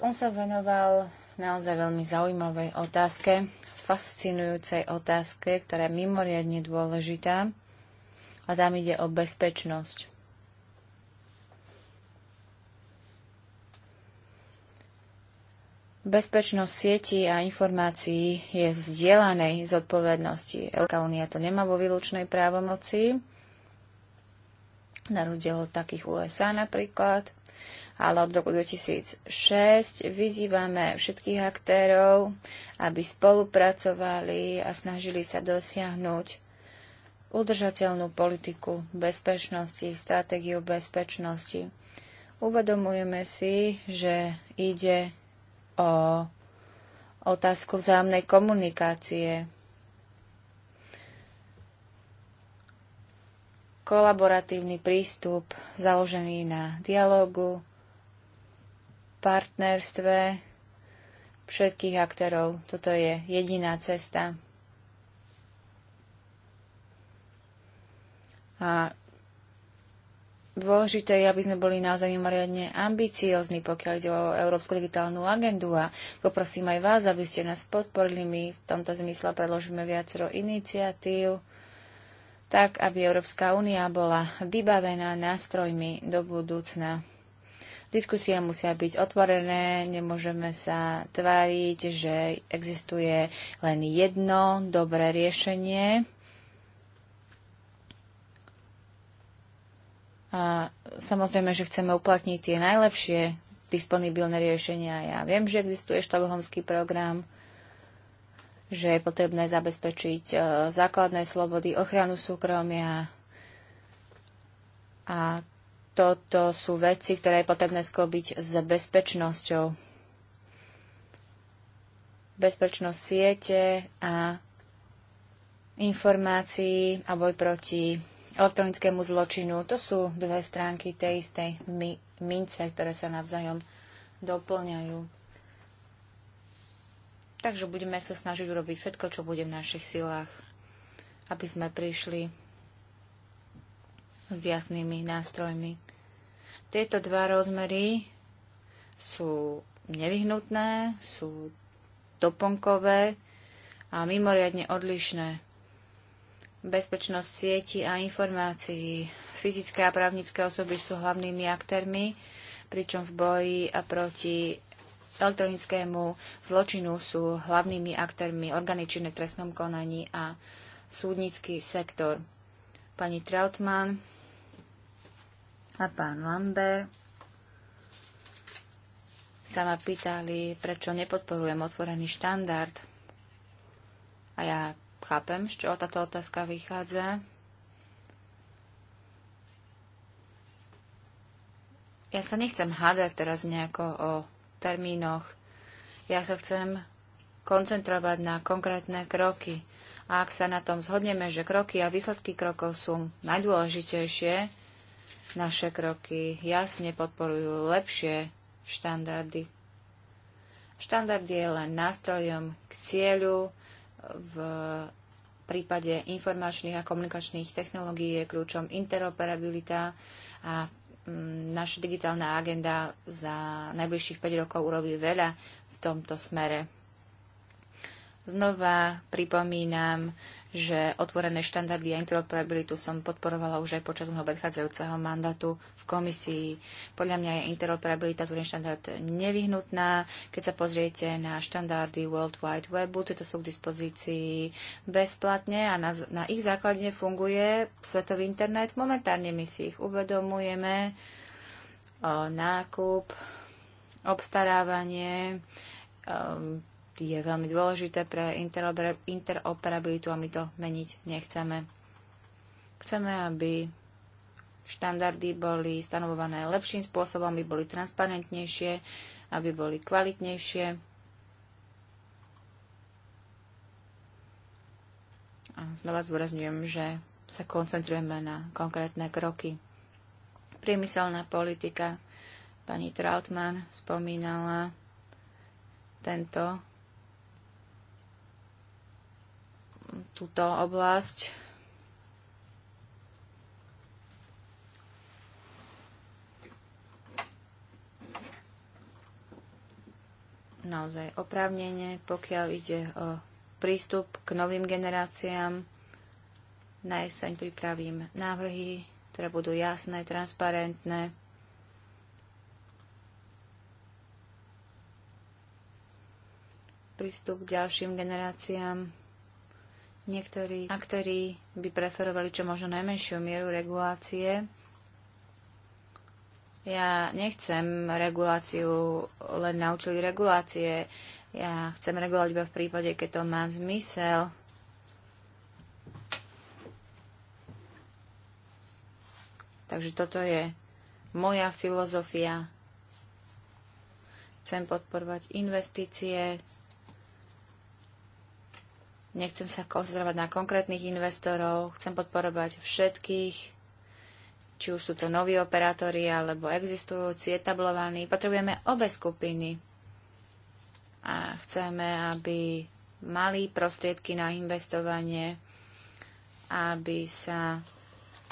Speaker 3: On sa venoval naozaj veľmi zaujímavej otázke, fascinujúcej otázke, ktorá je mimoriadne dôležitá. A tam ide o bezpečnosť. Bezpečnosť sietí a informácií je v zdieľanej zodpovednosti. Európska únia to nemá vo výlučnej právomoci, na rozdiel od takých USA napríklad. Ale od roku 2006 vyzývame všetkých aktérov, aby spolupracovali a snažili sa dosiahnuť udržateľnú politiku bezpečnosti, stratégiu bezpečnosti. Uvedomujeme si, že ide o otázku vzájomnej komunikácie. Kolaboratívny prístup založený na dialogu, partnerstve všetkých aktérov. Toto je jediná cesta. A Dôležité je, aby sme boli naozaj mimoriadne ambiciozni, pokiaľ ide o Európsku digitálnu agendu a poprosím aj vás, aby ste nás podporili. My v tomto zmysle predložíme viacero iniciatív, tak aby Európska únia bola vybavená nástrojmi do budúcna. Diskusie musia byť otvorené, nemôžeme sa tváriť, že existuje len jedno dobré riešenie A samozrejme, že chceme uplatniť tie najlepšie disponibilné riešenia. Ja viem, že existuje štokholmský program, že je potrebné zabezpečiť e, základné slobody, ochranu súkromia. A toto sú veci, ktoré je potrebné sklobiť s bezpečnosťou. Bezpečnosť siete a informácií a boj proti elektronickému zločinu. To sú dve stránky tej istej mince, ktoré sa navzájom doplňajú. Takže budeme sa snažiť urobiť všetko, čo bude v našich silách, aby sme prišli s jasnými nástrojmi. Tieto dva rozmery sú nevyhnutné, sú doponkové a mimoriadne odlišné bezpečnosť sieti a informácií. Fyzické a právnické osoby sú hlavnými aktérmi, pričom v boji a proti elektronickému zločinu sú hlavnými aktérmi orgány činné trestnom konaní a súdnický sektor. Pani Trautmann a pán Lambert sa ma pýtali, prečo nepodporujem otvorený štandard. A ja chápem, z čoho táto otázka vychádza. Ja sa nechcem hádať teraz nejako o termínoch. Ja sa chcem koncentrovať na konkrétne kroky. A ak sa na tom zhodneme, že kroky a výsledky krokov sú najdôležitejšie, naše kroky jasne podporujú lepšie štandardy. Štandard je len nástrojom k cieľu v prípade informačných a komunikačných technológií je kľúčom interoperabilita a mm, naša digitálna agenda za najbližších 5 rokov urobí veľa v tomto smere. Znova pripomínam, že otvorené štandardy a interoperabilitu som podporovala už aj počas môjho predchádzajúceho mandátu v komisii. Podľa mňa je interoperabilita ten štandard eh, nevyhnutná. Keď sa pozriete na štandardy World Wide Webu, tieto sú k dispozícii bezplatne a na, na ich základe funguje svetový internet. Momentárne my si ich uvedomujeme. O nákup, obstarávanie, um, je veľmi dôležité pre interoperabilitu a my to meniť nechceme. Chceme, aby štandardy boli stanovované lepším spôsobom, aby boli transparentnejšie, aby boli kvalitnejšie. A znova zdôrazňujem, že sa koncentrujeme na konkrétne kroky. Priemyselná politika. Pani Trautmann spomínala tento túto oblasť. Naozaj oprávnenie, pokiaľ ide o prístup k novým generáciám. Na jeseň pripravím návrhy, ktoré budú jasné, transparentné. prístup k ďalším generáciám. Niektorí aktéri by preferovali čo možno najmenšiu mieru regulácie. Ja nechcem reguláciu len na účely regulácie. Ja chcem regulovať iba v prípade, keď to má zmysel. Takže toto je moja filozofia. Chcem podporovať investície, Nechcem sa koncentrovať na konkrétnych investorov, chcem podporovať všetkých, či už sú to noví operátori alebo existujúci, etablovaní. Potrebujeme obe skupiny a chceme, aby mali prostriedky na investovanie, aby sa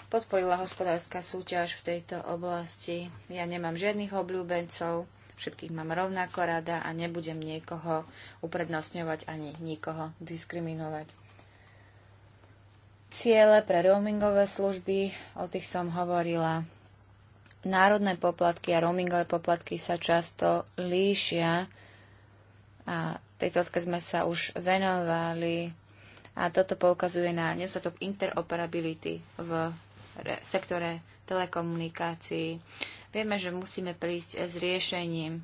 Speaker 3: podporila hospodárska súťaž v tejto oblasti. Ja nemám žiadnych obľúbencov Všetkých mám rovnako rada a nebudem niekoho uprednostňovať ani nikoho diskriminovať. Ciele pre roamingové služby, o tých som hovorila. Národné poplatky a roamingové poplatky sa často líšia a tejto otázke sme sa už venovali a toto poukazuje na nedostatok interoperability v sektore telekomunikácií. Vieme, že musíme prísť s riešením.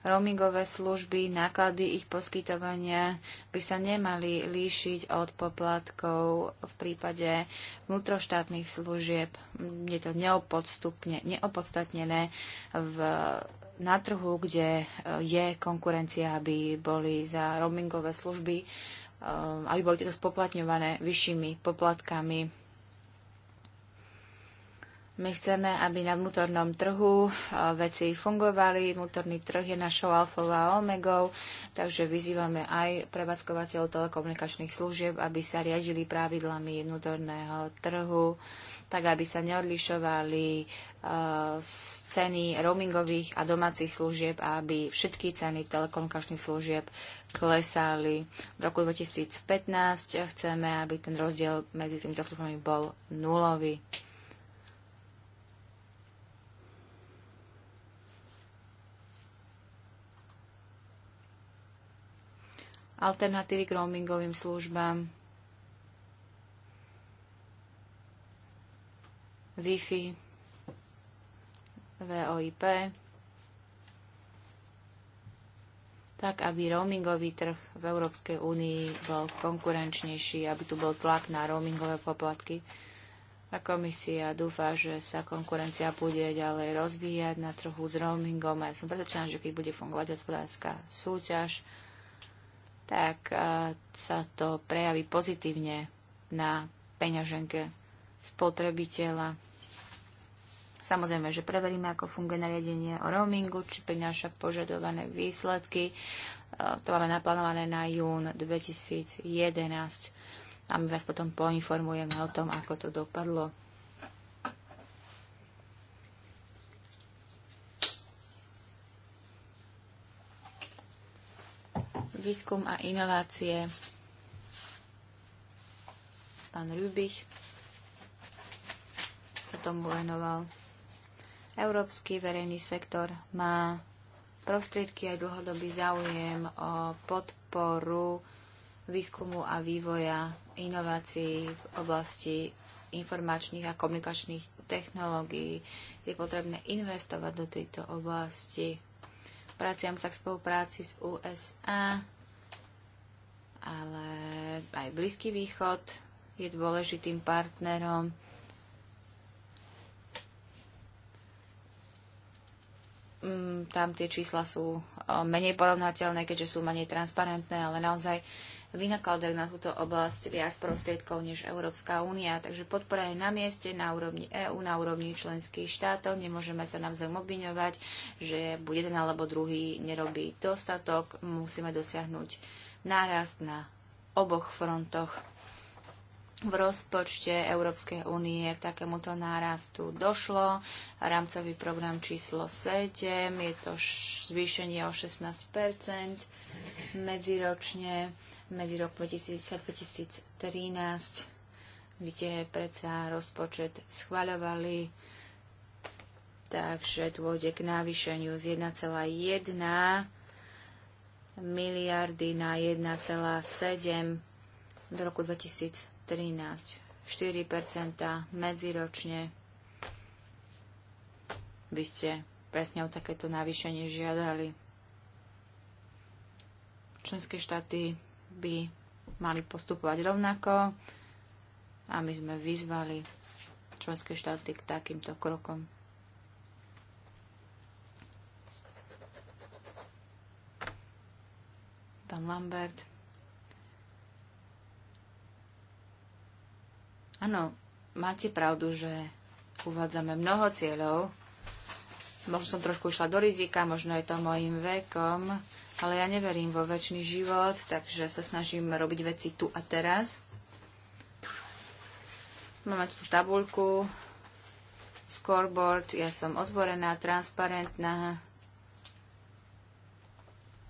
Speaker 3: Roamingové služby, náklady ich poskytovania by sa nemali líšiť od poplatkov v prípade vnútroštátnych služieb. Je to neopodstatnené v na trhu, kde e, je konkurencia, aby boli za roamingové služby, e, aby boli tieto spoplatňované vyššími poplatkami. My chceme, aby na vnútornom trhu e, veci fungovali. Vnútorný trh je našou alfou a omegou, takže vyzývame aj prevádzkovateľov telekomunikačných služieb, aby sa riadili pravidlami vnútorného trhu, tak aby sa neodlišovali e, z ceny roamingových a domácich služieb a aby všetky ceny telekomunikačných služieb klesali. V roku 2015 chceme, aby ten rozdiel medzi týmito službami bol nulový. alternatívy k roamingovým službám, Wi-Fi, VOIP, tak aby roamingový trh v Európskej únii bol konkurenčnejší, aby tu bol tlak na roamingové poplatky. A komisia dúfa, že sa konkurencia bude ďalej rozvíjať na trhu s roamingom a ja som presvedčená, že keď bude fungovať hospodárska súťaž, tak e, sa to prejaví pozitívne na peňaženke spotrebiteľa. Samozrejme, že preveríme, ako funguje nariadenie o roamingu, či prináša požadované výsledky. E, to máme naplánované na jún 2011 a my vás potom poinformujeme o tom, ako to dopadlo. výskum a inovácie. Pán Rubich sa tomu venoval. Európsky verejný sektor má prostriedky aj dlhodobý záujem o podporu výskumu a vývoja inovácií v oblasti informačných a komunikačných technológií. Je potrebné investovať do tejto oblasti vraciam sa k spolupráci s USA, ale aj Blízky východ je dôležitým partnerom. Mm, tam tie čísla sú eh, menej porovnateľné, keďže sú menej transparentné, ale naozaj vynakladajú na túto oblasť viac prostriedkov než Európska únia. Takže podpora je na mieste, na úrovni EÚ, na úrovni členských štátov. Nemôžeme sa navzájom obviňovať, že bude jeden alebo druhý nerobí dostatok. Musíme dosiahnuť nárast na oboch frontoch v rozpočte Európskej únie k takémuto nárastu došlo. Rámcový program číslo 7, je to zvýšenie o 16 medziročne medzi rok 2010-2013, kde predsa rozpočet schvaľovali, takže dôjde k navýšeniu z 1,1 miliardy na 1,7 do roku 2013. 4% medziročne by ste presne o takéto navýšenie žiadali. Členské štáty by mali postupovať rovnako a my sme vyzvali členské štáty k takýmto krokom. Pán Lambert. Áno, máte pravdu, že uvádzame mnoho cieľov. Možno som trošku išla do rizika, možno je to mojim vekom ale ja neverím vo väčší život, takže sa snažím robiť veci tu a teraz. Máme tu tabuľku, scoreboard, ja som otvorená, transparentná.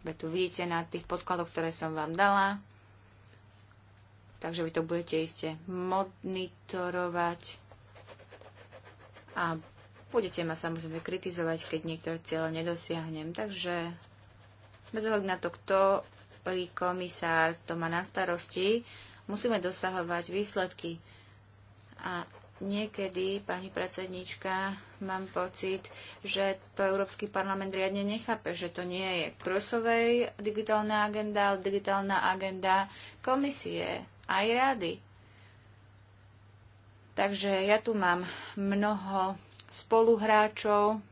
Speaker 3: Veď tu vidíte na tých podkladoch, ktoré som vám dala. Takže vy to budete iste monitorovať a budete ma samozrejme kritizovať, keď niektoré cieľe nedosiahnem. Takže bez ohľadu na to, kto pri komisár to má na starosti, musíme dosahovať výsledky. A niekedy, pani predsednička, mám pocit, že to Európsky parlament riadne nechápe, že to nie je Krusovej digitálna agenda, ale digitálna agenda komisie aj rady. Takže ja tu mám mnoho spoluhráčov,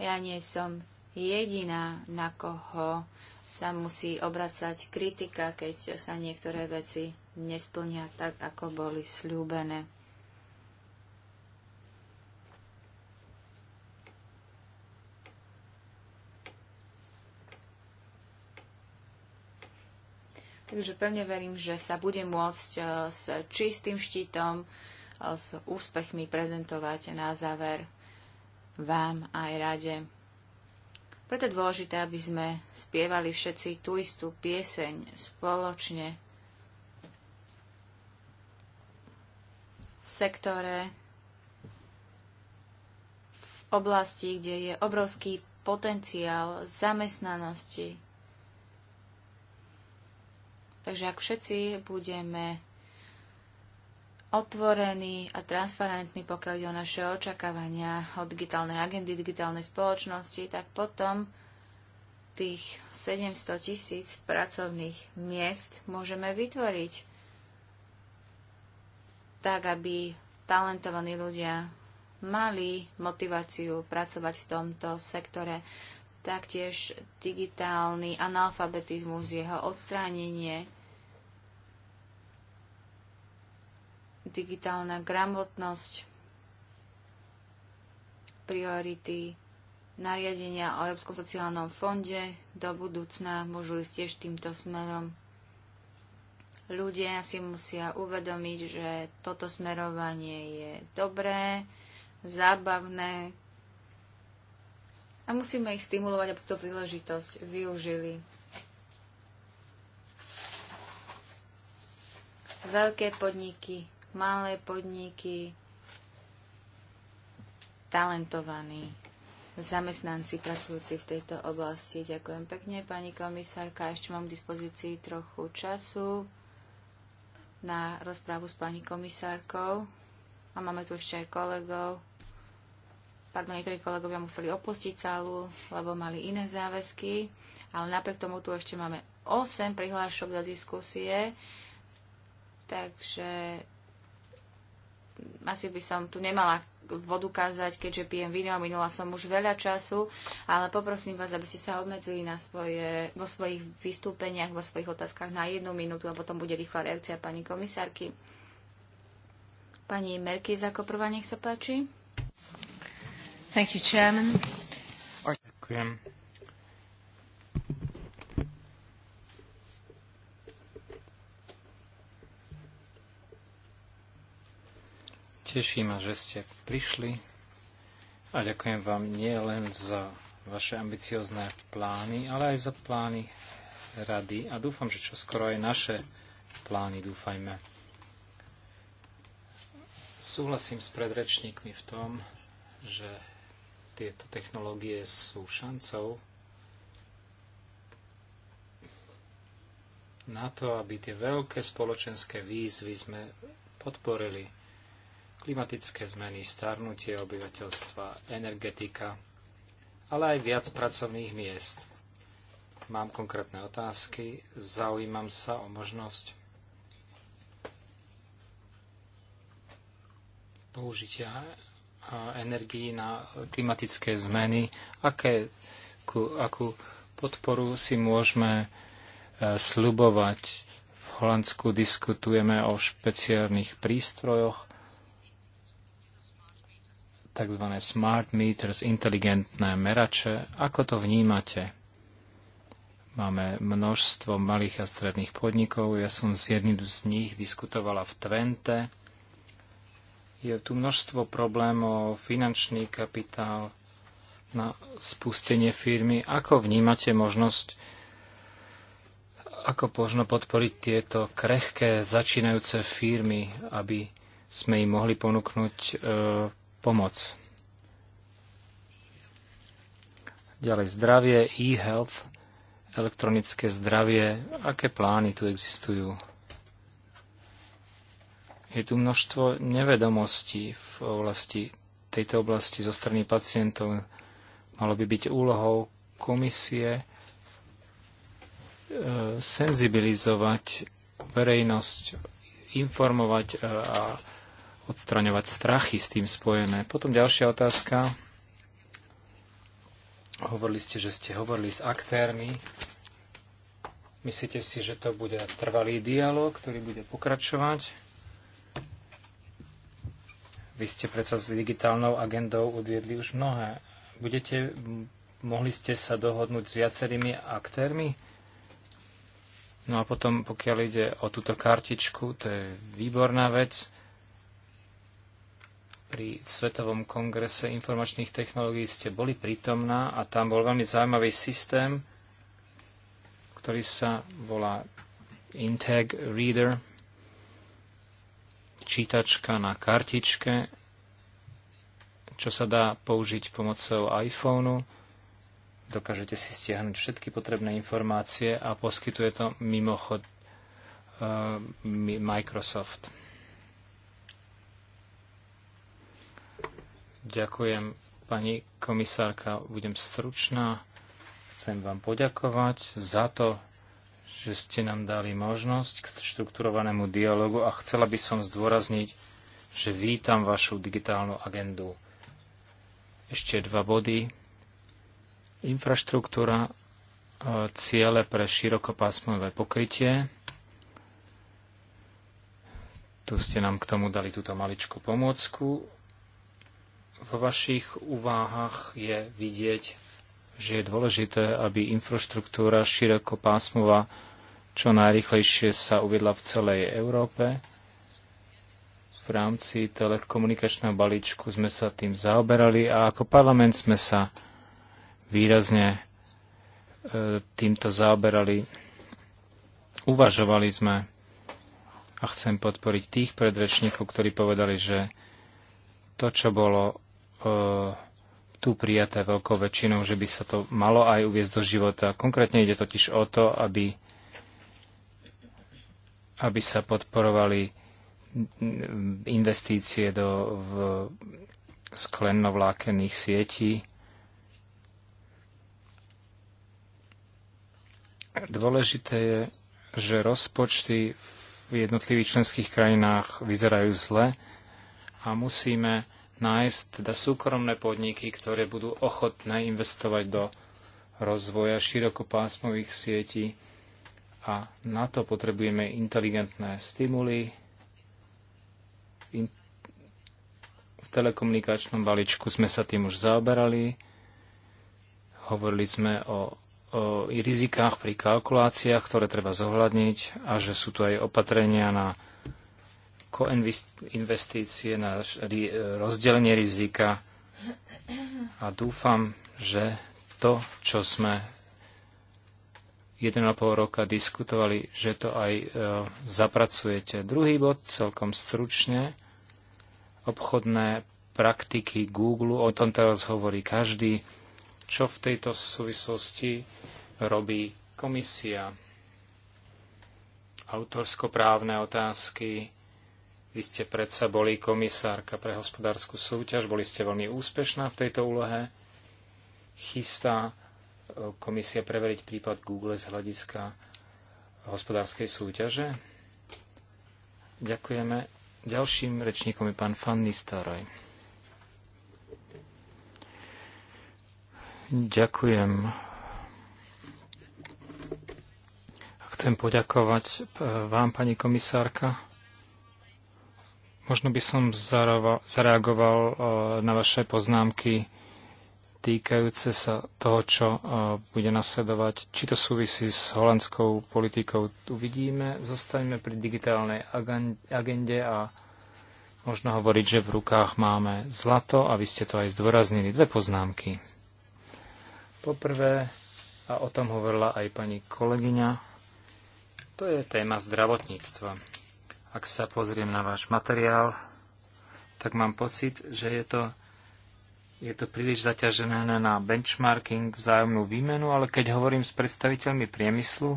Speaker 3: ja nie som jediná, na koho sa musí obracať kritika, keď sa niektoré veci nesplnia tak, ako boli slúbené. Takže pevne verím, že sa bude môcť eh, s čistým štítom, eh, s úspechmi prezentovať na záver vám aj rade. Preto je dôležité, aby sme spievali všetci tú istú pieseň spoločne v sektore, v oblasti, kde je obrovský potenciál zamestnanosti. Takže ak všetci budeme otvorený a transparentný, pokiaľ ide o naše očakávania od digitálnej agendy, digitálnej spoločnosti, tak potom tých 700 tisíc pracovných miest môžeme vytvoriť tak, aby talentovaní ľudia mali motiváciu pracovať v tomto sektore. Taktiež digitálny analfabetizmus, jeho odstránenie, digitálna gramotnosť, priority nariadenia o Európskom sociálnom fonde do budúcna môžu ísť tiež týmto smerom. Ľudia si musia uvedomiť, že toto smerovanie je dobré, zábavné a musíme ich stimulovať, aby túto príležitosť využili. Veľké podniky malé podniky, talentovaní zamestnanci pracujúci v tejto oblasti. Ďakujem pekne, pani komisárka. Ešte mám k dispozícii trochu času na rozprávu s pani komisárkou. A máme tu ešte aj kolegov. Pardon, niektorí kolegovia museli opustiť sálu, lebo mali iné záväzky. Ale napriek tomu tu ešte máme 8 prihlášok do diskusie. Takže asi by som tu nemala vodu kázať, keďže pijem víno a minula som už veľa času, ale poprosím vás, aby ste sa obmedzili na svoje, vo svojich vystúpeniach, vo svojich otázkach na jednu minútu a potom bude rýchla reakcia pani komisárky. Pani Merky ako prvá, nech sa páči.
Speaker 2: Thank you, chairman.
Speaker 1: Ďakujem Teší ma, že ste prišli a ďakujem vám nie len za vaše ambiciozne plány, ale aj za plány rady a dúfam, že čo skoro aj naše plány, dúfajme. Súhlasím s predrečníkmi v tom, že tieto technológie sú šancou na to, aby tie veľké spoločenské výzvy sme podporili Klimatické zmeny, starnutie obyvateľstva, energetika, ale aj viac pracovných miest. Mám konkrétne otázky, zaujímam sa o možnosť použitia energií na klimatické zmeny, aké, akú, akú podporu si môžeme e, slubovať. V Holandsku diskutujeme o špeciálnych prístrojoch tzv. smart meters, inteligentné merače. Ako to vnímate? Máme množstvo malých a stredných podnikov. Ja som s jedným z nich diskutovala v Twente. Je tu množstvo problémov, finančný kapitál na spustenie firmy. Ako vnímate možnosť, ako možno podporiť tieto krehké začínajúce firmy, aby sme im mohli ponúknuť e, pomoc. Ďalej zdravie, e-health, elektronické zdravie, aké plány tu existujú. Je tu množstvo nevedomostí v oblasti, tejto oblasti zo strany pacientov. Malo by byť úlohou komisie e, senzibilizovať verejnosť, informovať e, a odstraňovať strachy s tým spojené. Potom ďalšia otázka. Hovorili ste, že ste hovorili s aktérmi. Myslíte si, že to bude trvalý dialog, ktorý bude pokračovať? Vy ste predsa s digitálnou agendou odviedli už mnohé. Budete, mohli ste sa dohodnúť s viacerými aktérmi? No a potom, pokiaľ ide o túto kartičku, to je výborná vec pri Svetovom kongrese informačných technológií ste boli prítomná a tam bol veľmi zaujímavý systém, ktorý sa volá Integ Reader, čítačka na kartičke, čo sa dá použiť pomocou iPhoneu. Dokážete si stiahnuť všetky potrebné informácie a poskytuje to mimochod uh, Microsoft. Ďakujem, pani komisárka. Budem stručná. Chcem vám poďakovať za to, že ste nám dali možnosť k štrukturovanému dialogu a chcela by som zdôrazniť, že vítam vašu digitálnu agendu. Ešte dva body. Infraštruktúra, e, ciele pre širokopásmové pokrytie. Tu ste nám k tomu dali túto maličkú pomôcku vo vašich uváhach je vidieť, že je dôležité, aby infraštruktúra širokopásmová čo najrychlejšie sa uviedla v celej Európe. V rámci telekomunikačného balíčku sme sa tým zaoberali a ako parlament sme sa výrazne e, týmto zaoberali. Uvažovali sme a chcem podporiť tých predrečníkov, ktorí povedali, že to, čo bolo E, tu prijaté veľkou väčšinou, že by sa to malo aj uviezť do života. Konkrétne ide totiž o to, aby, aby sa podporovali investície do v sklenovlákených sietí. Dôležité je, že rozpočty v jednotlivých členských krajinách vyzerajú zle a musíme nájsť teda súkromné podniky, ktoré budú ochotné investovať do rozvoja širokopásmových sietí a na to potrebujeme inteligentné stimuly. V telekomunikačnom balíčku sme sa tým už zaoberali. Hovorili sme o, o rizikách pri kalkuláciách, ktoré treba zohľadniť a že sú tu aj opatrenia na koinvestície na e, rozdelenie rizika a dúfam, že to, čo sme 1,5 roka diskutovali, že to aj e, zapracujete. Druhý bod, celkom stručne, obchodné praktiky Google, o tom teraz hovorí každý, čo v tejto súvislosti robí komisia. Autorskoprávne otázky, vy ste predsa boli komisárka pre hospodárskú súťaž, boli ste veľmi úspešná v tejto úlohe. Chystá e, komisia preveriť prípad Google z hľadiska hospodárskej súťaže? Ďakujeme. Ďalším rečníkom je pán Fanny Staroj. Ďakujem. Chcem poďakovať e, vám, pani komisárka Možno by som zareagoval e, na vaše poznámky týkajúce sa toho, čo e, bude nasledovať. Či to súvisí s holandskou politikou, uvidíme. Zostaňme pri digitálnej agende a možno hovoriť, že v rukách máme zlato a vy ste to aj zdôraznili. Dve poznámky. Poprvé, a o tom hovorila aj pani kolegyňa, to je téma zdravotníctva ak sa pozriem na váš materiál, tak mám pocit, že je to, je to príliš zaťažené na benchmarking, vzájomnú výmenu, ale keď hovorím s predstaviteľmi priemyslu,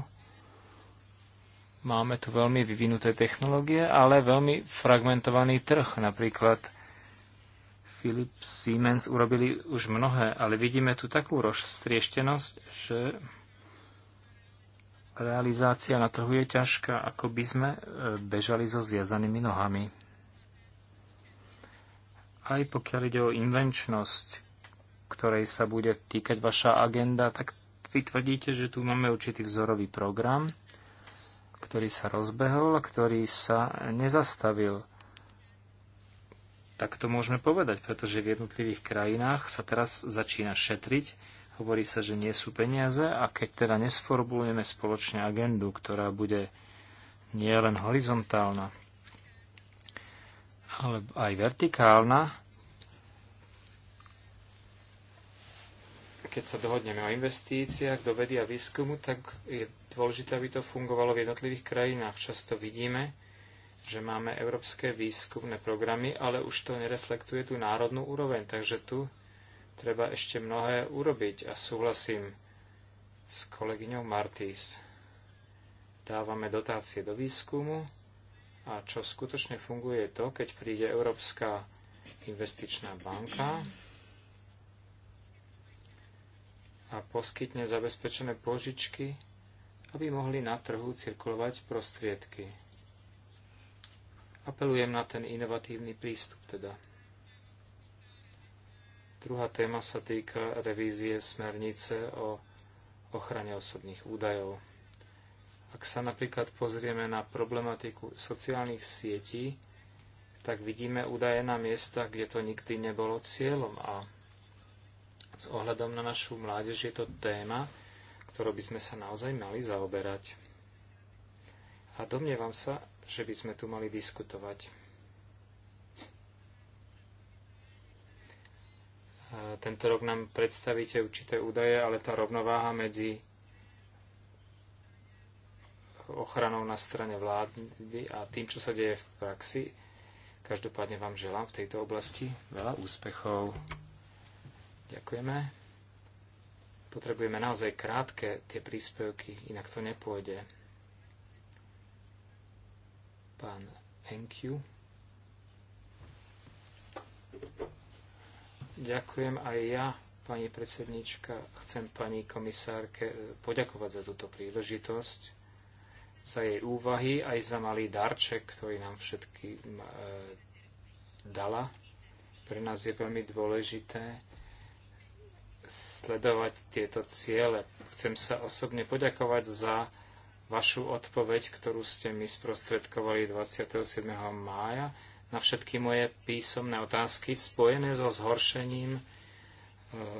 Speaker 1: máme tu veľmi vyvinuté technológie, ale veľmi fragmentovaný trh. Napríklad Philips, Siemens urobili už mnohé, ale vidíme tu takú rozstrieštenosť, že realizácia na trhu je ťažká, ako by sme e, bežali so zviazanými nohami. Aj pokiaľ ide o invenčnosť, ktorej sa bude týkať vaša agenda, tak vy tvrdíte, že tu máme určitý vzorový program, ktorý sa rozbehol a ktorý sa nezastavil. Tak to môžeme povedať, pretože v jednotlivých krajinách sa teraz začína šetriť Hovorí sa, že nie sú peniaze a keď teda nesformulujeme spoločne agendu, ktorá bude nielen horizontálna, ale aj vertikálna, keď sa dohodneme o investíciách do vedy a výskumu, tak je dôležité, aby to fungovalo v jednotlivých krajinách. Často vidíme, že máme európske výskumné programy, ale už to nereflektuje tú národnú úroveň. Takže tu treba ešte mnohé urobiť a súhlasím s kolegyňou Martis. Dávame dotácie do výskumu a čo skutočne funguje je to, keď príde Európska investičná banka a poskytne zabezpečené požičky, aby mohli na trhu cirkulovať prostriedky. Apelujem na ten inovatívny prístup teda. Druhá téma sa týka revízie smernice o ochrane osobných údajov. Ak sa napríklad pozrieme na problematiku sociálnych sietí, tak vidíme údaje na miestach, kde to nikdy nebolo cieľom. A s ohľadom na našu mládež je to téma, ktorou by sme sa naozaj mali zaoberať. A domnievam sa, že by sme tu mali diskutovať Tento rok nám predstavíte určité údaje, ale tá rovnováha medzi ochranou na strane vlády a tým, čo sa deje v praxi. Každopádne vám želám v tejto oblasti veľa úspechov. Ďakujeme. Potrebujeme naozaj krátke tie príspevky, inak to nepôjde. Pán Enkiu. Ďakujem aj ja, pani predsednička. Chcem pani komisárke eh, poďakovať za túto príležitosť, za jej úvahy, aj za malý darček, ktorý nám všetky eh, dala. Pre nás je veľmi dôležité sledovať tieto ciele. Chcem sa osobne poďakovať za vašu odpoveď, ktorú ste mi sprostredkovali 27. mája na všetky moje písomné otázky spojené so zhoršením e,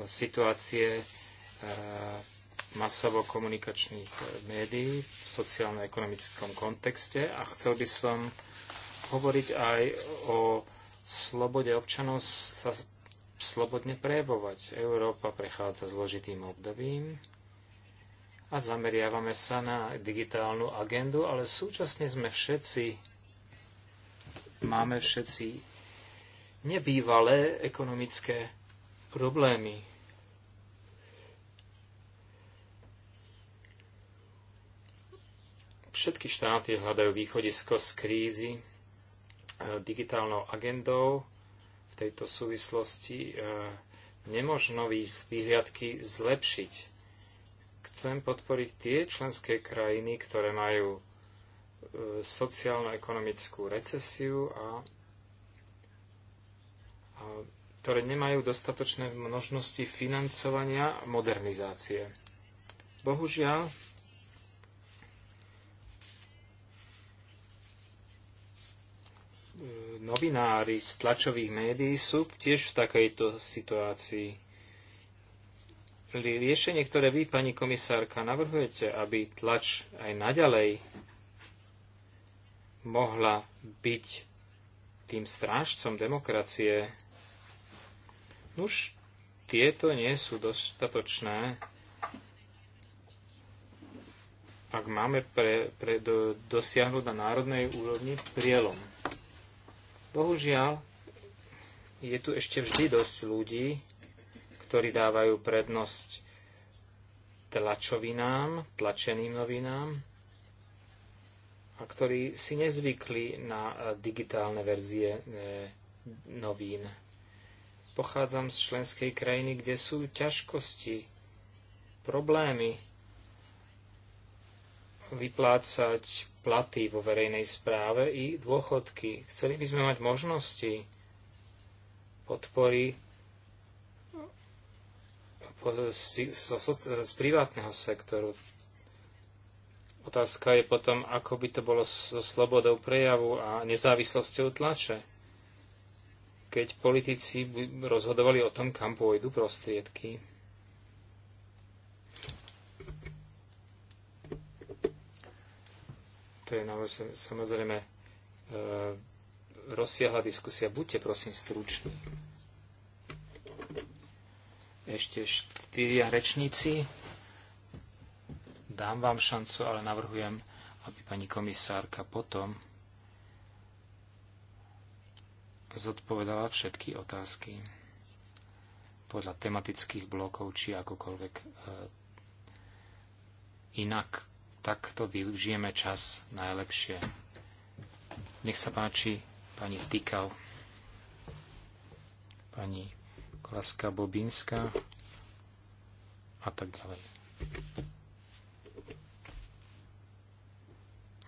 Speaker 1: situácie e, masovo-komunikačných e, médií v sociálno-ekonomickom kontexte a chcel by som hovoriť aj o slobode občanov sa slobodne prejavovať. Európa prechádza zložitým obdobím a zameriavame sa na digitálnu agendu, ale súčasne sme všetci máme všetci nebývalé ekonomické problémy. Všetky štáty hľadajú východisko z krízy e, digitálnou agendou. V tejto súvislosti e, nemožno výhľadky zlepšiť. Chcem podporiť tie členské krajiny, ktoré majú sociálno-ekonomickú recesiu a, a ktoré nemajú dostatočné možnosti financovania modernizácie. Bohužiaľ, novinári z tlačových médií sú tiež v takejto situácii. Riešenie, ktoré vy, pani komisárka, navrhujete, aby tlač aj naďalej mohla byť tým strážcom demokracie. Nuž, tieto nie sú dostatočné, ak máme pre, pre do, dosiahnuť na národnej úrovni prielom. Bohužiaľ, je tu ešte vždy dosť ľudí, ktorí dávajú prednosť tlačovinám, tlačeným novinám, a ktorí si nezvykli na e, digitálne verzie e, novín. Pochádzam z členskej krajiny, kde sú ťažkosti, problémy vyplácať platy vo verejnej správe i dôchodky. Chceli by sme mať možnosti podpory z, privátneho sektoru. Otázka je potom, ako by to bolo so slobodou prejavu a nezávislosťou tlače. Keď politici rozhodovali o tom, kam pôjdu prostriedky. To je naozaj, samozrejme e, rozsiahla diskusia. Buďte prosím struční. Ešte štyria rečníci. Dám vám šancu, ale navrhujem, aby pani komisárka potom zodpovedala všetky otázky podľa tematických blokov či akokoľvek e, inak takto využijeme čas najlepšie. Nech sa páči, pani Tykal, pani Klaska Bobinská a tak ďalej.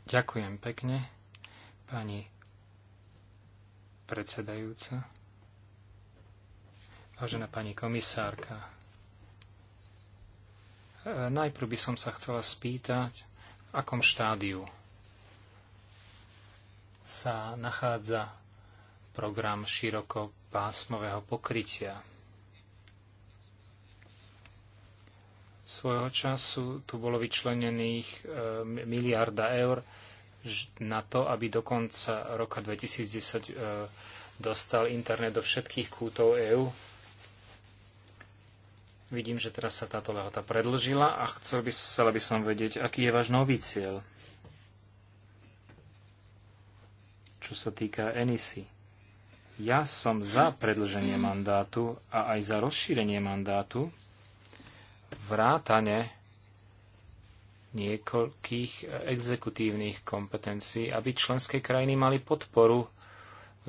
Speaker 1: Ďakujem pekne, pani predsedajúca. Vážená pani komisárka, najprv by som sa chcela spýtať, v akom štádiu sa nachádza program širokopásmového pokrytia. Svojho času tu bolo vyčlenených eh, miliarda eur na to, aby do konca roka 2010 e, dostal internet do všetkých kútov EÚ. Vidím, že teraz sa táto lehota predlžila a chcel by, chcela by som vedieť, aký je váš nový cieľ, čo sa týka ENISY. Ja som za predlženie mandátu a aj za rozšírenie mandátu vrátane niekoľkých exekutívnych kompetencií, aby členské krajiny mali podporu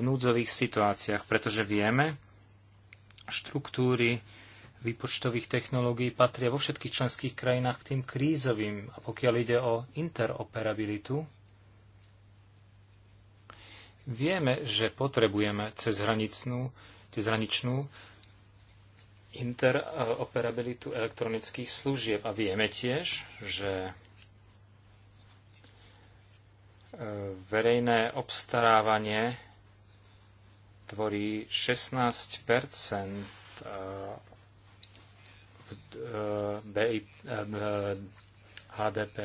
Speaker 1: v núdzových situáciách, pretože vieme, štruktúry výpočtových technológií patria vo všetkých členských krajinách k tým krízovým. A pokiaľ ide o interoperabilitu, vieme, že potrebujeme cezhraničnú, cezhraničnú interoperabilitu elektronických služieb. A vieme tiež, že e, verejné obstarávanie tvorí 16 e, e, HDP.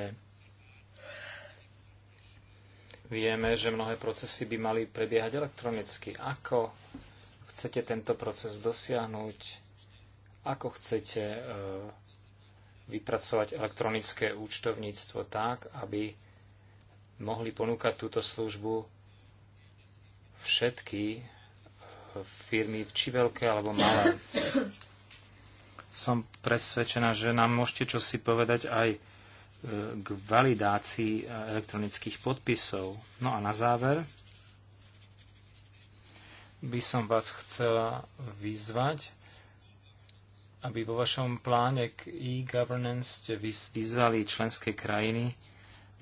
Speaker 1: Vieme, že mnohé procesy by mali prebiehať elektronicky. Ako chcete tento proces dosiahnuť? ako chcete e, vypracovať elektronické účtovníctvo tak, aby mohli ponúkať túto službu všetky e, firmy, či veľké alebo malé. Som presvedčená, že nám môžete čosi povedať aj e, k validácii elektronických podpisov. No a na záver by som vás chcela vyzvať, aby vo vašom pláne k e-governance ste vyzvali členské krajiny,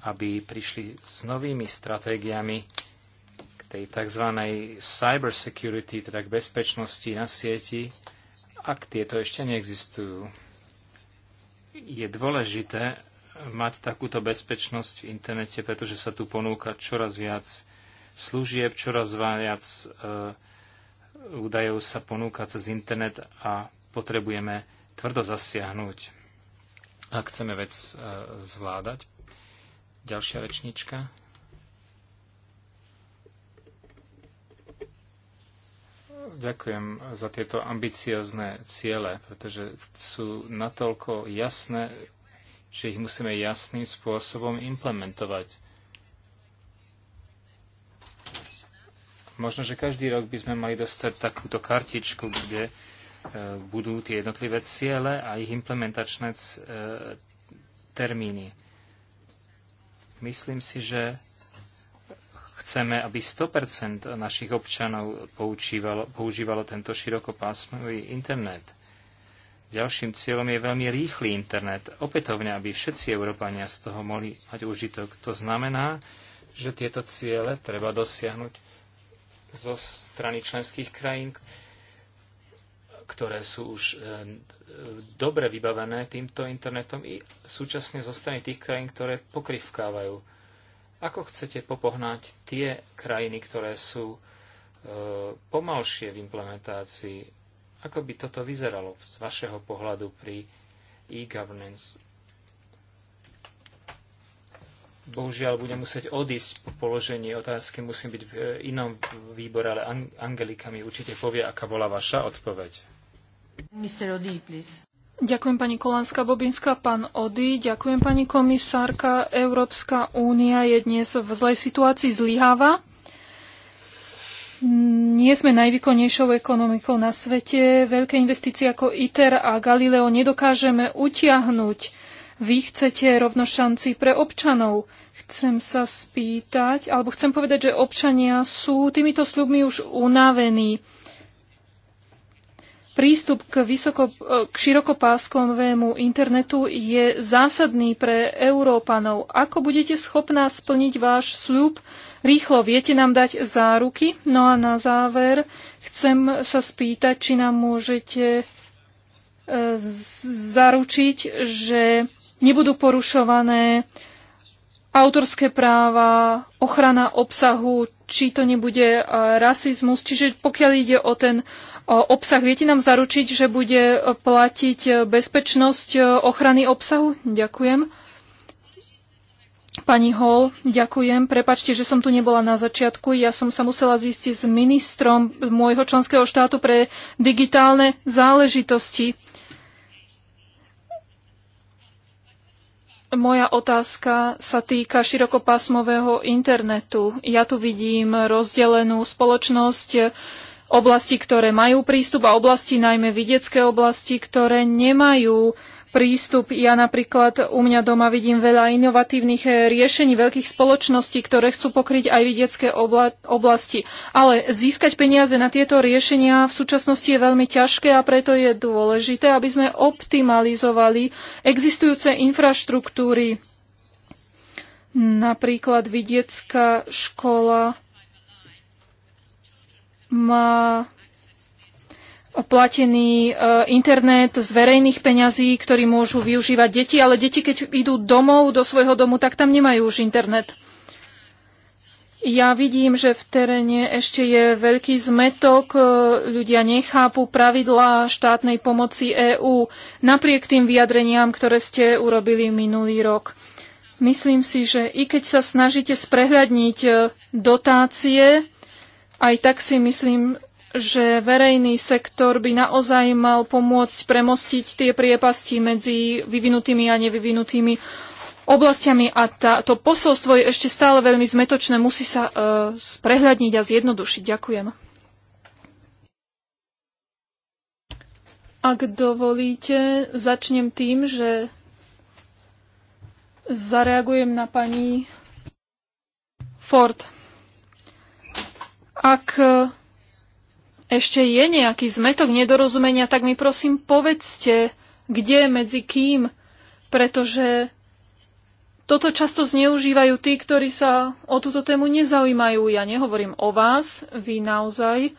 Speaker 1: aby prišli s novými stratégiami k tej tzv. cyber security, teda k bezpečnosti na sieti, ak tieto ešte neexistujú. Je dôležité mať takúto bezpečnosť v internete, pretože sa tu ponúka čoraz viac služieb, čoraz viac e, údajov sa ponúka cez internet a potrebujeme tvrdo zasiahnuť, ak chceme vec e, zvládať. Ďalšia rečnička. Ďakujem za tieto ambiciozne ciele, pretože sú natoľko jasné, že ich musíme jasným spôsobom implementovať. Možno, že každý rok by sme mali dostať takúto kartičku, kde E, budú tie jednotlivé ciele a ich implementačné e, termíny. Myslím si, že chceme, aby 100% našich občanov používalo, používalo tento širokopásmový internet. Ďalším cieľom je veľmi rýchly internet. Opätovne, aby všetci Európania z toho mohli mať užitok. To znamená, že tieto ciele treba dosiahnuť zo strany členských krajín, ktoré sú už e, dobre vybavené týmto internetom i súčasne zo strany tých krajín, ktoré pokrivkávajú. Ako chcete popohnať tie krajiny, ktoré sú e, pomalšie v implementácii? Ako by toto vyzeralo z vašeho pohľadu pri e-governance? Bohužiaľ, budem musieť odísť po položení otázky, musím byť v e, inom výbore, ale Angelika mi určite povie, aká bola vaša odpoveď.
Speaker 2: Ďakujem pani Kolánska Bobinská, pán Ody, ďakujem pani komisárka. Európska únia je dnes v zlej situácii zlyháva. Nie sme najvýkonnejšou ekonomikou na svete. Veľké investície ako ITER a Galileo nedokážeme utiahnuť. Vy chcete rovnošanci pre občanov. Chcem sa spýtať, alebo chcem povedať, že občania sú týmito sľubmi už unavení Prístup k, vysoko, k širokopáskovému internetu je zásadný pre Európanov. Ako budete schopná splniť váš sľub? Rýchlo viete nám dať záruky? No a na záver chcem sa spýtať, či nám môžete e, zaručiť, že nebudú porušované autorské práva, ochrana obsahu, či to nebude e, rasizmus. Čiže pokiaľ ide o ten obsah. Viete nám zaručiť, že bude platiť bezpečnosť ochrany obsahu? Ďakujem. Pani Hall, ďakujem. Prepačte, že som tu nebola na začiatku. Ja som sa musela zistiť s ministrom môjho členského štátu pre digitálne záležitosti. Moja otázka sa týka širokopásmového internetu. Ja tu vidím rozdelenú spoločnosť oblasti, ktoré majú prístup a oblasti, najmä vidiecké oblasti, ktoré nemajú prístup. Ja napríklad u mňa doma vidím veľa inovatívnych eh, riešení veľkých spoločností, ktoré chcú pokryť aj vidiecké obla- oblasti. Ale získať peniaze na tieto riešenia v súčasnosti je veľmi ťažké a preto je dôležité, aby sme optimalizovali existujúce infraštruktúry. Napríklad vidiecká škola má platený e, internet z verejných peňazí, ktorý môžu využívať deti, ale deti, keď idú domov do svojho domu, tak tam nemajú už internet. Ja vidím, že v teréne ešte je veľký zmetok, e, ľudia nechápu pravidlá štátnej pomoci EÚ, napriek tým vyjadreniam, ktoré ste urobili minulý rok. Myslím si, že i keď sa snažíte sprehľadniť e, dotácie, aj tak si myslím, že verejný sektor by naozaj mal pomôcť premostiť tie priepasti medzi vyvinutými a nevyvinutými oblastiami a tá, to posolstvo je ešte stále veľmi zmetočné, musí sa uh, sprehľadniť a zjednodušiť. Ďakujem. Ak dovolíte, začnem tým, že zareagujem na pani Ford. Ak e, ešte je nejaký zmetok nedorozumenia, tak mi prosím povedzte, kde, medzi kým, pretože toto často zneužívajú tí, ktorí sa o túto tému nezaujímajú. Ja nehovorím o vás, vy naozaj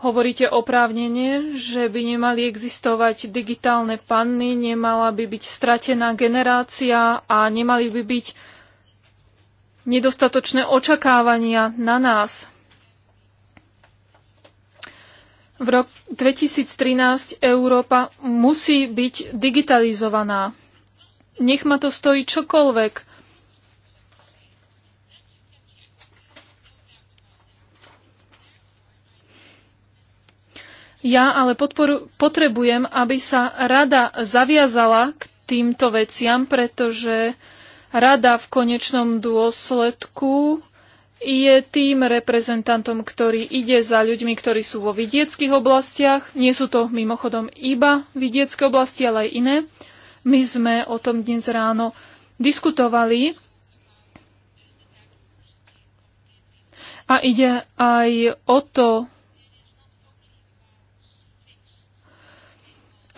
Speaker 2: hovoríte oprávnene, že by nemali existovať digitálne panny, nemala by byť stratená generácia a nemali by byť nedostatočné očakávania na nás. V roku 2013 Európa musí byť digitalizovaná. Nech ma to stojí čokoľvek. Ja ale podporu, potrebujem, aby sa rada zaviazala k týmto veciam, pretože Rada v konečnom dôsledku je tým reprezentantom, ktorý ide za ľuďmi, ktorí sú vo vidieckých oblastiach. Nie sú to mimochodom iba vidiecké oblasti, ale aj iné. My sme o tom dnes ráno diskutovali. A ide aj o to,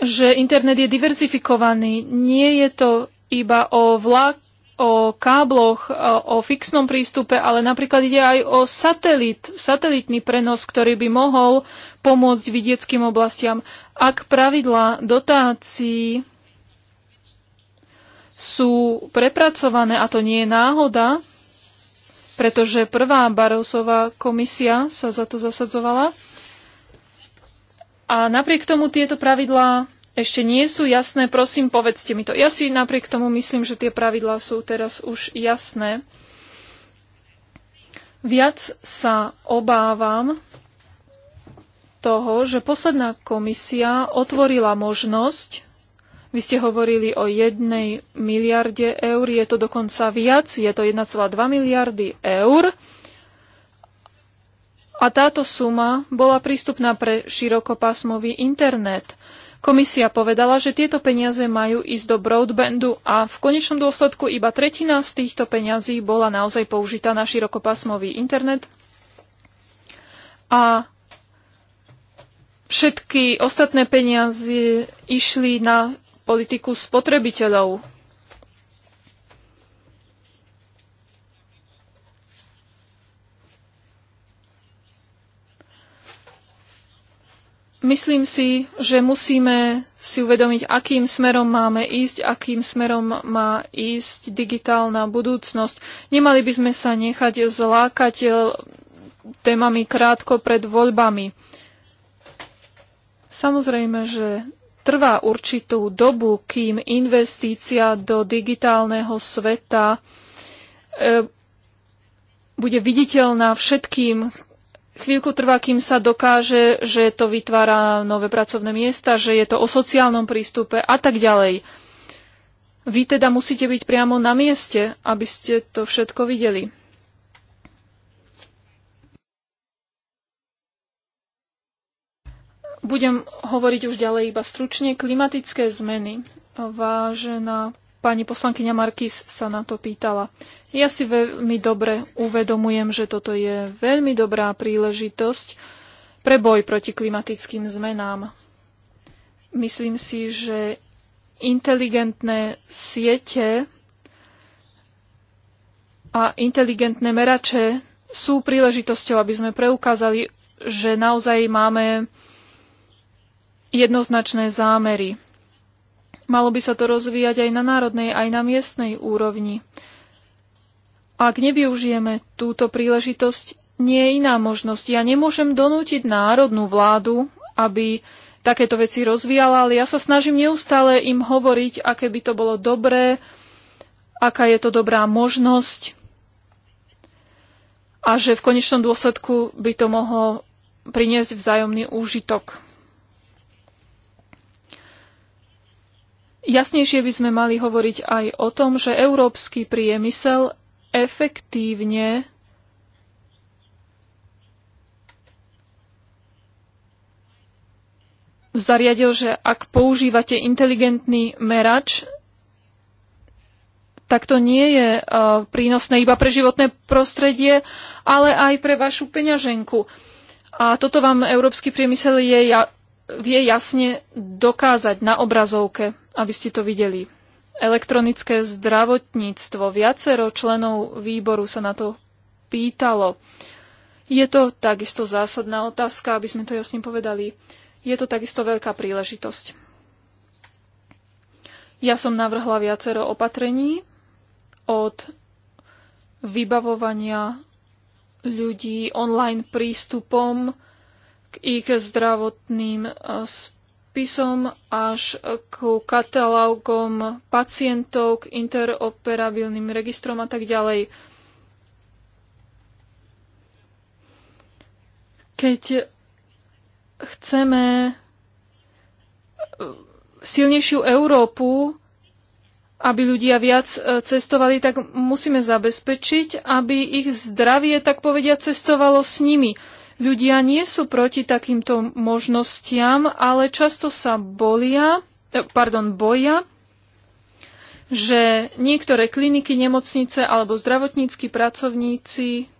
Speaker 2: že internet je diverzifikovaný. Nie je to iba o vlak, o kábloch, e, o fixnom prístupe, ale napríklad ide aj o satelit, satelitný prenos, ktorý by mohol pomôcť vidieckým oblastiam. Ak pravidlá dotácií sú prepracované, a to nie je náhoda, pretože prvá Barosová komisia sa za to zasadzovala, a napriek tomu tieto pravidlá ešte nie sú jasné, prosím, povedzte mi to. Ja si napriek tomu myslím, že tie pravidlá sú teraz už jasné. Viac sa obávam toho, že posledná komisia otvorila možnosť, vy ste hovorili o jednej miliarde eur, je to dokonca viac, je to 1,2 miliardy eur. A táto suma bola prístupná pre širokopásmový internet. Komisia povedala, že tieto peniaze majú ísť do broadbandu a v konečnom dôsledku iba tretina z týchto peňazí bola naozaj použitá na širokopásmový internet. A všetky ostatné peniaze išli na politiku spotrebiteľov. Myslím si, že musíme si uvedomiť, akým smerom máme ísť, akým smerom má ísť digitálna budúcnosť. Nemali by sme sa nechať zlákať eh, témami krátko pred voľbami. Samozrejme, že trvá určitú dobu, kým investícia do digitálneho sveta e, bude viditeľná všetkým, chvíľku trvá, kým sa dokáže, že to vytvára nové pracovné miesta, že je to o sociálnom prístupe a tak ďalej. Vy teda musíte byť priamo na mieste, aby ste to všetko videli. Budem hovoriť už ďalej iba stručne. Klimatické zmeny. Vážená Pani poslankyňa Markis sa na to pýtala. Ja si veľmi dobre uvedomujem, že toto je veľmi dobrá príležitosť pre boj proti klimatickým zmenám. Myslím si, že inteligentné siete a inteligentné merače sú príležitosťou, aby sme preukázali, že naozaj máme jednoznačné zámery. Malo by sa to rozvíjať aj na národnej, aj na miestnej úrovni. Ak nevyužijeme túto príležitosť, nie je iná možnosť. Ja nemôžem donútiť národnú vládu, aby takéto veci rozvíjala, ale ja sa snažím neustále im hovoriť, aké by to bolo dobré, aká je to dobrá možnosť a že v konečnom dôsledku by to mohlo priniesť vzájomný úžitok. Jasnejšie by sme mali hovoriť aj o tom, že európsky priemysel efektívne zariadil, že ak používate inteligentný merač, tak to nie je uh, prínosné iba pre životné prostredie, ale aj pre vašu peňaženku. A toto vám európsky priemysel je ja, vie jasne dokázať na obrazovke, aby ste to videli. Elektronické zdravotníctvo. Viacero členov výboru sa na to pýtalo. Je to takisto zásadná otázka, aby sme to jasne povedali. Je to takisto veľká príležitosť. Ja som navrhla viacero opatrení od vybavovania ľudí online prístupom k ich zdravotným eh, spisom až k katalógom pacientov, k interoperabilným registrom a tak ďalej. Keď chceme eh, silnejšiu Európu, aby ľudia viac eh, cestovali, tak musíme zabezpečiť, aby ich zdravie, tak povediať, cestovalo s nimi. Ľudia nie sú proti takýmto možnostiam, ale často sa bolia, e, pardon, boja, že niektoré kliniky, nemocnice alebo zdravotníckí pracovníci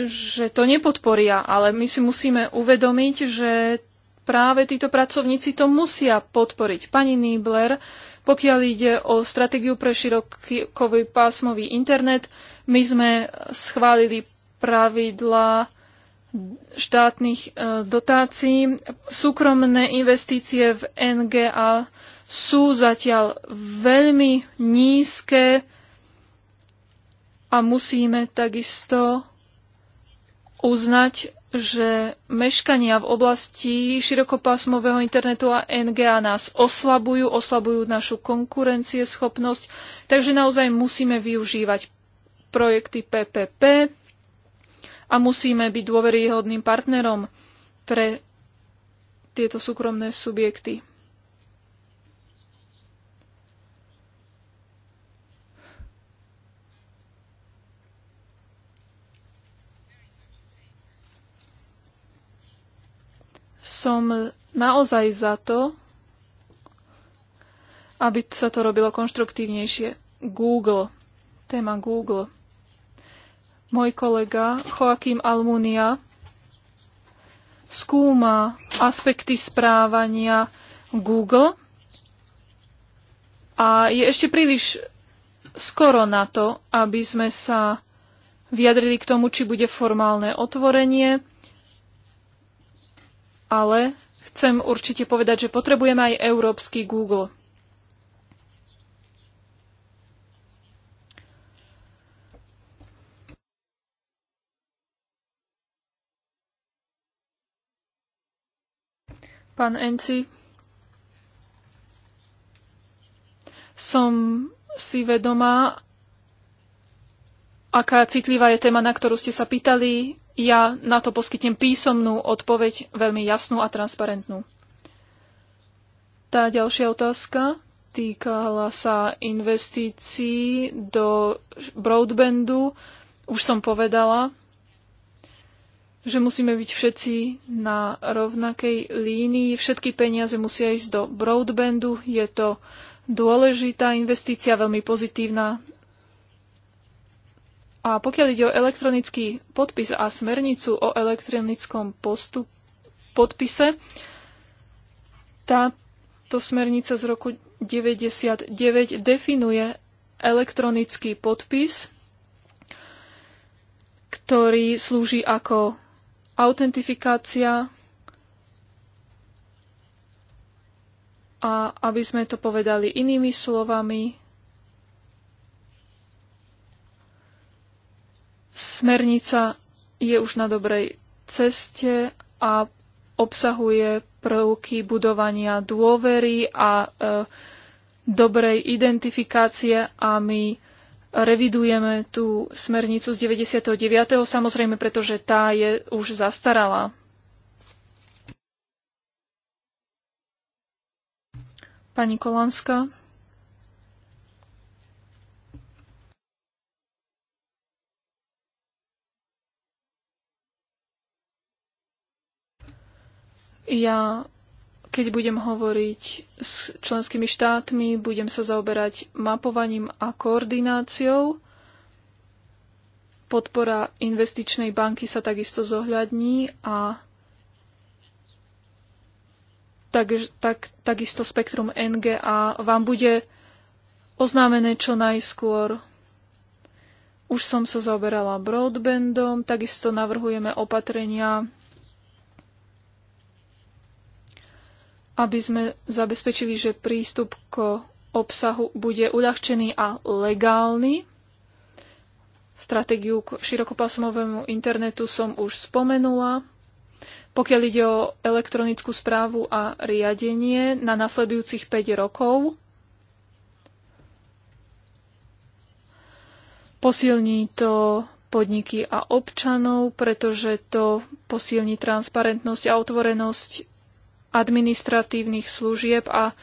Speaker 2: že to nepodporia, ale my si musíme uvedomiť, že práve títo pracovníci to musia podporiť. Pani Nibler. Pokiaľ ide o stratégiu pre širokový pásmový internet, my sme schválili pravidlá štátnych e, dotácií. Súkromné investície v NGA sú zatiaľ veľmi nízke a musíme takisto uznať, že meškania v oblasti širokopásmového internetu a NGA nás oslabujú, oslabujú našu konkurencieschopnosť, takže naozaj musíme využívať projekty PPP a musíme byť dôveryhodným partnerom pre tieto súkromné subjekty. som naozaj za to, aby sa to robilo konštruktívnejšie. Google. Téma Google. Môj kolega Joachim Almunia skúma aspekty správania Google a je ešte príliš skoro na to, aby sme sa vyjadrili k tomu, či bude formálne otvorenie ale chcem určite povedať, že potrebujeme aj európsky Google. Pán Enci, som si vedomá, aká citlivá je téma, na ktorú ste sa pýtali. Ja na to poskytnem písomnú odpoveď, veľmi jasnú a transparentnú. Tá ďalšia otázka týkala sa investícií do broadbandu. Už som povedala, že musíme byť všetci na rovnakej línii. Všetky peniaze musia ísť do broadbandu. Je to dôležitá investícia, veľmi pozitívna a pokiaľ ide o elektronický podpis a smernicu o elektronickom postup, podpise, táto smernica z roku 99 definuje elektronický podpis, ktorý slúži ako autentifikácia a aby sme to povedali inými slovami, Smernica je už na dobrej ceste a obsahuje prvky budovania dôvery a e, dobrej identifikácie a my revidujeme tú smernicu z 99. samozrejme, pretože tá je už zastaralá. Pani Kolanska. Ja, keď budem hovoriť s členskými štátmi, budem sa zaoberať mapovaním a koordináciou. Podpora investičnej banky sa takisto zohľadní a tak, tak, takisto spektrum NGA vám bude oznámené čo najskôr. Už som sa zaoberala broadbandom, takisto navrhujeme opatrenia aby sme zabezpečili, že prístup k obsahu bude uľahčený a legálny. Stratégiu k širokopásmovému internetu som už spomenula. Pokiaľ ide o elektronickú správu a riadenie na nasledujúcich 5 rokov, posilní to podniky a občanov, pretože to posilní transparentnosť a otvorenosť administratívnych služieb a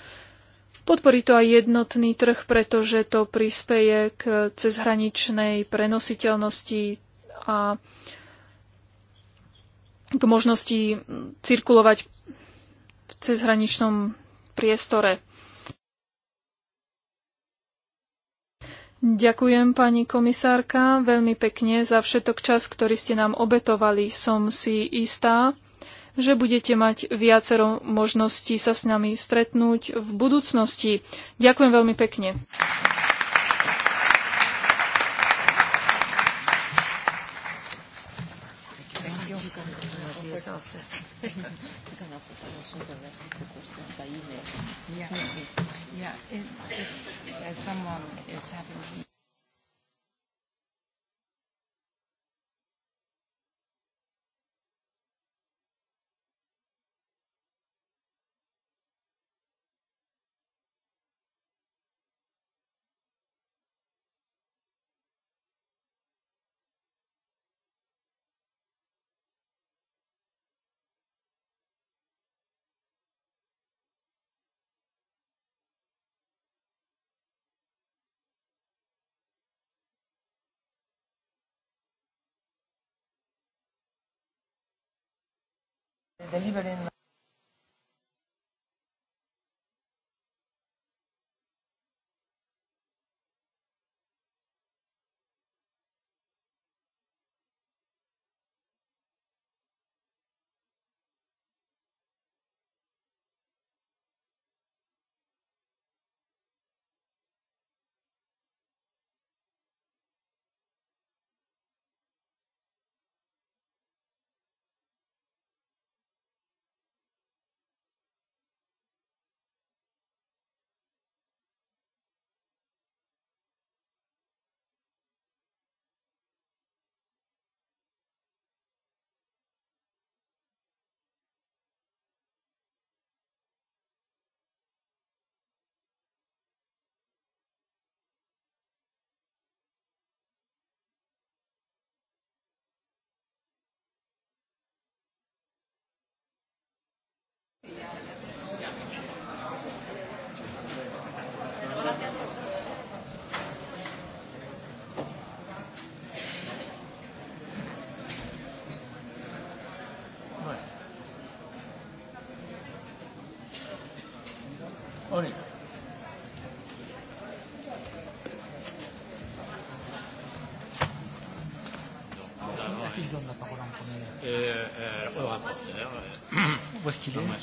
Speaker 2: podporí to aj jednotný trh, pretože to prispeje k cezhraničnej prenositeľnosti a k možnosti cirkulovať v cezhraničnom priestore. Ďakujem, pani komisárka, veľmi pekne za všetok čas, ktorý ste nám obetovali. Som si istá, že budete mať viacero možností sa s nami stretnúť v budúcnosti. Ďakujem veľmi pekne. delivering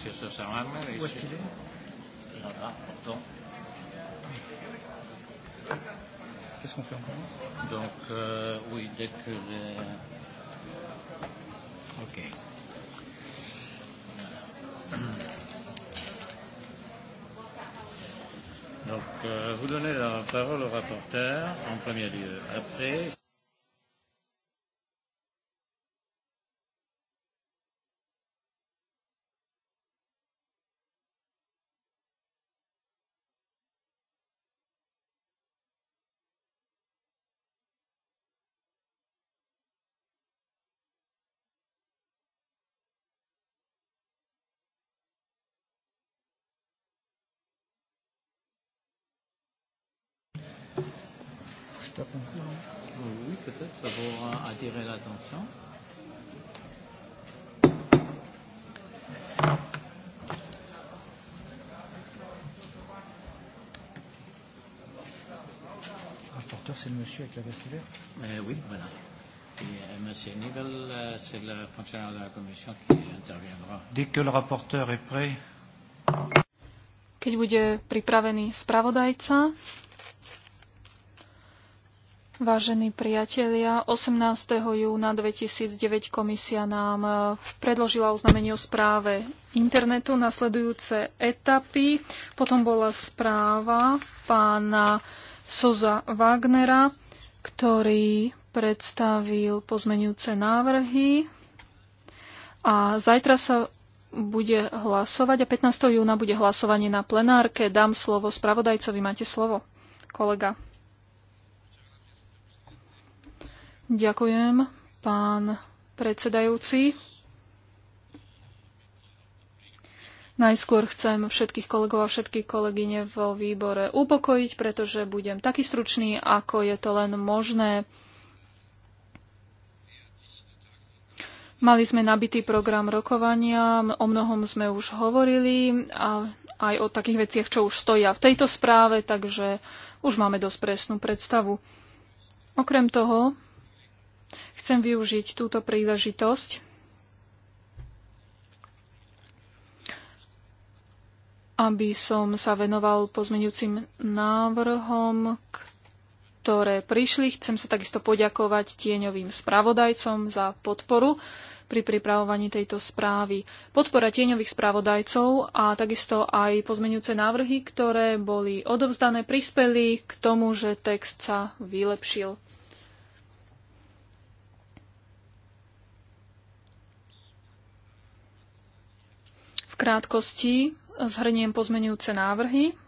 Speaker 2: Monsieur Sosa Marmer. Où est-ce no. qu'il est, qu
Speaker 1: Qu'est-ce qu'on fait en commence Donc, euh, oui, dès que les... Ok. Donc, euh, vous donnez la parole au rapporteur en premier lieu. Après. stop. Oui,
Speaker 3: peut-être, ça attirer l'attention.
Speaker 1: Rapporteur, c'est le monsieur avec la veste verte euh, Oui, voilà. Et euh, Nibel, euh, c'est le fonctionnaire de la commission qui interviendra. Dès que le rapporteur est prêt.
Speaker 2: Keď bude pripravený spravodajca, Vážení priatelia, 18. júna 2009 komisia nám e, predložila oznámenie o správe internetu nasledujúce etapy. Potom bola správa pána Soza Wagnera, ktorý predstavil pozmenujúce návrhy. A zajtra sa bude hlasovať a 15. júna bude hlasovanie na plenárke. Dám slovo spravodajcovi. Máte slovo, kolega. Ďakujem, pán predsedajúci. Najskôr chcem všetkých kolegov a všetky kolegyne vo výbore upokojiť, pretože budem taký stručný, ako je to len možné. Mali sme nabitý program rokovania, o mnohom sme už hovorili a aj o takých veciach, čo už stoja v tejto správe, takže už máme dosť presnú predstavu. Okrem toho, Chcem využiť túto príležitosť aby som sa venoval pozmeňujúcim návrhom, ktoré prišli. Chcem sa takisto poďakovať tieňovým spravodajcom za podporu pri pripravovaní tejto správy. Podpora tieňových spravodajcov a takisto aj pozmeňujúce návrhy, ktoré boli odovzdané, prispeli k tomu, že text sa vylepšil. V krátkosti zhrniem pozmenujúce návrhy,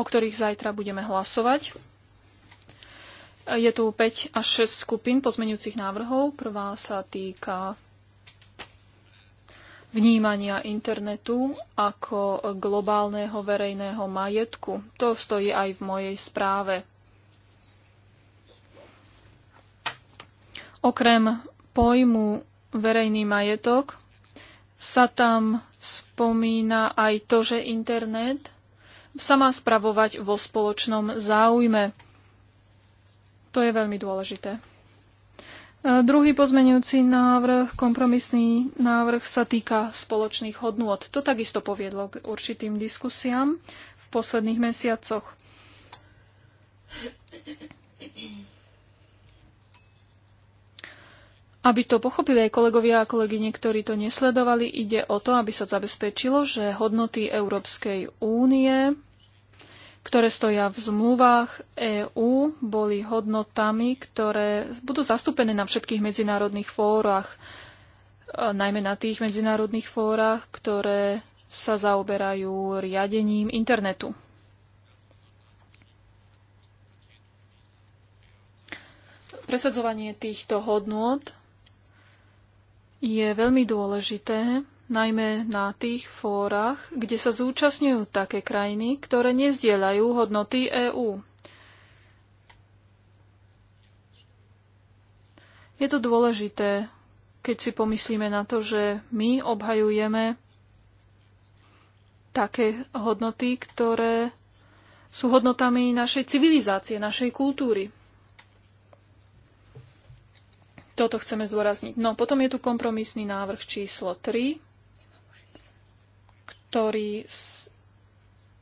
Speaker 2: o ktorých zajtra budeme hlasovať. Je tu 5 až 6 skupín pozmenujúcich návrhov. Prvá sa týka vnímania internetu ako globálneho verejného majetku. To stojí aj v mojej správe. Okrem pojmu verejný majetok sa tam spomína aj to, že internet sa má spravovať vo spoločnom záujme. To je veľmi dôležité. E, druhý pozmenujúci návrh, kompromisný návrh sa týka spoločných hodnôt. To takisto poviedlo k určitým diskusiám v posledných mesiacoch. Aby to pochopili aj kolegovia a kolegyne, ktorí to nesledovali, ide o to, aby sa zabezpečilo, že hodnoty Európskej únie, ktoré stoja v zmluvách EÚ, boli hodnotami, ktoré budú zastúpené na všetkých medzinárodných fórach, najmä na tých medzinárodných fórach, ktoré sa zaoberajú riadením internetu. Presadzovanie týchto hodnot je veľmi dôležité, najmä na tých fórach, kde sa zúčastňujú také krajiny, ktoré nezdieľajú hodnoty EÚ. Je to dôležité, keď si pomyslíme na to, že my obhajujeme také hodnoty, ktoré sú hodnotami našej civilizácie, našej kultúry. Toto chceme zdôrazniť. No, potom je tu kompromisný návrh číslo 3, ktorý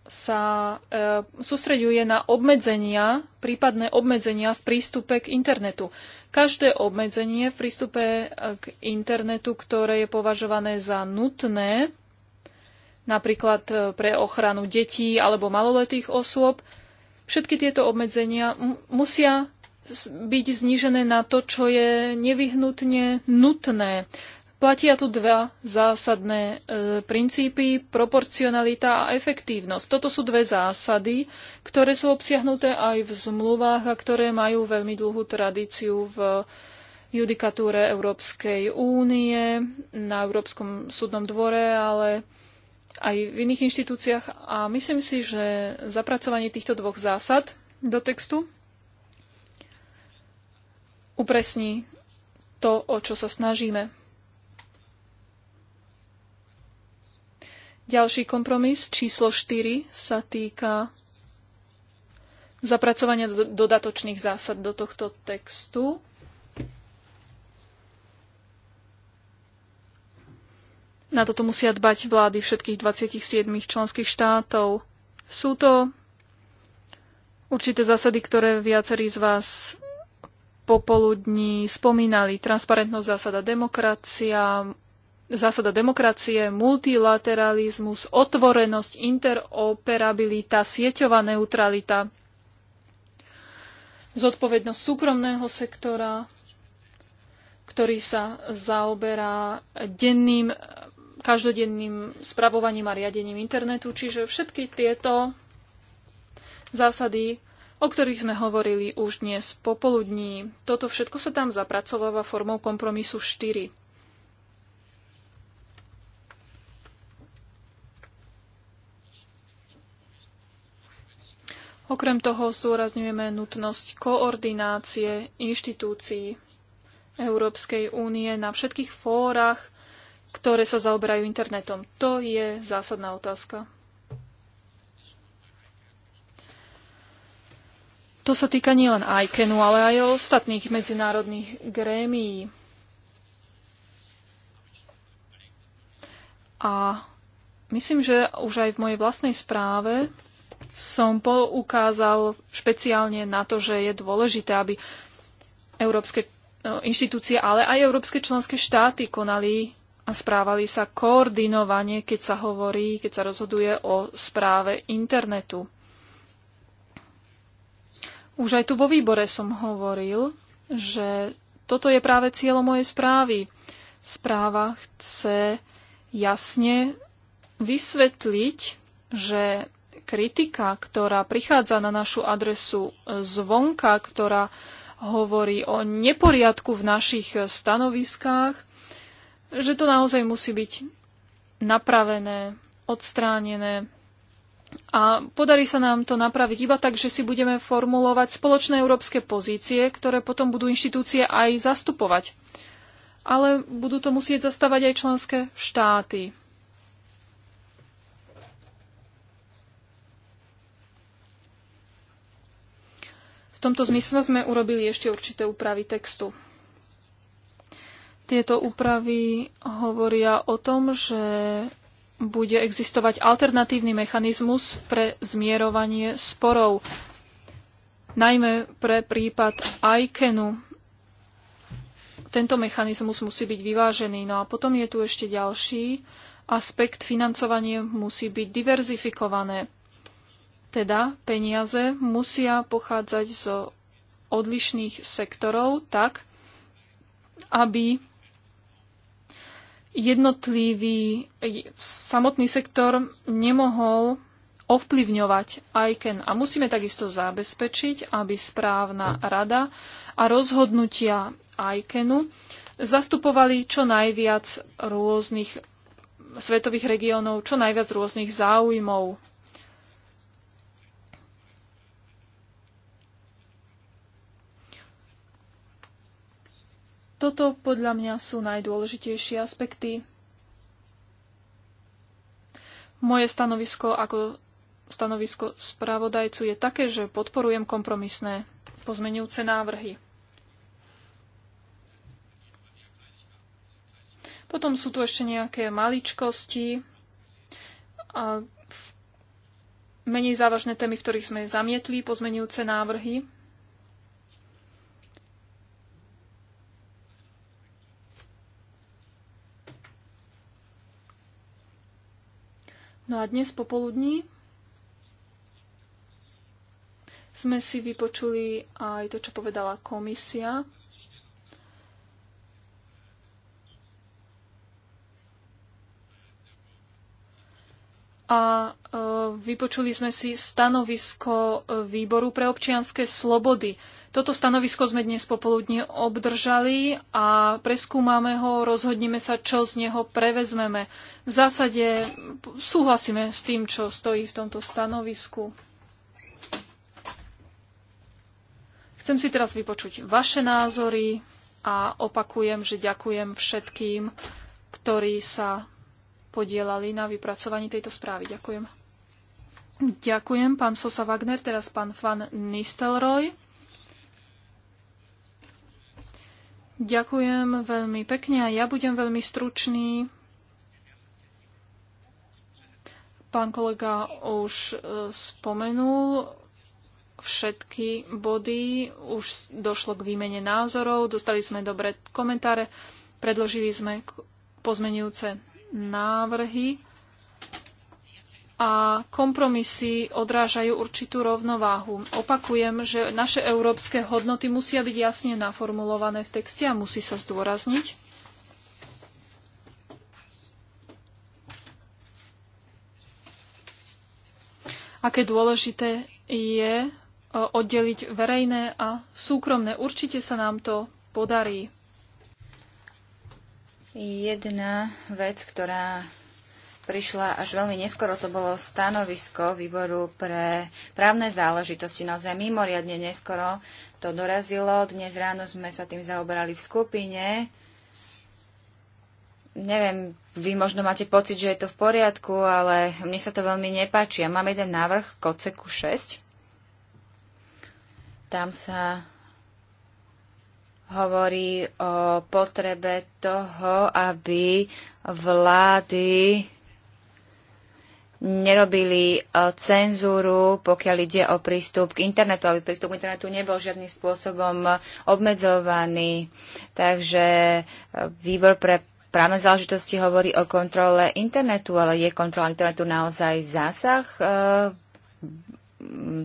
Speaker 2: sa e, sústreďuje na obmedzenia, prípadné obmedzenia v prístupe k internetu. Každé obmedzenie v prístupe e, k internetu, ktoré je považované za nutné, napríklad e, pre ochranu detí alebo maloletých osôb, všetky tieto obmedzenia musia byť znížené na to, čo je nevyhnutne nutné. Platia tu dva zásadné e, princípy, proporcionalita a efektívnosť. Toto sú dve zásady, ktoré sú obsiahnuté aj v zmluvách a ktoré majú veľmi dlhú tradíciu v judikatúre Európskej únie, na Európskom súdnom dvore, ale aj v iných inštitúciách. A myslím si, že zapracovanie týchto dvoch zásad do textu upresní to, o čo sa snažíme. Ďalší kompromis, číslo 4, sa týka zapracovania dodatočných zásad do tohto textu. Na toto musia dbať vlády všetkých 27 členských štátov. Sú to určité zásady, ktoré viacerí z vás popoludní spomínali transparentnosť, zásada demokracia, zásada demokracie, multilateralizmus, otvorenosť, interoperabilita, sieťová neutralita, zodpovednosť súkromného sektora, ktorý sa zaoberá denným, každodenným spravovaním a riadením internetu. Čiže všetky tieto zásady o ktorých sme hovorili už dnes popoludní. Toto všetko sa tam zapracováva formou kompromisu 4. Okrem toho zdôrazňujeme nutnosť koordinácie inštitúcií Európskej únie na všetkých fórach, ktoré sa zaoberajú internetom. To je zásadná otázka. To sa týka nielen ICANu, ale aj ostatných medzinárodných grémií. A myslím, že už aj v mojej vlastnej správe som poukázal špeciálne na to, že je dôležité, aby európske no, inštitúcie, ale aj európske členské štáty konali a správali sa koordinovane, keď sa hovorí, keď sa rozhoduje o správe internetu. Už aj tu vo výbore som hovoril, že toto je práve cieľo mojej správy. Správa chce jasne vysvetliť, že kritika, ktorá prichádza na našu adresu zvonka, ktorá hovorí o neporiadku v našich stanoviskách, že to naozaj musí byť napravené, odstránené. A podarí sa nám to napraviť iba tak, že si budeme formulovať spoločné európske pozície, ktoré potom budú inštitúcie aj zastupovať. Ale budú to musieť zastávať aj členské štáty. V tomto zmysle sme urobili ešte určité úpravy textu. Tieto úpravy hovoria o tom, že bude existovať alternatívny mechanizmus pre zmierovanie sporov, najmä pre prípad ICANu. Tento mechanizmus musí byť vyvážený. No a potom je tu ešte ďalší aspekt. Financovanie musí byť diverzifikované. Teda peniaze musia pochádzať zo odlišných sektorov tak, aby jednotlivý samotný sektor nemohol ovplyvňovať ICAN. A musíme takisto zabezpečiť, aby správna rada a rozhodnutia ICANu zastupovali čo najviac rôznych svetových regiónov, čo najviac rôznych záujmov. Toto podľa mňa sú najdôležitejšie aspekty. Moje stanovisko ako stanovisko spravodajcu je také, že podporujem kompromisné pozmenujúce návrhy. Potom sú tu ešte nejaké maličkosti a menej závažné témy, v ktorých sme zamietli pozmenujúce návrhy. No a dnes popoludní sme si vypočuli aj to, čo povedala komisia. A e, vypočuli sme si stanovisko Výboru pre občianske slobody toto stanovisko sme dnes popoludne obdržali a preskúmame ho, rozhodneme sa, čo z neho prevezmeme. V zásade súhlasíme s tým, čo stojí v tomto stanovisku. Chcem si teraz vypočuť vaše názory a opakujem, že ďakujem všetkým, ktorí sa podielali na vypracovaní tejto správy. Ďakujem. Ďakujem, pán Sosa Wagner, teraz pán Van Nistelrooy. Ďakujem veľmi pekne a ja budem veľmi stručný. Pán kolega už e, spomenul všetky body, už došlo k výmene názorov, dostali sme dobré komentáre, predložili sme pozmenujúce návrhy a kompromisy odrážajú určitú rovnováhu. Opakujem, že naše európske hodnoty musia byť jasne naformulované v texte a musí sa zdôrazniť. Aké dôležité je e, oddeliť verejné a súkromné. Určite sa nám to podarí. Jedna
Speaker 3: vec, ktorá prišla až veľmi neskoro. To bolo stanovisko výboru pre právne záležitosti. Naozaj mimoriadne neskoro to dorazilo. Dnes ráno sme sa tým zaoberali v skupine. Neviem, vy možno máte pocit, že je to v poriadku, ale mne sa to veľmi nepáči. Ja mám jeden návrh koceku 6. Tam sa hovorí o potrebe toho, aby vlády nerobili e, cenzúru, pokiaľ ide o prístup k internetu, aby prístup k internetu nebol žiadnym spôsobom e, obmedzovaný. Takže e, výbor pre právne záležitosti hovorí o kontrole internetu, ale je kontrola internetu naozaj zásah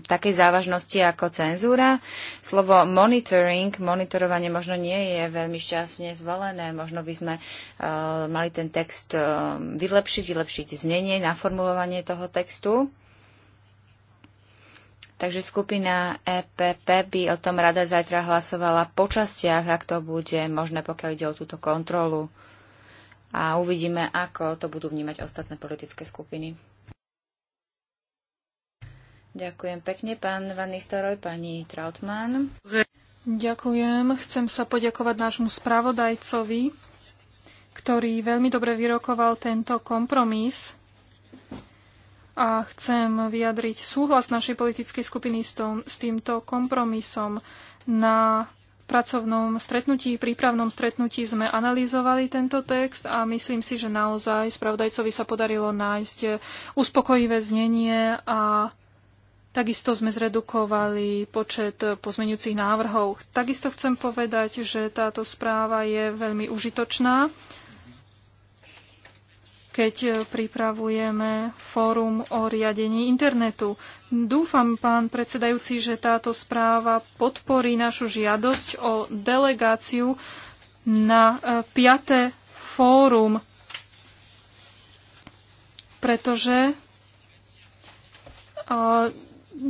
Speaker 3: takej závažnosti ako cenzúra. Slovo monitoring, monitorovanie možno nie je veľmi šťastne zvolené. Možno by sme uh, mali ten text uh, vylepšiť, vylepšiť znenie, naformulovanie toho textu. Takže skupina EPP by o tom rada zajtra hlasovala po častiach, ak to bude možné, pokiaľ ide o túto kontrolu. A uvidíme, ako to budú vnímať ostatné politické skupiny.
Speaker 2: Ďakujem pekne, pán Van Nistelrooy, pani Trautmann. Ďakujem. Chcem sa poďakovať nášmu spravodajcovi, ktorý veľmi dobre vyrokoval tento kompromis. A chcem vyjadriť súhlas našej politickej skupiny s, tom, s týmto kompromisom. Na pracovnom stretnutí, prípravnom stretnutí sme analyzovali tento text a myslím si, že naozaj spravodajcovi sa podarilo nájsť uspokojivé znenie a Takisto sme zredukovali počet pozmeňujúcich návrhov. Takisto chcem povedať, že táto správa je veľmi užitočná, keď pripravujeme fórum o riadení internetu. Dúfam, pán predsedajúci, že táto správa podporí našu žiadosť o delegáciu na 5. E, fórum, pretože e,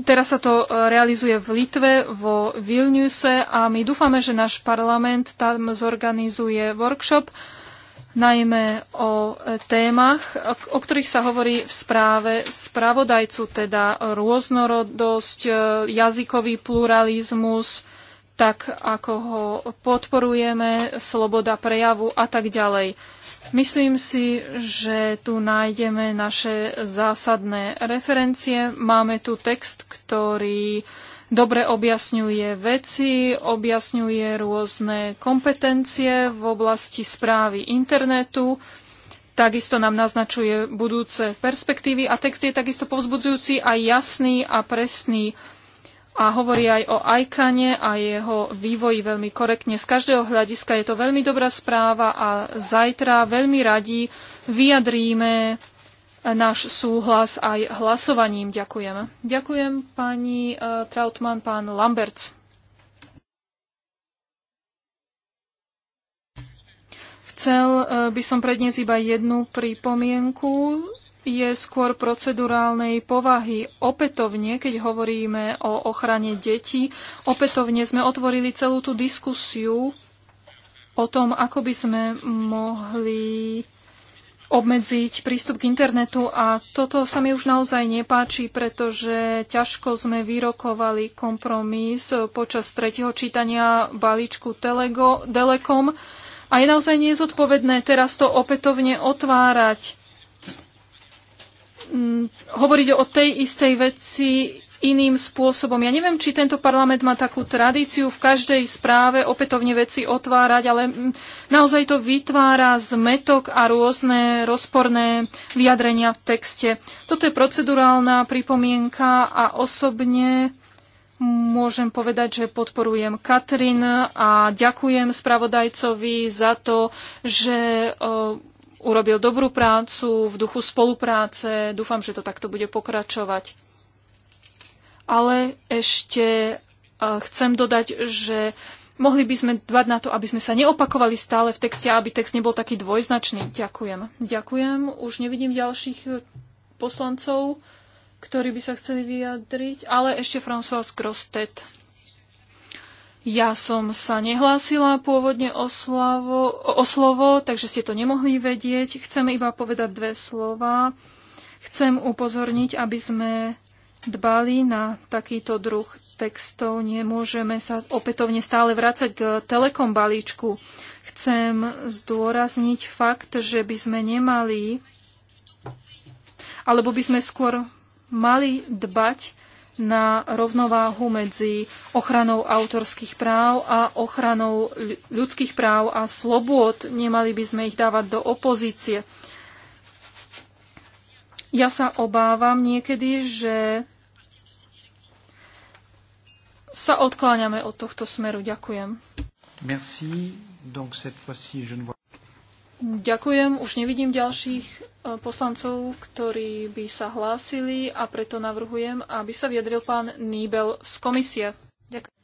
Speaker 2: Teraz sa to e, realizuje v Litve, vo Vilniuse a my dúfame, že náš parlament tam zorganizuje workshop najmä o e, témach, o ktorých sa hovorí v správe spravodajcu, teda rôznorodosť, e, jazykový pluralizmus, tak ako ho podporujeme, sloboda prejavu a tak ďalej. Myslím si, že tu nájdeme naše zásadné referencie. Máme tu text, ktorý dobre objasňuje veci, objasňuje rôzne kompetencie v oblasti správy internetu, takisto nám naznačuje budúce perspektívy a text je takisto povzbudzujúci a jasný a presný a hovorí aj o Ajkane a jeho vývoji veľmi korektne. Z každého hľadiska je to veľmi dobrá správa a zajtra veľmi radi vyjadríme náš súhlas aj hlasovaním. Ďakujem. Ďakujem pani eh, Trautmann, pán Lamberts. Chcel eh, by som predniesť iba jednu pripomienku je skôr procedurálnej povahy. Opätovne, keď hovoríme o ochrane detí, opätovne sme otvorili celú tú diskusiu o tom, ako by sme mohli obmedziť prístup k internetu a toto sa mi už naozaj nepáči, pretože ťažko sme vyrokovali kompromis počas tretieho čítania balíčku Telego, Telekom a je naozaj nezodpovedné teraz to opätovne otvárať. Mm, hovoriť o tej istej veci iným spôsobom. Ja neviem, či tento parlament má takú tradíciu v každej správe opätovne veci otvárať, ale mm, naozaj to vytvára zmetok a rôzne rozporné vyjadrenia v texte. Toto je procedurálna pripomienka a osobne môžem povedať, že podporujem Katrin a ďakujem spravodajcovi za to, že urobil dobrú prácu v duchu spolupráce. Dúfam, že to takto bude pokračovať. Ale ešte e, chcem dodať, že mohli by sme dbať na to, aby sme sa neopakovali stále v texte, aby text nebol taký dvojznačný. Ďakujem. Ďakujem. Už nevidím ďalších poslancov, ktorí by sa chceli vyjadriť, ale ešte François Grostet. Ja som sa nehlásila pôvodne o slavo, o slovo, takže ste to nemohli vedieť. Chcem iba povedať dve slova. Chcem upozorniť, aby sme dbali na takýto druh textov. Nemôžeme sa opätovne stále vrácať k telekom balíčku. Chcem zdôrazniť fakt, že by sme nemali, alebo by sme skôr mali dbať na rovnováhu medzi ochranou autorských práv a ochranou ľudských práv a slobôd. Nemali by sme ich dávať do opozície. Ja sa obávam niekedy, že sa odkláňame od tohto smeru. Ďakujem.
Speaker 1: Merci. Donc cette fois-ci, je ne vois...
Speaker 2: Ďakujem. Už nevidím ďalších e, poslancov, ktorí by sa hlásili a preto navrhujem, aby sa vyjadril pán Níbel z komisie. Ďakujem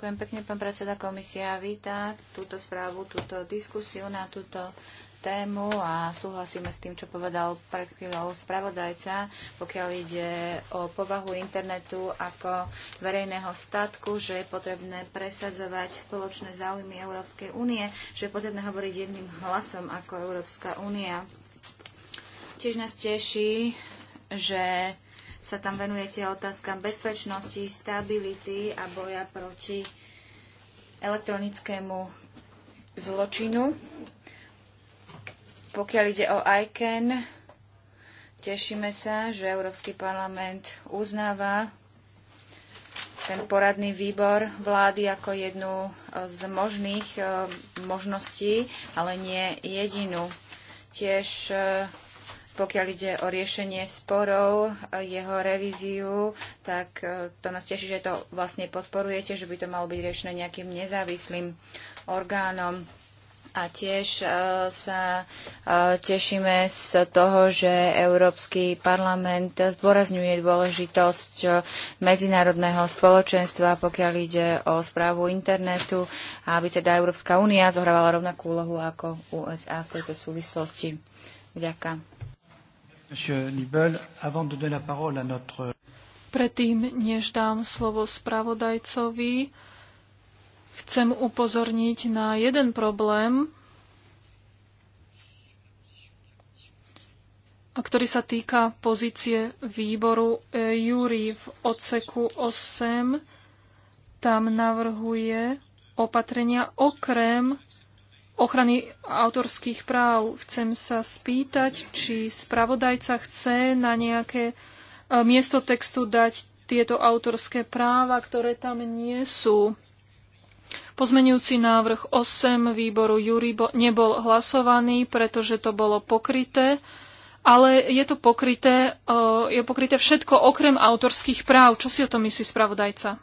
Speaker 2: Ďakujem pekne, pán predseda
Speaker 3: komisia. Víta túto správu, túto diskusiu na túto tému a súhlasíme s tým, čo povedal pred chvíľou spravodajca, pokiaľ ide o povahu internetu ako verejného statku, že je potrebné presadzovať spoločné záujmy Európskej únie, že je potrebné hovoriť jedným hlasom ako Európska únia. Tiež nás teší, že sa tam venujete otázkam bezpečnosti, stability a boja proti elektronickému zločinu. Pokiaľ ide o ICANN, tešíme sa, že Európsky parlament uznáva ten poradný výbor vlády ako jednu eh, z možných eh, možností, ale nie jedinú. Tiež eh, pokiaľ ide o riešenie sporov, jeho revíziu, tak to nás teší, že to vlastne podporujete, že by to malo byť riešené nejakým nezávislým orgánom. A tiež e, sa e, tešíme z toho, že Európsky parlament zdôrazňuje dôležitosť e, medzinárodného spoločenstva, pokiaľ ide o správu internetu, aby teda Európska únia zohrávala rovnakú úlohu ako USA v tejto súvislosti.
Speaker 2: Ďakujem. Predtým, než dám slovo spravodajcovi, Chcem upozorniť na jeden problém, ktorý sa týka pozície výboru e, Júri v odseku 8. Tam navrhuje opatrenia okrem ochrany autorských práv. Chcem sa spýtať, či spravodajca chce na nejaké e, miesto textu dať tieto autorské práva, ktoré tam nie sú. Pozmenujúci návrh 8 výboru Júri nebol hlasovaný, pretože to bolo pokryté, ale je to pokryté, je pokryté všetko okrem autorských práv. Čo si o tom myslí spravodajca?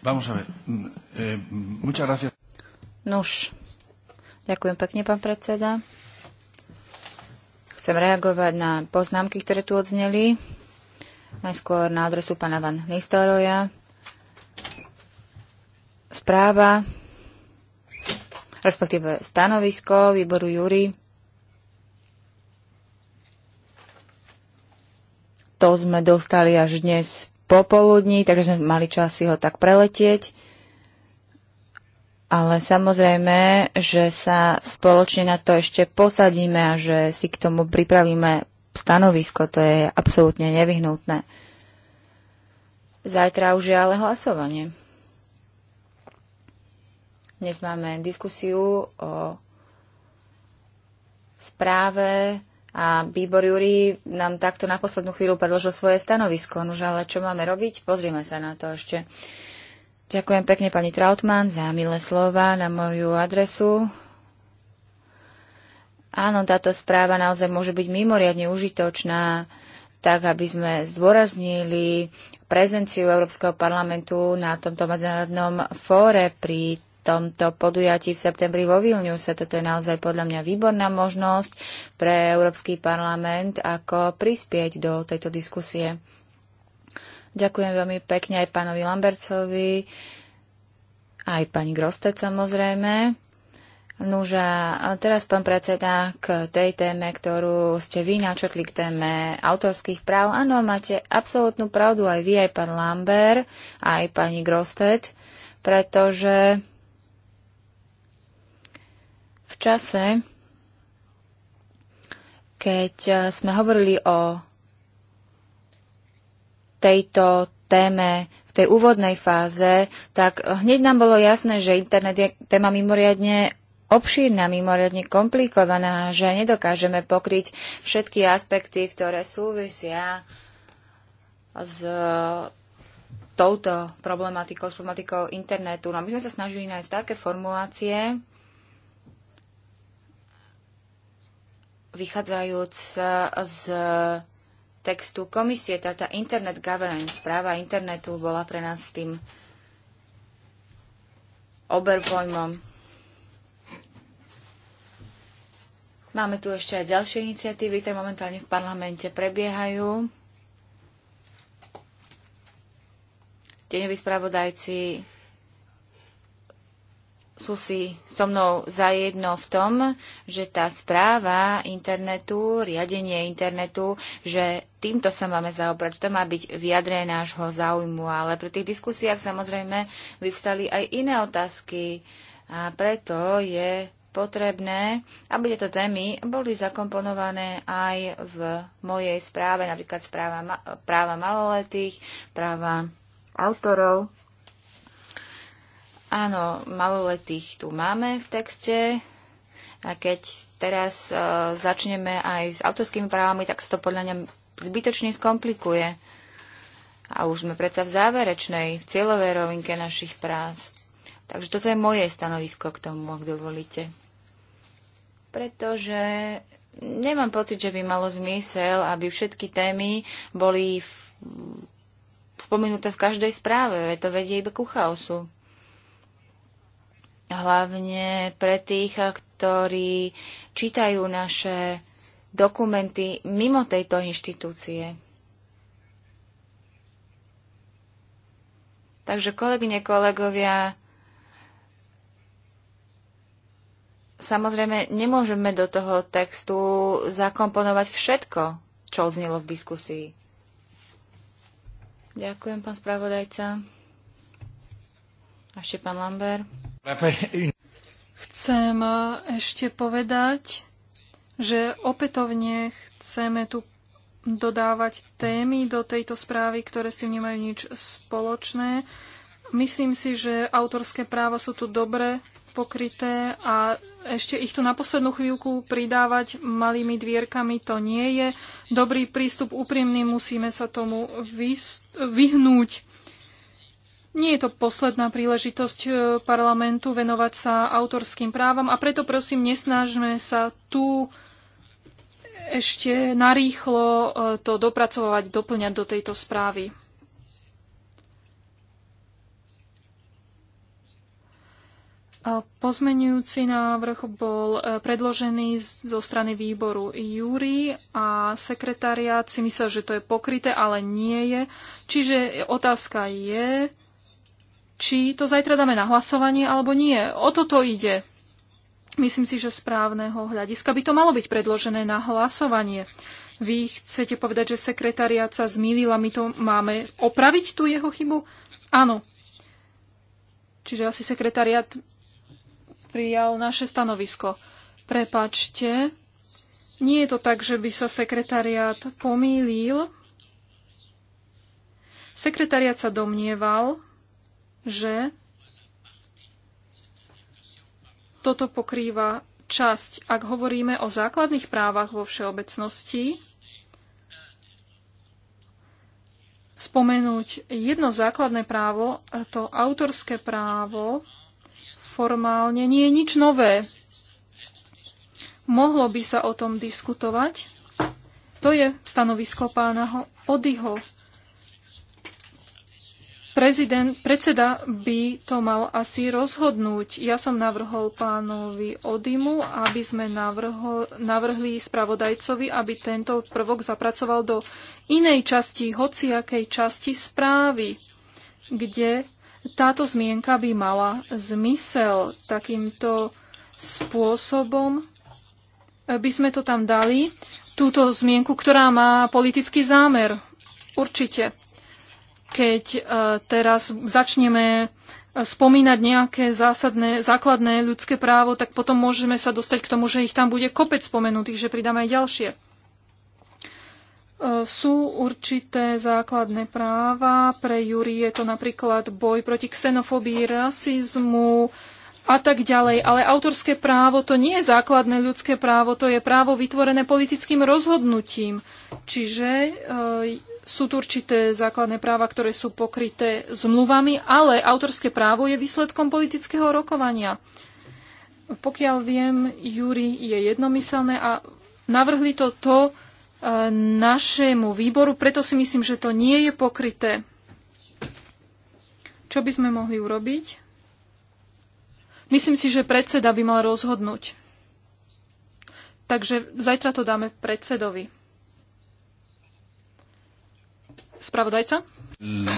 Speaker 2: Vamos a ver. Mm, eh, muchas gracias.
Speaker 3: Nuž. Ďakujem pekne, pán predseda. Chcem reagovať na poznámky, ktoré tu odzneli Najskôr na adresu pána Van Nistoroja. Správa, respektíve stanovisko výboru Júri. To sme dostali až dnes popoludní, takže sme mali čas si ho tak preletieť. Ale samozrejme, že sa spoločne na to ešte posadíme a že si k tomu pripravíme stanovisko, to je absolútne nevyhnutné. Zajtra už je ale hlasovanie. Dnes máme diskusiu o správe a Výbor Júri nám takto na poslednú chvíľu predložil svoje stanovisko. Nož ale čo máme robiť? Pozrime sa na to ešte. Ďakujem pekne pani Trautmann za milé slova na moju adresu. Áno, táto správa naozaj môže byť mimoriadne užitočná, tak aby sme zdôraznili prezenciu Európskeho parlamentu na tomto medzinárodnom fóre pri tomto podujatí v septembri vo Vilniuse. Toto je naozaj podľa mňa výborná možnosť pre Európsky parlament, ako prispieť do tejto diskusie. Ďakujem veľmi pekne aj pánovi Lambercovi, aj pani Grostec samozrejme. Nuža, a teraz, pán predseda, k tej téme, ktorú ste vy načetli k téme autorských práv. Áno, máte absolútnu pravdu aj vy, aj pán Lambert, aj pani Grostet, pretože v čase, keď sme hovorili o tejto téme v tej úvodnej fáze, tak hneď nám bolo jasné, že internet je téma mimoriadne obšírna, mimoriadne komplikovaná, že nedokážeme pokryť všetky aspekty, ktoré súvisia s e, touto problematikou, s problematikou internetu. No my sme sa snažili nájsť také formulácie, vychádzajúc z textu komisie, tá, tá Internet Governance, správa internetu bola pre nás tým oberpojmom. Máme tu ešte aj ďalšie iniciatívy, ktoré momentálne v parlamente prebiehajú. Tieňoví spravodajci sú si so mnou zajedno v tom, že tá správa internetu, riadenie internetu, že týmto sa máme zaobrať. To má byť vyjadre nášho záujmu, ale pri tých diskusiách samozrejme vyvstali aj iné otázky. A preto je potrebné, aby tieto témy boli zakomponované aj v mojej správe, napríklad správa, práva maloletých, práva autorov. Áno, maloletých tu máme v texte a keď teraz uh, začneme aj s autorskými právami, tak sa to podľa mňa zbytočne skomplikuje. A už sme predsa v záverečnej, v cieľovej rovinke našich prác. Takže toto je moje stanovisko k tomu, ak dovolíte pretože nemám pocit, že by malo zmysel, aby všetky témy boli v, spomenuté v každej správe. To vedie iba ku chaosu. Hlavne pre tých, ktorí čítajú naše dokumenty mimo tejto inštitúcie. Takže kolegyne, kolegovia, Samozrejme, nemôžeme do toho textu zakomponovať všetko, čo znelo v diskusii. Ďakujem, pán spravodajca. A ešte pán Lambert.
Speaker 2: Chcem eh, ešte povedať, že opätovne chceme tu dodávať témy do tejto správy, ktoré s tým nemajú nič spoločné. Myslím si, že autorské práva sú tu dobre pokryté a ešte ich tu na poslednú chvíľku pridávať malými dvierkami, to nie je dobrý prístup, úprimný, musíme sa tomu vyhnúť. Nie je to posledná príležitosť e, parlamentu venovať sa autorským právam a preto prosím, nesnažme sa tu ešte narýchlo e, to dopracovať, doplňať do tejto správy. Pozmenujúci návrh bol e, predložený zo strany výboru Júri a sekretariát si myslel, že to je pokryté, ale nie je. Čiže otázka je, či to zajtra dáme na hlasovanie alebo nie. O toto ide. Myslím si, že správneho hľadiska by to malo byť predložené na hlasovanie. Vy chcete povedať, že sekretariát sa zmýlil a my to máme opraviť tú jeho chybu? Áno. Čiže asi sekretariát prijal naše stanovisko. Prepačte, nie je to tak, že by sa sekretariát pomýlil. Sekretariát sa domnieval, že toto pokrýva časť, ak hovoríme o základných právach vo všeobecnosti, spomenúť jedno základné právo, to autorské právo, formálne nie je nič nové. Mohlo by sa o tom diskutovať. To je stanovisko pána Odyho. Prezident, predseda by to mal asi rozhodnúť. Ja som navrhol pánovi Odymu, aby sme navrho, navrhli spravodajcovi, aby tento prvok zapracoval do inej časti, hociakej časti správy, kde táto zmienka by mala zmysel takýmto spôsobom. By sme to tam dali, túto zmienku, ktorá má politický zámer. Určite. Keď e, teraz začneme e, spomínať nejaké zásadné, základné ľudské právo, tak potom môžeme sa dostať k tomu, že ich tam bude kopec spomenutých, že pridáme aj ďalšie sú určité základné práva. Pre Júri je to napríklad boj proti xenofóbii, rasizmu a tak ďalej. Ale autorské právo to nie je základné ľudské právo, to je právo vytvorené politickým rozhodnutím. Čiže e, sú tu určité základné práva, ktoré sú pokryté zmluvami, ale autorské právo je výsledkom politického rokovania. Pokiaľ viem, Júri je jednomyselné a navrhli to to, našemu výboru, preto si myslím, že to nie je pokryté. Čo by sme mohli urobiť? Myslím si, že predseda by mal rozhodnúť. Takže zajtra to dáme predsedovi. Spravodajca?
Speaker 3: ¿no?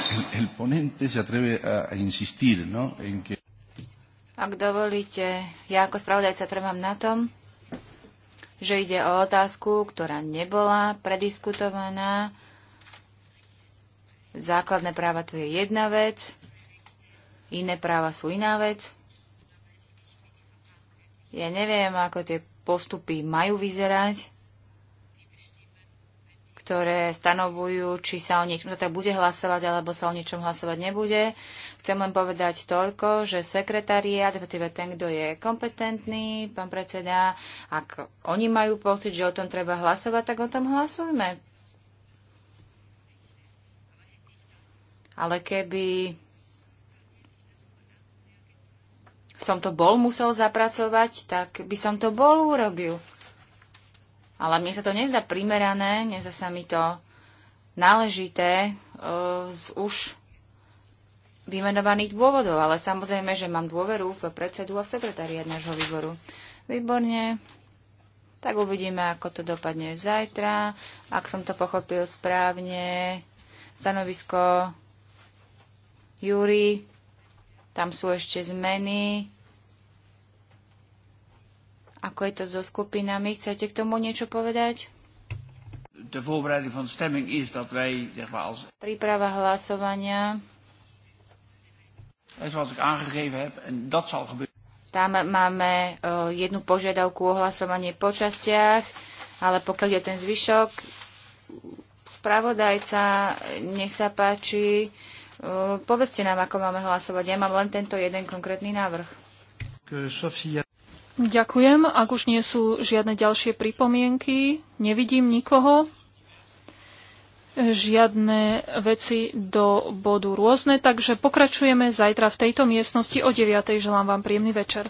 Speaker 3: Ak dovolíte, ja ako spravodajca trvám na tom, že ide o otázku, ktorá nebola prediskutovaná. Základné práva tu je jedna vec, iné práva sú iná vec. Ja neviem, ako tie postupy majú vyzerať, ktoré stanovujú, či sa o niečom teda bude hlasovať, alebo sa o niečom hlasovať nebude. Chcem len povedať toľko, že sekretariat, respektíve ten, kto je kompetentný, pán predseda, ak oni majú pocit, že o tom treba hlasovať, tak o tom hlasujme. Ale keby som to bol musel zapracovať, tak by som to bol urobil. Ale mne sa to nezdá primerané, nezdá sa mi to náležité uh, z už vymenovaných dôvodov, ale samozrejme, že mám dôveru v predsedu a v sekretariat nášho výboru. Výborne. Tak uvidíme, ako to dopadne zajtra. Ak som to pochopil správne, stanovisko Júri, tam sú ešte zmeny. Ako je to so skupinami? Chcete k tomu niečo povedať? Príprava hlasovania Eh, zoals ik aangegeven heb, en dat zal gebeuren. Tam máme eh, jednu požiadavku o hlasovanie po častiach, ale pokiaľ je ten zvyšok, spravodajca, nech sa
Speaker 2: páči, eh, povedzte nám, ako máme hlasovať. Ja mám len tento jeden konkrétny návrh. Ďakujem. Ak už nie sú žiadne ďalšie pripomienky, nevidím nikoho, žiadne veci do bodu rôzne, takže pokračujeme zajtra v tejto miestnosti o 9. Želám vám príjemný večer.